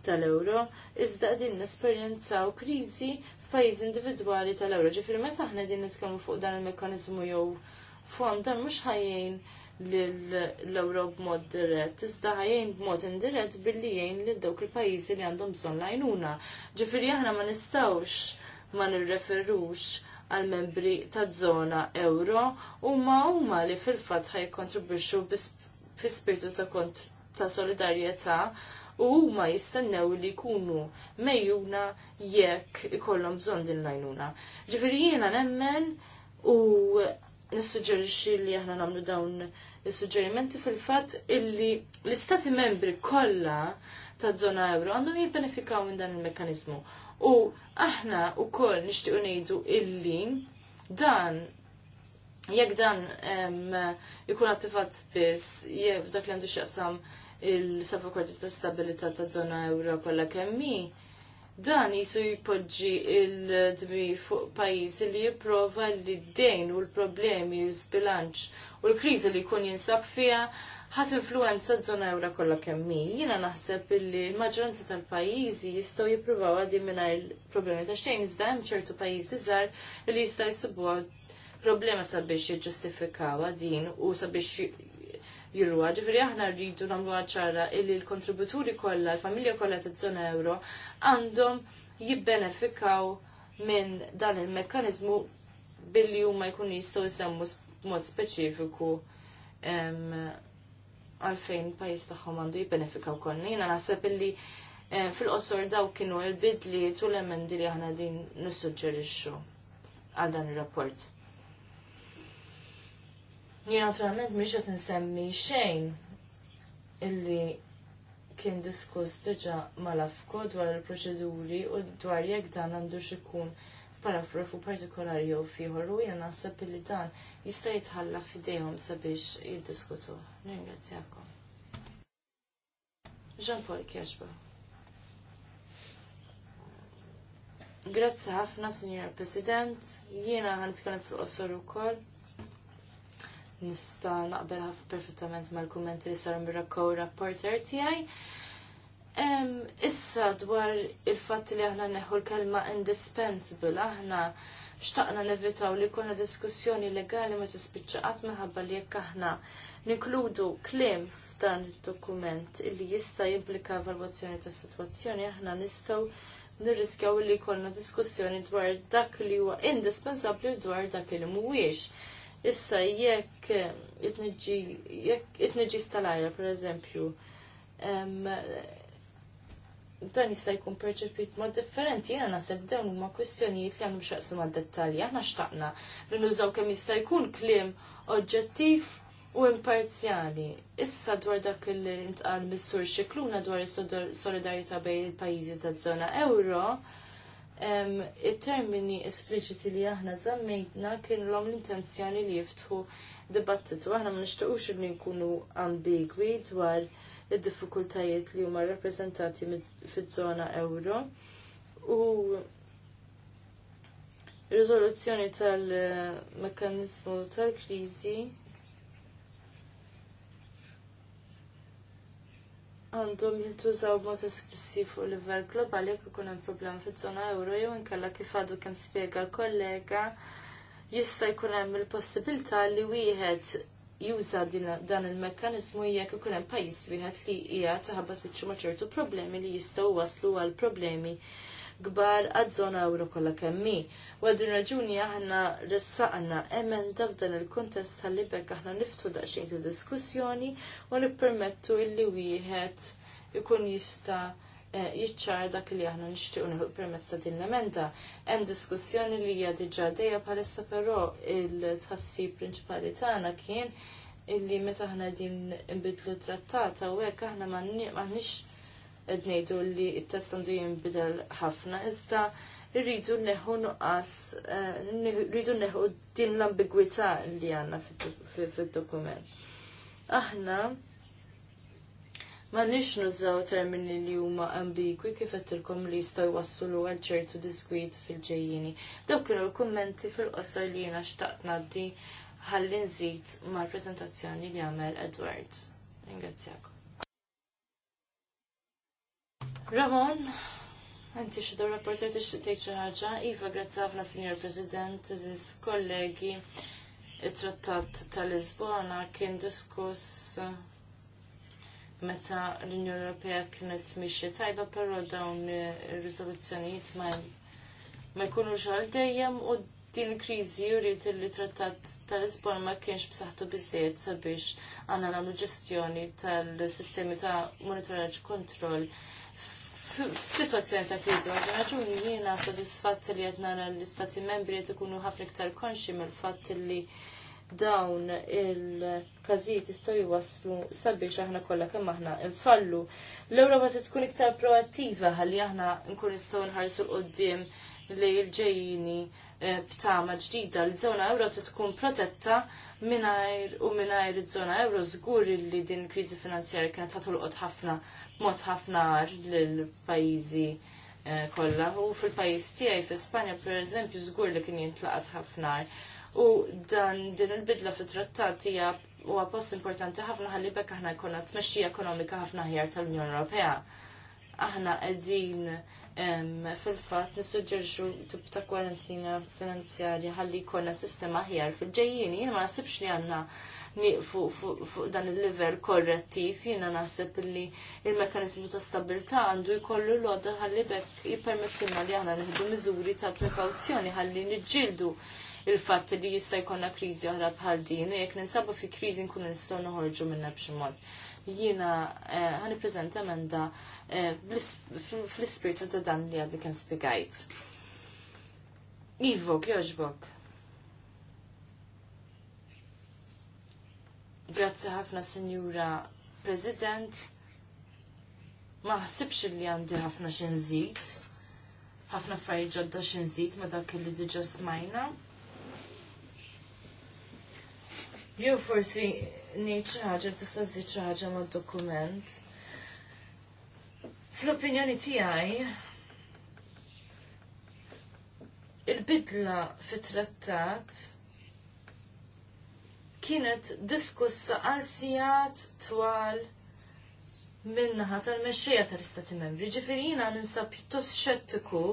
tal-euro, iżda qegħdin nesperjenzaw kriżi f'pajjiż individwali tal-euro. Ġifieri meta aħna qegħdin nitkellmu fuq dan il-mekkaniżmu jew fond dan mhux ħajjin l-Ewro b'mod dirett, iżda ħajjin b'mod indirett billi jgħin lil dawk il-pajjiżi li għandhom bżonn lajnuna. Ġifieri aħna ma nistgħux ma nirreferrux għal membri ta' zona euro u ma huma li fil-fatt ħaj kontribuxu fi spiritu ta' kont ta' solidarjetà u huma jistennew li jkunu mejjuna jekk ikollhom bżonn din l-għajnuna. Ġifieri jiena nemmen u nissuġġerixxi li aħna nagħmlu dawn is-suġġerimenti fil-fatt illi l-istati membri kollha ta' zona euro għandhom jibbenefikaw minn dan il-mekkaniżmu. U aħna u koll nishtiqu nejdu illi dan jekk dan ikun attivat biss jekk dak li għandu xaqsam il safakwarti ta' stabilità ta' zona euro kollha kemmi, dan jisu jpoġġi il-dmi fuq pajjiż li jipprova li d-dejn u l-problemi, l-bilanċ u l-kriżi li jkun jinsab fija ħat influenza d-żona ewra kolla kemm jina Jiena naħseb illi l-maġġoranza tal-pajjiżi jistgħu jippruvaw għaddi mingħajr problemi ta' xejn iżda hemm ċertu pajjiżi żgħar li jista' jsibuha problema sabiex jiġġustifikawha din u sabiex jirruha. Ġifieri aħna rridu nagħmluha ċara illi l-kontributuri kollha, l-familja kollha ta' żona ewro għandhom jibbenefikaw minn dan il-mekkaniżmu billi huma jkunu jistgħu jsemmu mod speċifiku għalfejn pajis tagħhom għandu jibbenefika wkoll. Jiena naħseb illi eh, fil-qosor daw kienu l-bidliet u l-emendi li aħna din nissuġġerixxu għal dan ir-rapport. Jien naturalment mhix qed insemmi xejn illi kien diskuss diġà mal-afko dwar il-proċeduri u dwar jekk dan għandu xikun paragrafu partikolari jew fiħor u jena naħseb li dan jista' jitħalla f'idejhom sabiex jiddiskutu. Ringrazzjakom. Jean Paul Kjaxba. Grazzi ħafna, Signor President. Jiena għan nitkellem fil-qosor ukoll. Nista' naqbel ħafna perfettament mal-kummenti li saru mir-rakkow rapporter tiegħi issa dwar il-fatt li aħna neħu l-kelma indispensable, aħna xtaqna nevitaw li kuna diskussjoni legali ma tispiċċaqat minħabba li jekk aħna nikludu klim f'dan il-dokument li jista' jimplika valvazzjoni ta' situazzjoni aħna nistgħu nirriskjaw li jkollna diskussjoni dwar dak li huwa indispensabbli dwar dak li mhuwiex. Issa jekk it-tniġġis per eżempju, pereżempju, dan jista' jkun perċepit mod differenti, jiena naħseb dawn huma kwistjonijiet li għandhom x'aqsim għad-dettalji. Aħna xtaqna li nużaw kemm jista' jkun kliem oġġettiv u imparzjali. Issa dwar dak li intqal mis-sur xikluna dwar is-solidarjetà bejn il-pajjiżi taż-żona euro, it-termini espliċiti li aħna żammejtna kienu l-om l-intenzjoni li jiftħu dibattitu. Aħna ma nixtiequx li nkunu ambigwi dwar id-diffikultajiet li huma rrappreżentati fiż-żona euro u riżoluzzjoni tal-mekkaniżmu tal-kriżi għandhom jintużaw b'mod esklusiv fuq livell globali jekk ikun hemm problemi fiż-żona euro jew inkella kif għadu kemm spjega l-kollega jista' jkun hemm il-possibilità li wieħed juża dan il-mekkanizmu jekk ikun hemm pajjiż wieħed li hija taħabad biċċu ma' ċertu problemi li jistgħu waslu għal problemi kbar għad-żona euro kollha kemmi. U din raġuni aħna ressaqna emenda f'dan il-kuntest ħalli bekk aħna niftu daqsxejn ta' diskussjoni u nippermettu illi wieħed ikun jista' Eh, jiċċar dak li aħna nixtiequ unħu permezz ta' din l-emenda. Hemm diskussjoni li hija diġà dejja bħalissa però il-tħassib prinċipali tagħna kien illi meta aħna din nbidlu trattat hawnhekk aħna m'aħniex qed ngħidu li t-test għandu jinbidel ħafna iżda rridu neħu nuqqas, eh, rridu neħu din l-ambigwità li għandna fid-dokument. Aħna ma nix nużaw termini li huma ambigwi kif ilkom li jistgħu jwassulu għal ċertu diskwit fil-ġejjini. Dawk kienu l-kummenti fil-qosor li jiena xtaqt ngħaddi ħalli nżid mal-preżentazzjoni li għamel Edward. Ringrazzjak. Ramon, Għanti xedur rapporter t xtejt ħaġa, Iva, grazzi ħafna, Signor President, ziz kollegi, il-trattat tal-Lisbona kien diskuss meta l-Unjoni Ewropea kienet mixi tajba, però dawn ir-riżoluzzjonijiet ma, ma jkunux għal dejjem u din il-kriżi jrid li trattat tal-Lisbon ma kienx b'saħħtu biżejjed sabiex għandna nagħmlu ġestjoni tal-sistemi ta' monitoraġġ kontroll F'sitwazzjoni ta' kriżi għax raġuni jiena sodisfatt li qed nara l-istati membri qed ikunu ħafna iktar konxi mill-fatt li dawn il- każijiet jistgħu jwasslu sabiex aħna kollha kemm aħna infallu. L-Ewropa trid tkun iktar proattiva ħalli aħna nkun nistgħu nħarsu l qoddim li l-ġejjini eh, b'tama ġdida l żona euro tkun protetta mingħajr u mingħajr iż-żona euro żgur li din kriżi finanzjarja kienet ħatolqot ħafna mod ħafna lill-pajjiżi eh, kollha. U fil-pajjiż tiegħi fl-Ispanja pereżempju żgur li kien jintlaqat ħafna. U dan din il-bidla fit-trattat hija huwa post importanti ħafna ħalli bekk aħna jkollna tmexxija ekonomika ħafna ħjar tal-Unjoni Ewropea. Aħna qegħdin fil-fatt nissuġġerġu tip ta' kwarantina finanzjarja ħalli jkollna sistema ħjar fil ġejjini Jien ma nasibx li għandna fuq dan il-level korrettiv, jiena naħseb li il-mekanizmu ta' stabilta għandu jkollu l-għodda ħalli bekk jipermettilna li aħna nħidu miżuri ta' prekawzjoni ħalli niġġieldu il fat li jista' jkollna kriżi oħra bħal din, jekk ninsabu fi kriżi nkunu nistgħu noħorġu minnha b'xi mod. Jiena eh, ħani preżenta emenda eh, fl-ispirtu ta' dan li għadni kien spiegajt. Ivo, jogħġbok. Grazzi ħafna, Sinjura President ma ħsibx li għandi ħafna nżid. ħafna affarijiet ġodda xinżid ma dak li diġa smajna. Jew forsi ngħid xi ħaġa tista' żżid xi ħaġa mad-dokument. Fl-opinjoni tiegħi il-bidla fit-trattat kienet diskussa għazzijat twal minnaħa tal-mexxejja tal-Istati Membri. Ġifirina ninsab ninsa pjuttost xettiku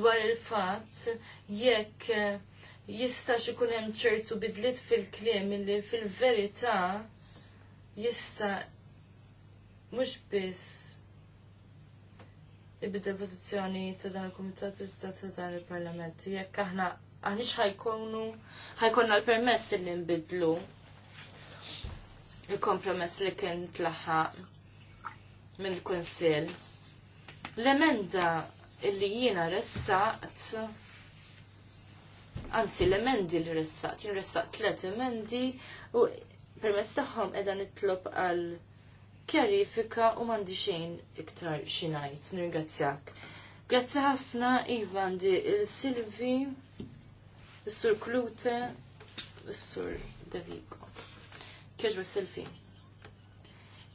dwar il-fatt jekk jistax ikun hemm ċertu bidliet fil-kliem li fil-verità jista' mhux biss ibidel pożizzjoni ta' dan il-Kumitat iżda ta' dan il-Parlament. Jekk aħna għanix ħajkunu ħajkonna l-permess li nbidlu il-kompromess li kien tlaħħaq mill-Kunsill. L-emenda illi jiena ressaqt anzi l-emendi li ressaqt, jien tlet tliet emendi u permezz tagħhom edha nitlob għal kjarifika u m'għandi xejn iktar xi ngħid. Nirringrazzjak. Grazzi ħafna Ivan di il-Silvi, il sur Klute, il sur Davigo. Kieġbek Silvi.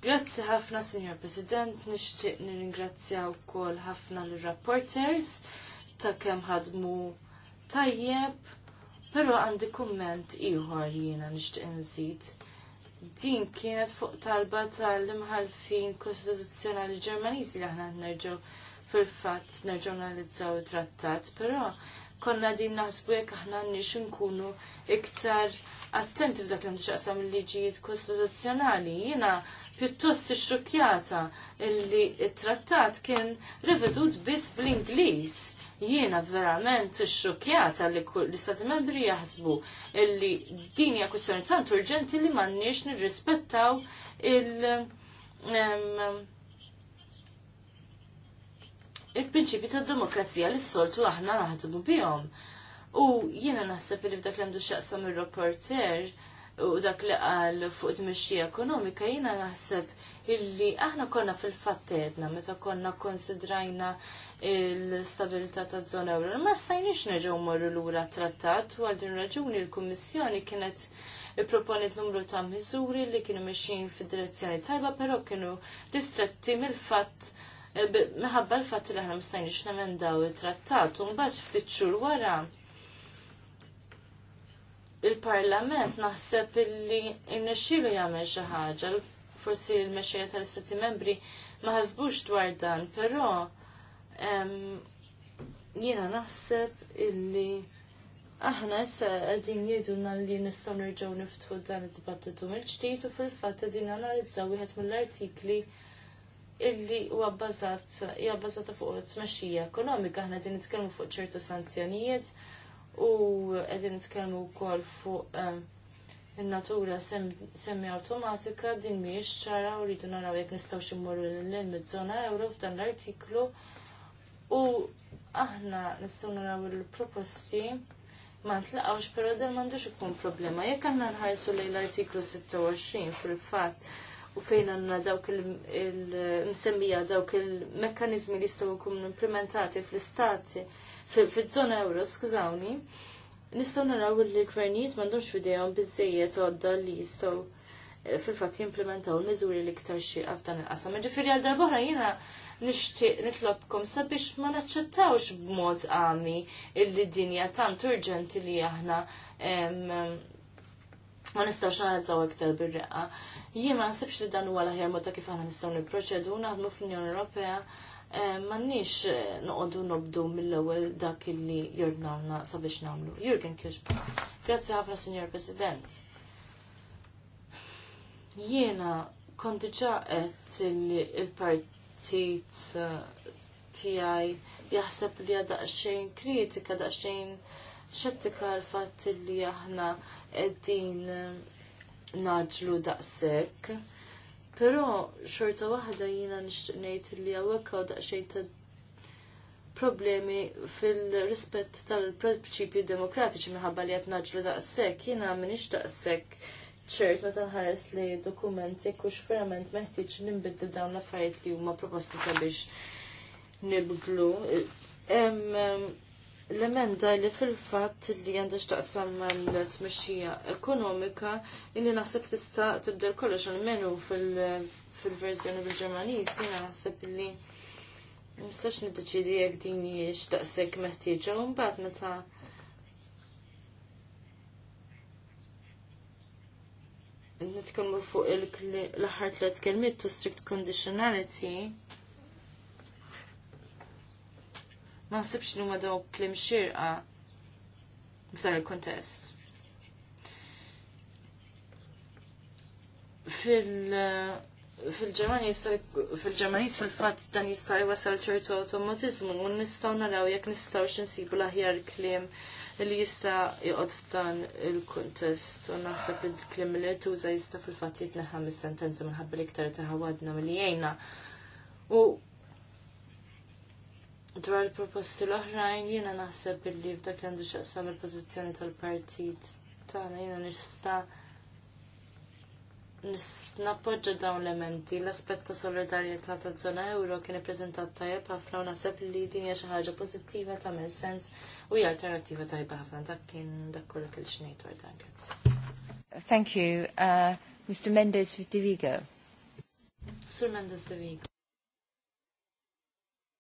Grazzi ħafna, Signor President, nixtieq nirringrazzja kol ħafna l-rapporters ta' kemm ħadmu tajjeb, però għandi kumment ieħor jiena nixtieq inżid. Din kienet fuq talba tal-imħalfin kostituzzjonali Ġermaniżi li aħna nerġgħu fil-fatt nerġgħu it-trattat, però konna din naħsbu jekk aħna nix nkunu iktar attenti f'dak li nċaqsam il-liġijiet kostituzzjonali. Jiena pjuttost ixxukjata illi it-trattat kien rivedut biss bl-Ingliż jiena verament xokjata li l-Istati membri jaħsbu illi din hija kwistjoni tant urġenti li m'għandniex nirrispettaw il- il-prinċipi ta' demokrazija li s-soltu aħna naħdmu bihom. U jiena naħseb li f'dak li għandu xaqsam ir rapporter u dak li għal fuq it-mixxija ekonomika jiena naħseb illi aħna konna fil-fattetna meta konna konsidrajna l-stabilità ta' zona euro. Ma stajniex neġgħu morru lura trattat u għal din raġuni l-Kummissjoni kienet proponiet numru ta' miżuri li kienu meċin fid-direzzjoni tajba, però kienu ristretti mill-fatt eh, meħabba l-fatt li aħna ma namendaw nemendaw it-trattat u mbagħad ftit xhur wara il-parlament naħseb illi il jagħmel xi ħaġa forsi l-mexxejja tal-Istati Membri ma ħasbux dwar dan, però jiena naħseb illi aħna issa qegħdin jgħidulna li nistgħu nerġgħu niftħu dan id-dibattitu mill-ġdid u fil-fatt qegħdin analizzaw wieħed mill-artikli illi huwa bbażat hija bbażata fuq tmexxija ekonomika aħna qegħdin nitkellmu fuq ċertu sanzjonijiet u qegħdin nitkellmu wkoll fuq in-natura semmi awtomatika din mhijiex ċara u rridu naraw jekk nistgħux ximmorru lil mid-żona euro f'dan l-artiklu u aħna nistgħu naraw il-proposti ma ntlaqgħux però dan m'għandux ikun problema. Jekk aħna nħarsu lejn l-artiklu 26 fil-fatt u fejn għanna dawk il-msemmija dawk il-mekkanizmi li jistgħu jkunu implementati fl-istati fil-żona euro, skużawni, nistgħu naraw li l-gvernijiet m'għandhomx f'idejhom biżejjed għadda li jistgħu eh, fil-fatt jimplementaw l-miżuri li iktar xieqa f'dan il-qasam. Ġifieri għal darba jiena nixtieq nitlobkom sabiex ma naċċettawx b'mod għami illi dinja tant urġenti li aħna ma nistax narazzaw iktar bir-reqqa. Jien ma nsibx li dan huwa l-aħjar mod ta' kif aħna nistgħu nipproċedu naħdmu fl-Unjoni Ewropea Eh, mannix eh, noqodu nobdu mill-ewel dak li jordnawna sabiex namlu. Jurgen Kirschba. Grazzi ħafna, Signor President. Jiena konti ġaqet il-partit eh, tijaj jaħseb li għadaxxejn kritika, daqxejn xettika l-fat li aħna eddin naġlu daqsek. Però xorta waħda jiena nixtieq ngħid li hawnhekk hawn daqsxejn ta' problemi fil-rispett tal-prinċipju demokratiċi minħabba li qed naġru daqshekk, jiena m'iniex daqshekk ċert meta nħares li dokumenti kux verament meħtieġ nimbiddu dawn l-affarijiet li huma proposti sabiex nibdlu l-emenda li fil-fatt li għandha x'taqsam mal-tmexxija ekonomika illi naħseb tista' tibdel kollox menu fil-verżjoni bil-Ġermaniż jiena naħseb li nistax niddeċidi jekk din hiex x'taqsek meħtieġa u mbagħad meta nitkellmu fuq l-aħħar tliet kelmiet to strict conditionality ma nsibx li huma dawk klim xirqa f'dan il-kontest. fil- fil-Ġermanis fil-Ġermanis fil-fatt dan jista' jwasal ċertu automatizmu u nistgħu naraw jekk nistgħu x'insibu l-aħjar kliem li jista' jqod f'dan il-kuntest u naħseb li l-kliem li tuża jista' fil-fatt jitneħħa mis-sentenza minħabba li iktar taħawadna milli jgħinna. U Dwar il-proposti l-oħrajn jiena naħseb billi f'dak li għandu xaqsam il-pożizzjoni tal-partit tagħna jiena nista' nappoġġa dawn l-elementi. L-aspett ta' solidarjetà ta' żona euro kien ippreżentat tajjeb ħafna u naħseb li din hija xi ħaġa pożittiva tagħmel sens u hija alternattiva tajba ħafna. Dak kien dak kollu kien xnejt dwar dan grazzi. Thank you. Uh, Mr. Mendes Vigo. Sur Mendes de Vigo.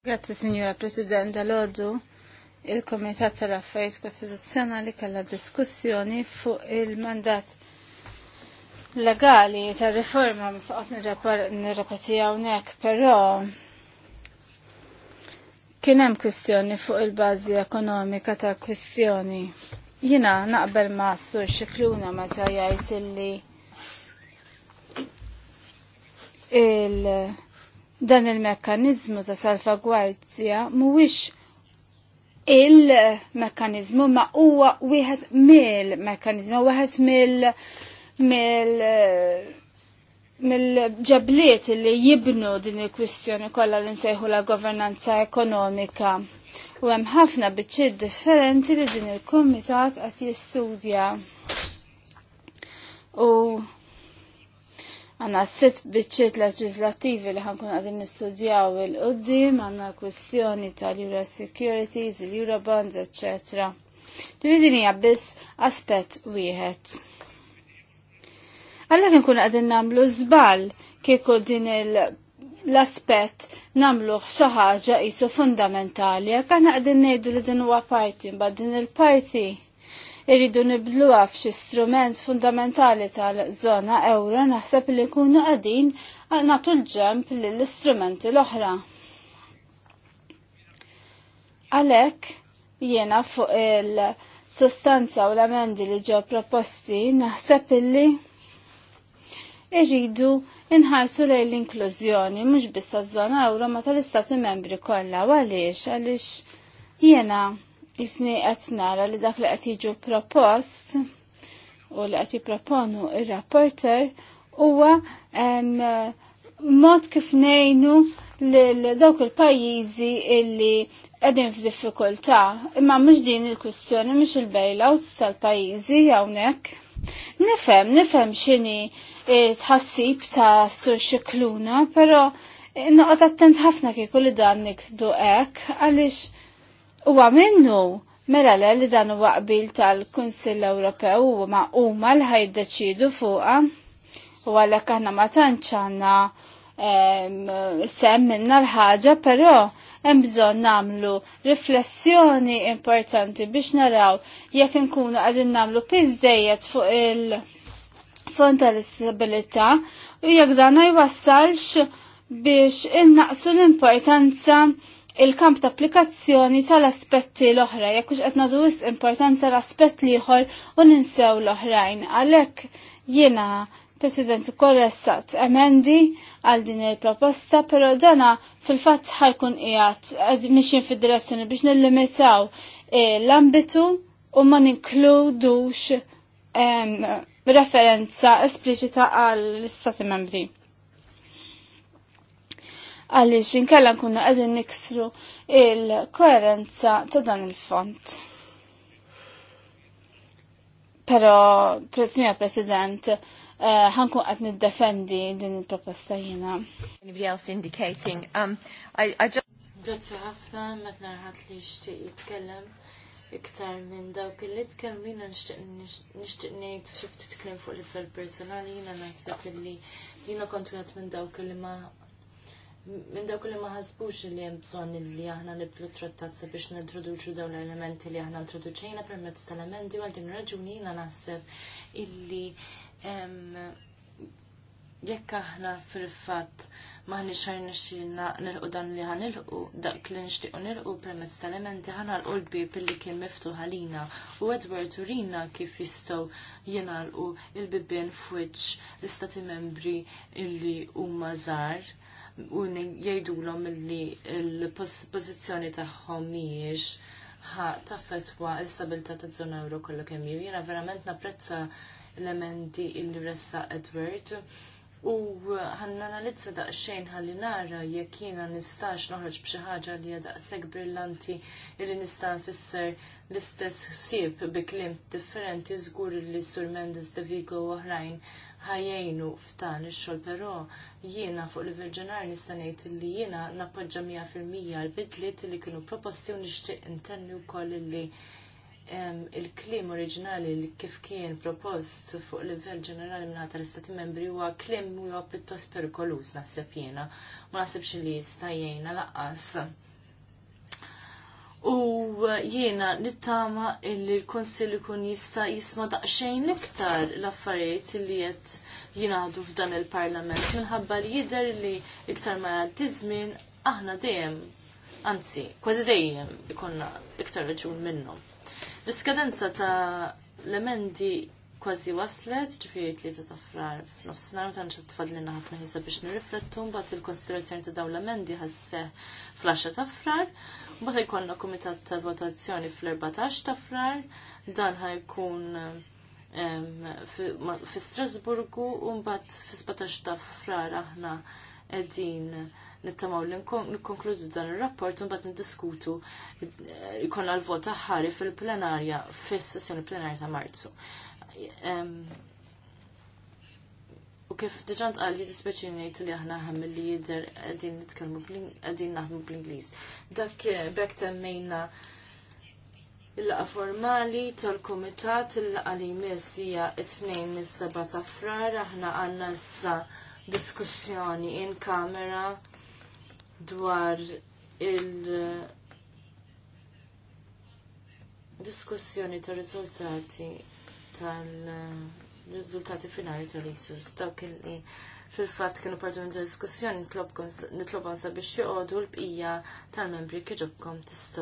Grazie, signora President. Lodu, il-Komitat tal-Affarijiet Kostituzzjonali la diskussjoni fuq il-mandat legali tal-riforma misqot nirrepetija hawnhekk, però kien hemm kwistjoni fuq il-bażi ekonomika tal-kwistjoni. Jina naqbel ma' sur xikluna meta jgħid illi il- Dan il-mekkanizmu ta' salvagwardja mhuwiex il-mekkanizmu ma huwa wieħed mill-mekkanizmu, wieħed mill mill mill-ġabliet li jibnu din il-kwistjoni kollha li nsejħu la governanza ekonomika. U hemm ħafna biċċiet differenti li din il-kumitat qed jistudja. U Għanna sitt biċċiet leġizlativi li ħankun għadin nistudjaw il-qoddim, għanna kwestjoni tal-Euro Securities, il-Euro Bonds, etc. Din hija biss aspett wieħed. Għallek kun għadin namlu zbal kieku din l-aspett namlu xaħġa jisu fundamentali, għak għadin nejdu li din huwa parti, bad din il-parti. il parti irridu nibluha f'xi strument fundamentali tal-żona euro naħseb li nkunu għadin nagħtu l-ġemp lill-istrumenti l-oħra. Għalhekk jiena fuq il-sostanza u l-amendi li ġew proposti naħseb illi irridu inħarsu lej l-inklużjoni mhux biss taż-żona euro ma tal-istati membri kollha għaliex għaliex jiena jisni qed nara li dak li qed jiġu propost u li qed jipproponu ir-rapporter huwa mod kif ngħinu lil dawk il-pajjiżi illi qegħdin f'diffikultà, imma mhux din il-kwistjoni mhux il-bailouts tal-pajjiżi hawnhekk. Nifhem, nifhem x'inhi tħassib ta' sur xikluna, pero noqgħod attent ħafna kieku li dan niksbu hekk għaliex Huwa minnu mela le li dan u għabil tal-Kunsill Ewropew u ma huma l ħajdeċidu fuqha u għalhekk aħna ma tantx għandna sem minna l-ħaġa, però hemm bżonn nagħmlu riflessjoni importanti biex naraw jekk inkunu għadin nagħmlu piżejjed fuq il-fond tal-istabilità u jekk dan ma jwassalx biex innaqsu l-importanza il-kamp ta' applikazzjoni tal-aspetti l-oħra, jekkux qed nagħtu importanza l-aspett liħor u ninsew l-oħrajn. Għalhekk jiena President korressat emendi għal din il-proposta, però dana fil-fatt ħajkun qiegħed mixin fid-direzzjoni biex nillimitaw l-ambitu u ma ninkludux referenza espliċita għall istati membri għaliex inkella nkunu qegħdin niksru il-koerenza ta' dan il-font. Però, Signor President, eh, ħankun qed niddefendi din il-proposta jina. Anybody else indicating? Um, I, I just... Grazzi ħafna, met rħat li xtieq jitkellem iktar minn dawk li tkellmu jina nishtiq nejt ftit tkellem fuq fil personali jiena nasib li jina kontu wieħed minn dawk li ma minn dawk li ma ħasbux li hemm bżonn li aħna nibdu trattat biex nintroduċu dawn l-elementi li aħna introduċejna permezz tal-elementi u għal din raġuni jiena naħseb illi jekk aħna fil-fatt maħniex ħar nixxilna nilqu dan li ħanilqu dak li nixtiequ nilqu permezz tal-elementi ħanalqu l-bib li kien miftuħ għalina u Edward urina kif jistgħu jingħalqu il-bibien f'wiċċ l-istati membri illi huma żgħar u jgħidulhom li l-pożizzjoni tagħhom mhijiex taffetwa l stabilta ta' żona euro kollha kemm hu. Jiena verament napprezza elementi il ressa Edward u ħanna analizza daqsxejn ħalli nara jekk jiena nistax noħroġ b'xi ħaġa li hija daqshekk brillanti li nista' nfisser l-istess ħsieb bi kliem differenti żgur li Sur Mendes de Vigo u oħrajn ħajjejnu f'dan ix-xogħol, però jiena fuq livell ġenerali nista' ngħid li jiena nappoġġa mija fil-mija l-bidliet li kienu proposti u nixtieq intenni wkoll li il-klim oriġinali li kif kien propost fuq livell ġenerali minn ħata l-istati membri huwa klim huwa pjuttost perikoluż naħseb jiena, ma naħsibx li jista' jgħinna laqqas U eh, jiena nittama illi l-Konsil ikun jista' jisma' daqxejn iktar l-affarijiet li qed jingħadu f'dan il-Parlament minħabba li jidher li iktar ma jgħaddi żmien aħna dejjem anzi kważi dejjem ikonna iktar raġun minnhom. L-iskadenza ta' l-emendi kważi waslet, ġifiri li ta' frar f'nofsinhar u tantx tfadlilna ħafna ħisa biex nirriflettu bat il-konsiderazzjoni ta' dawn l-emendi ħasseh fl-10 ta' frar. Mbagħad jkollna komitat ta' votazzjoni fl-14 ta' frar, dan ħajkun fi Strasburgu u mbagħad fis-17 ta' frar aħna qegħdin nittamaw li nikkonkludu dan ir-rapport u mbagħad niddiskutu jkollna l-vot ħari fil-plenarja fis-sessjoni plenarja ta' Marzu U kif diġant għal li dispeċini ngħidu li aħna ħamm li jidher qegħdin nitkellmu qegħdin naħdmu bl-Ingliż. Dak bekk temmejna il-laqa formali tal-kumitat il-laqa li jmiss hija t-tnejn mis-seba' ta' frar aħna għandna sa diskussjoni in kamera dwar il- diskussjoni tar riżultati tal- riżultati finali tal-ISUS. Dawk li fil-fatt kienu partu minn diskussjoni nitlobkom sabiex joqogħdu l-bqija tal-membri kieġobkom tistgħu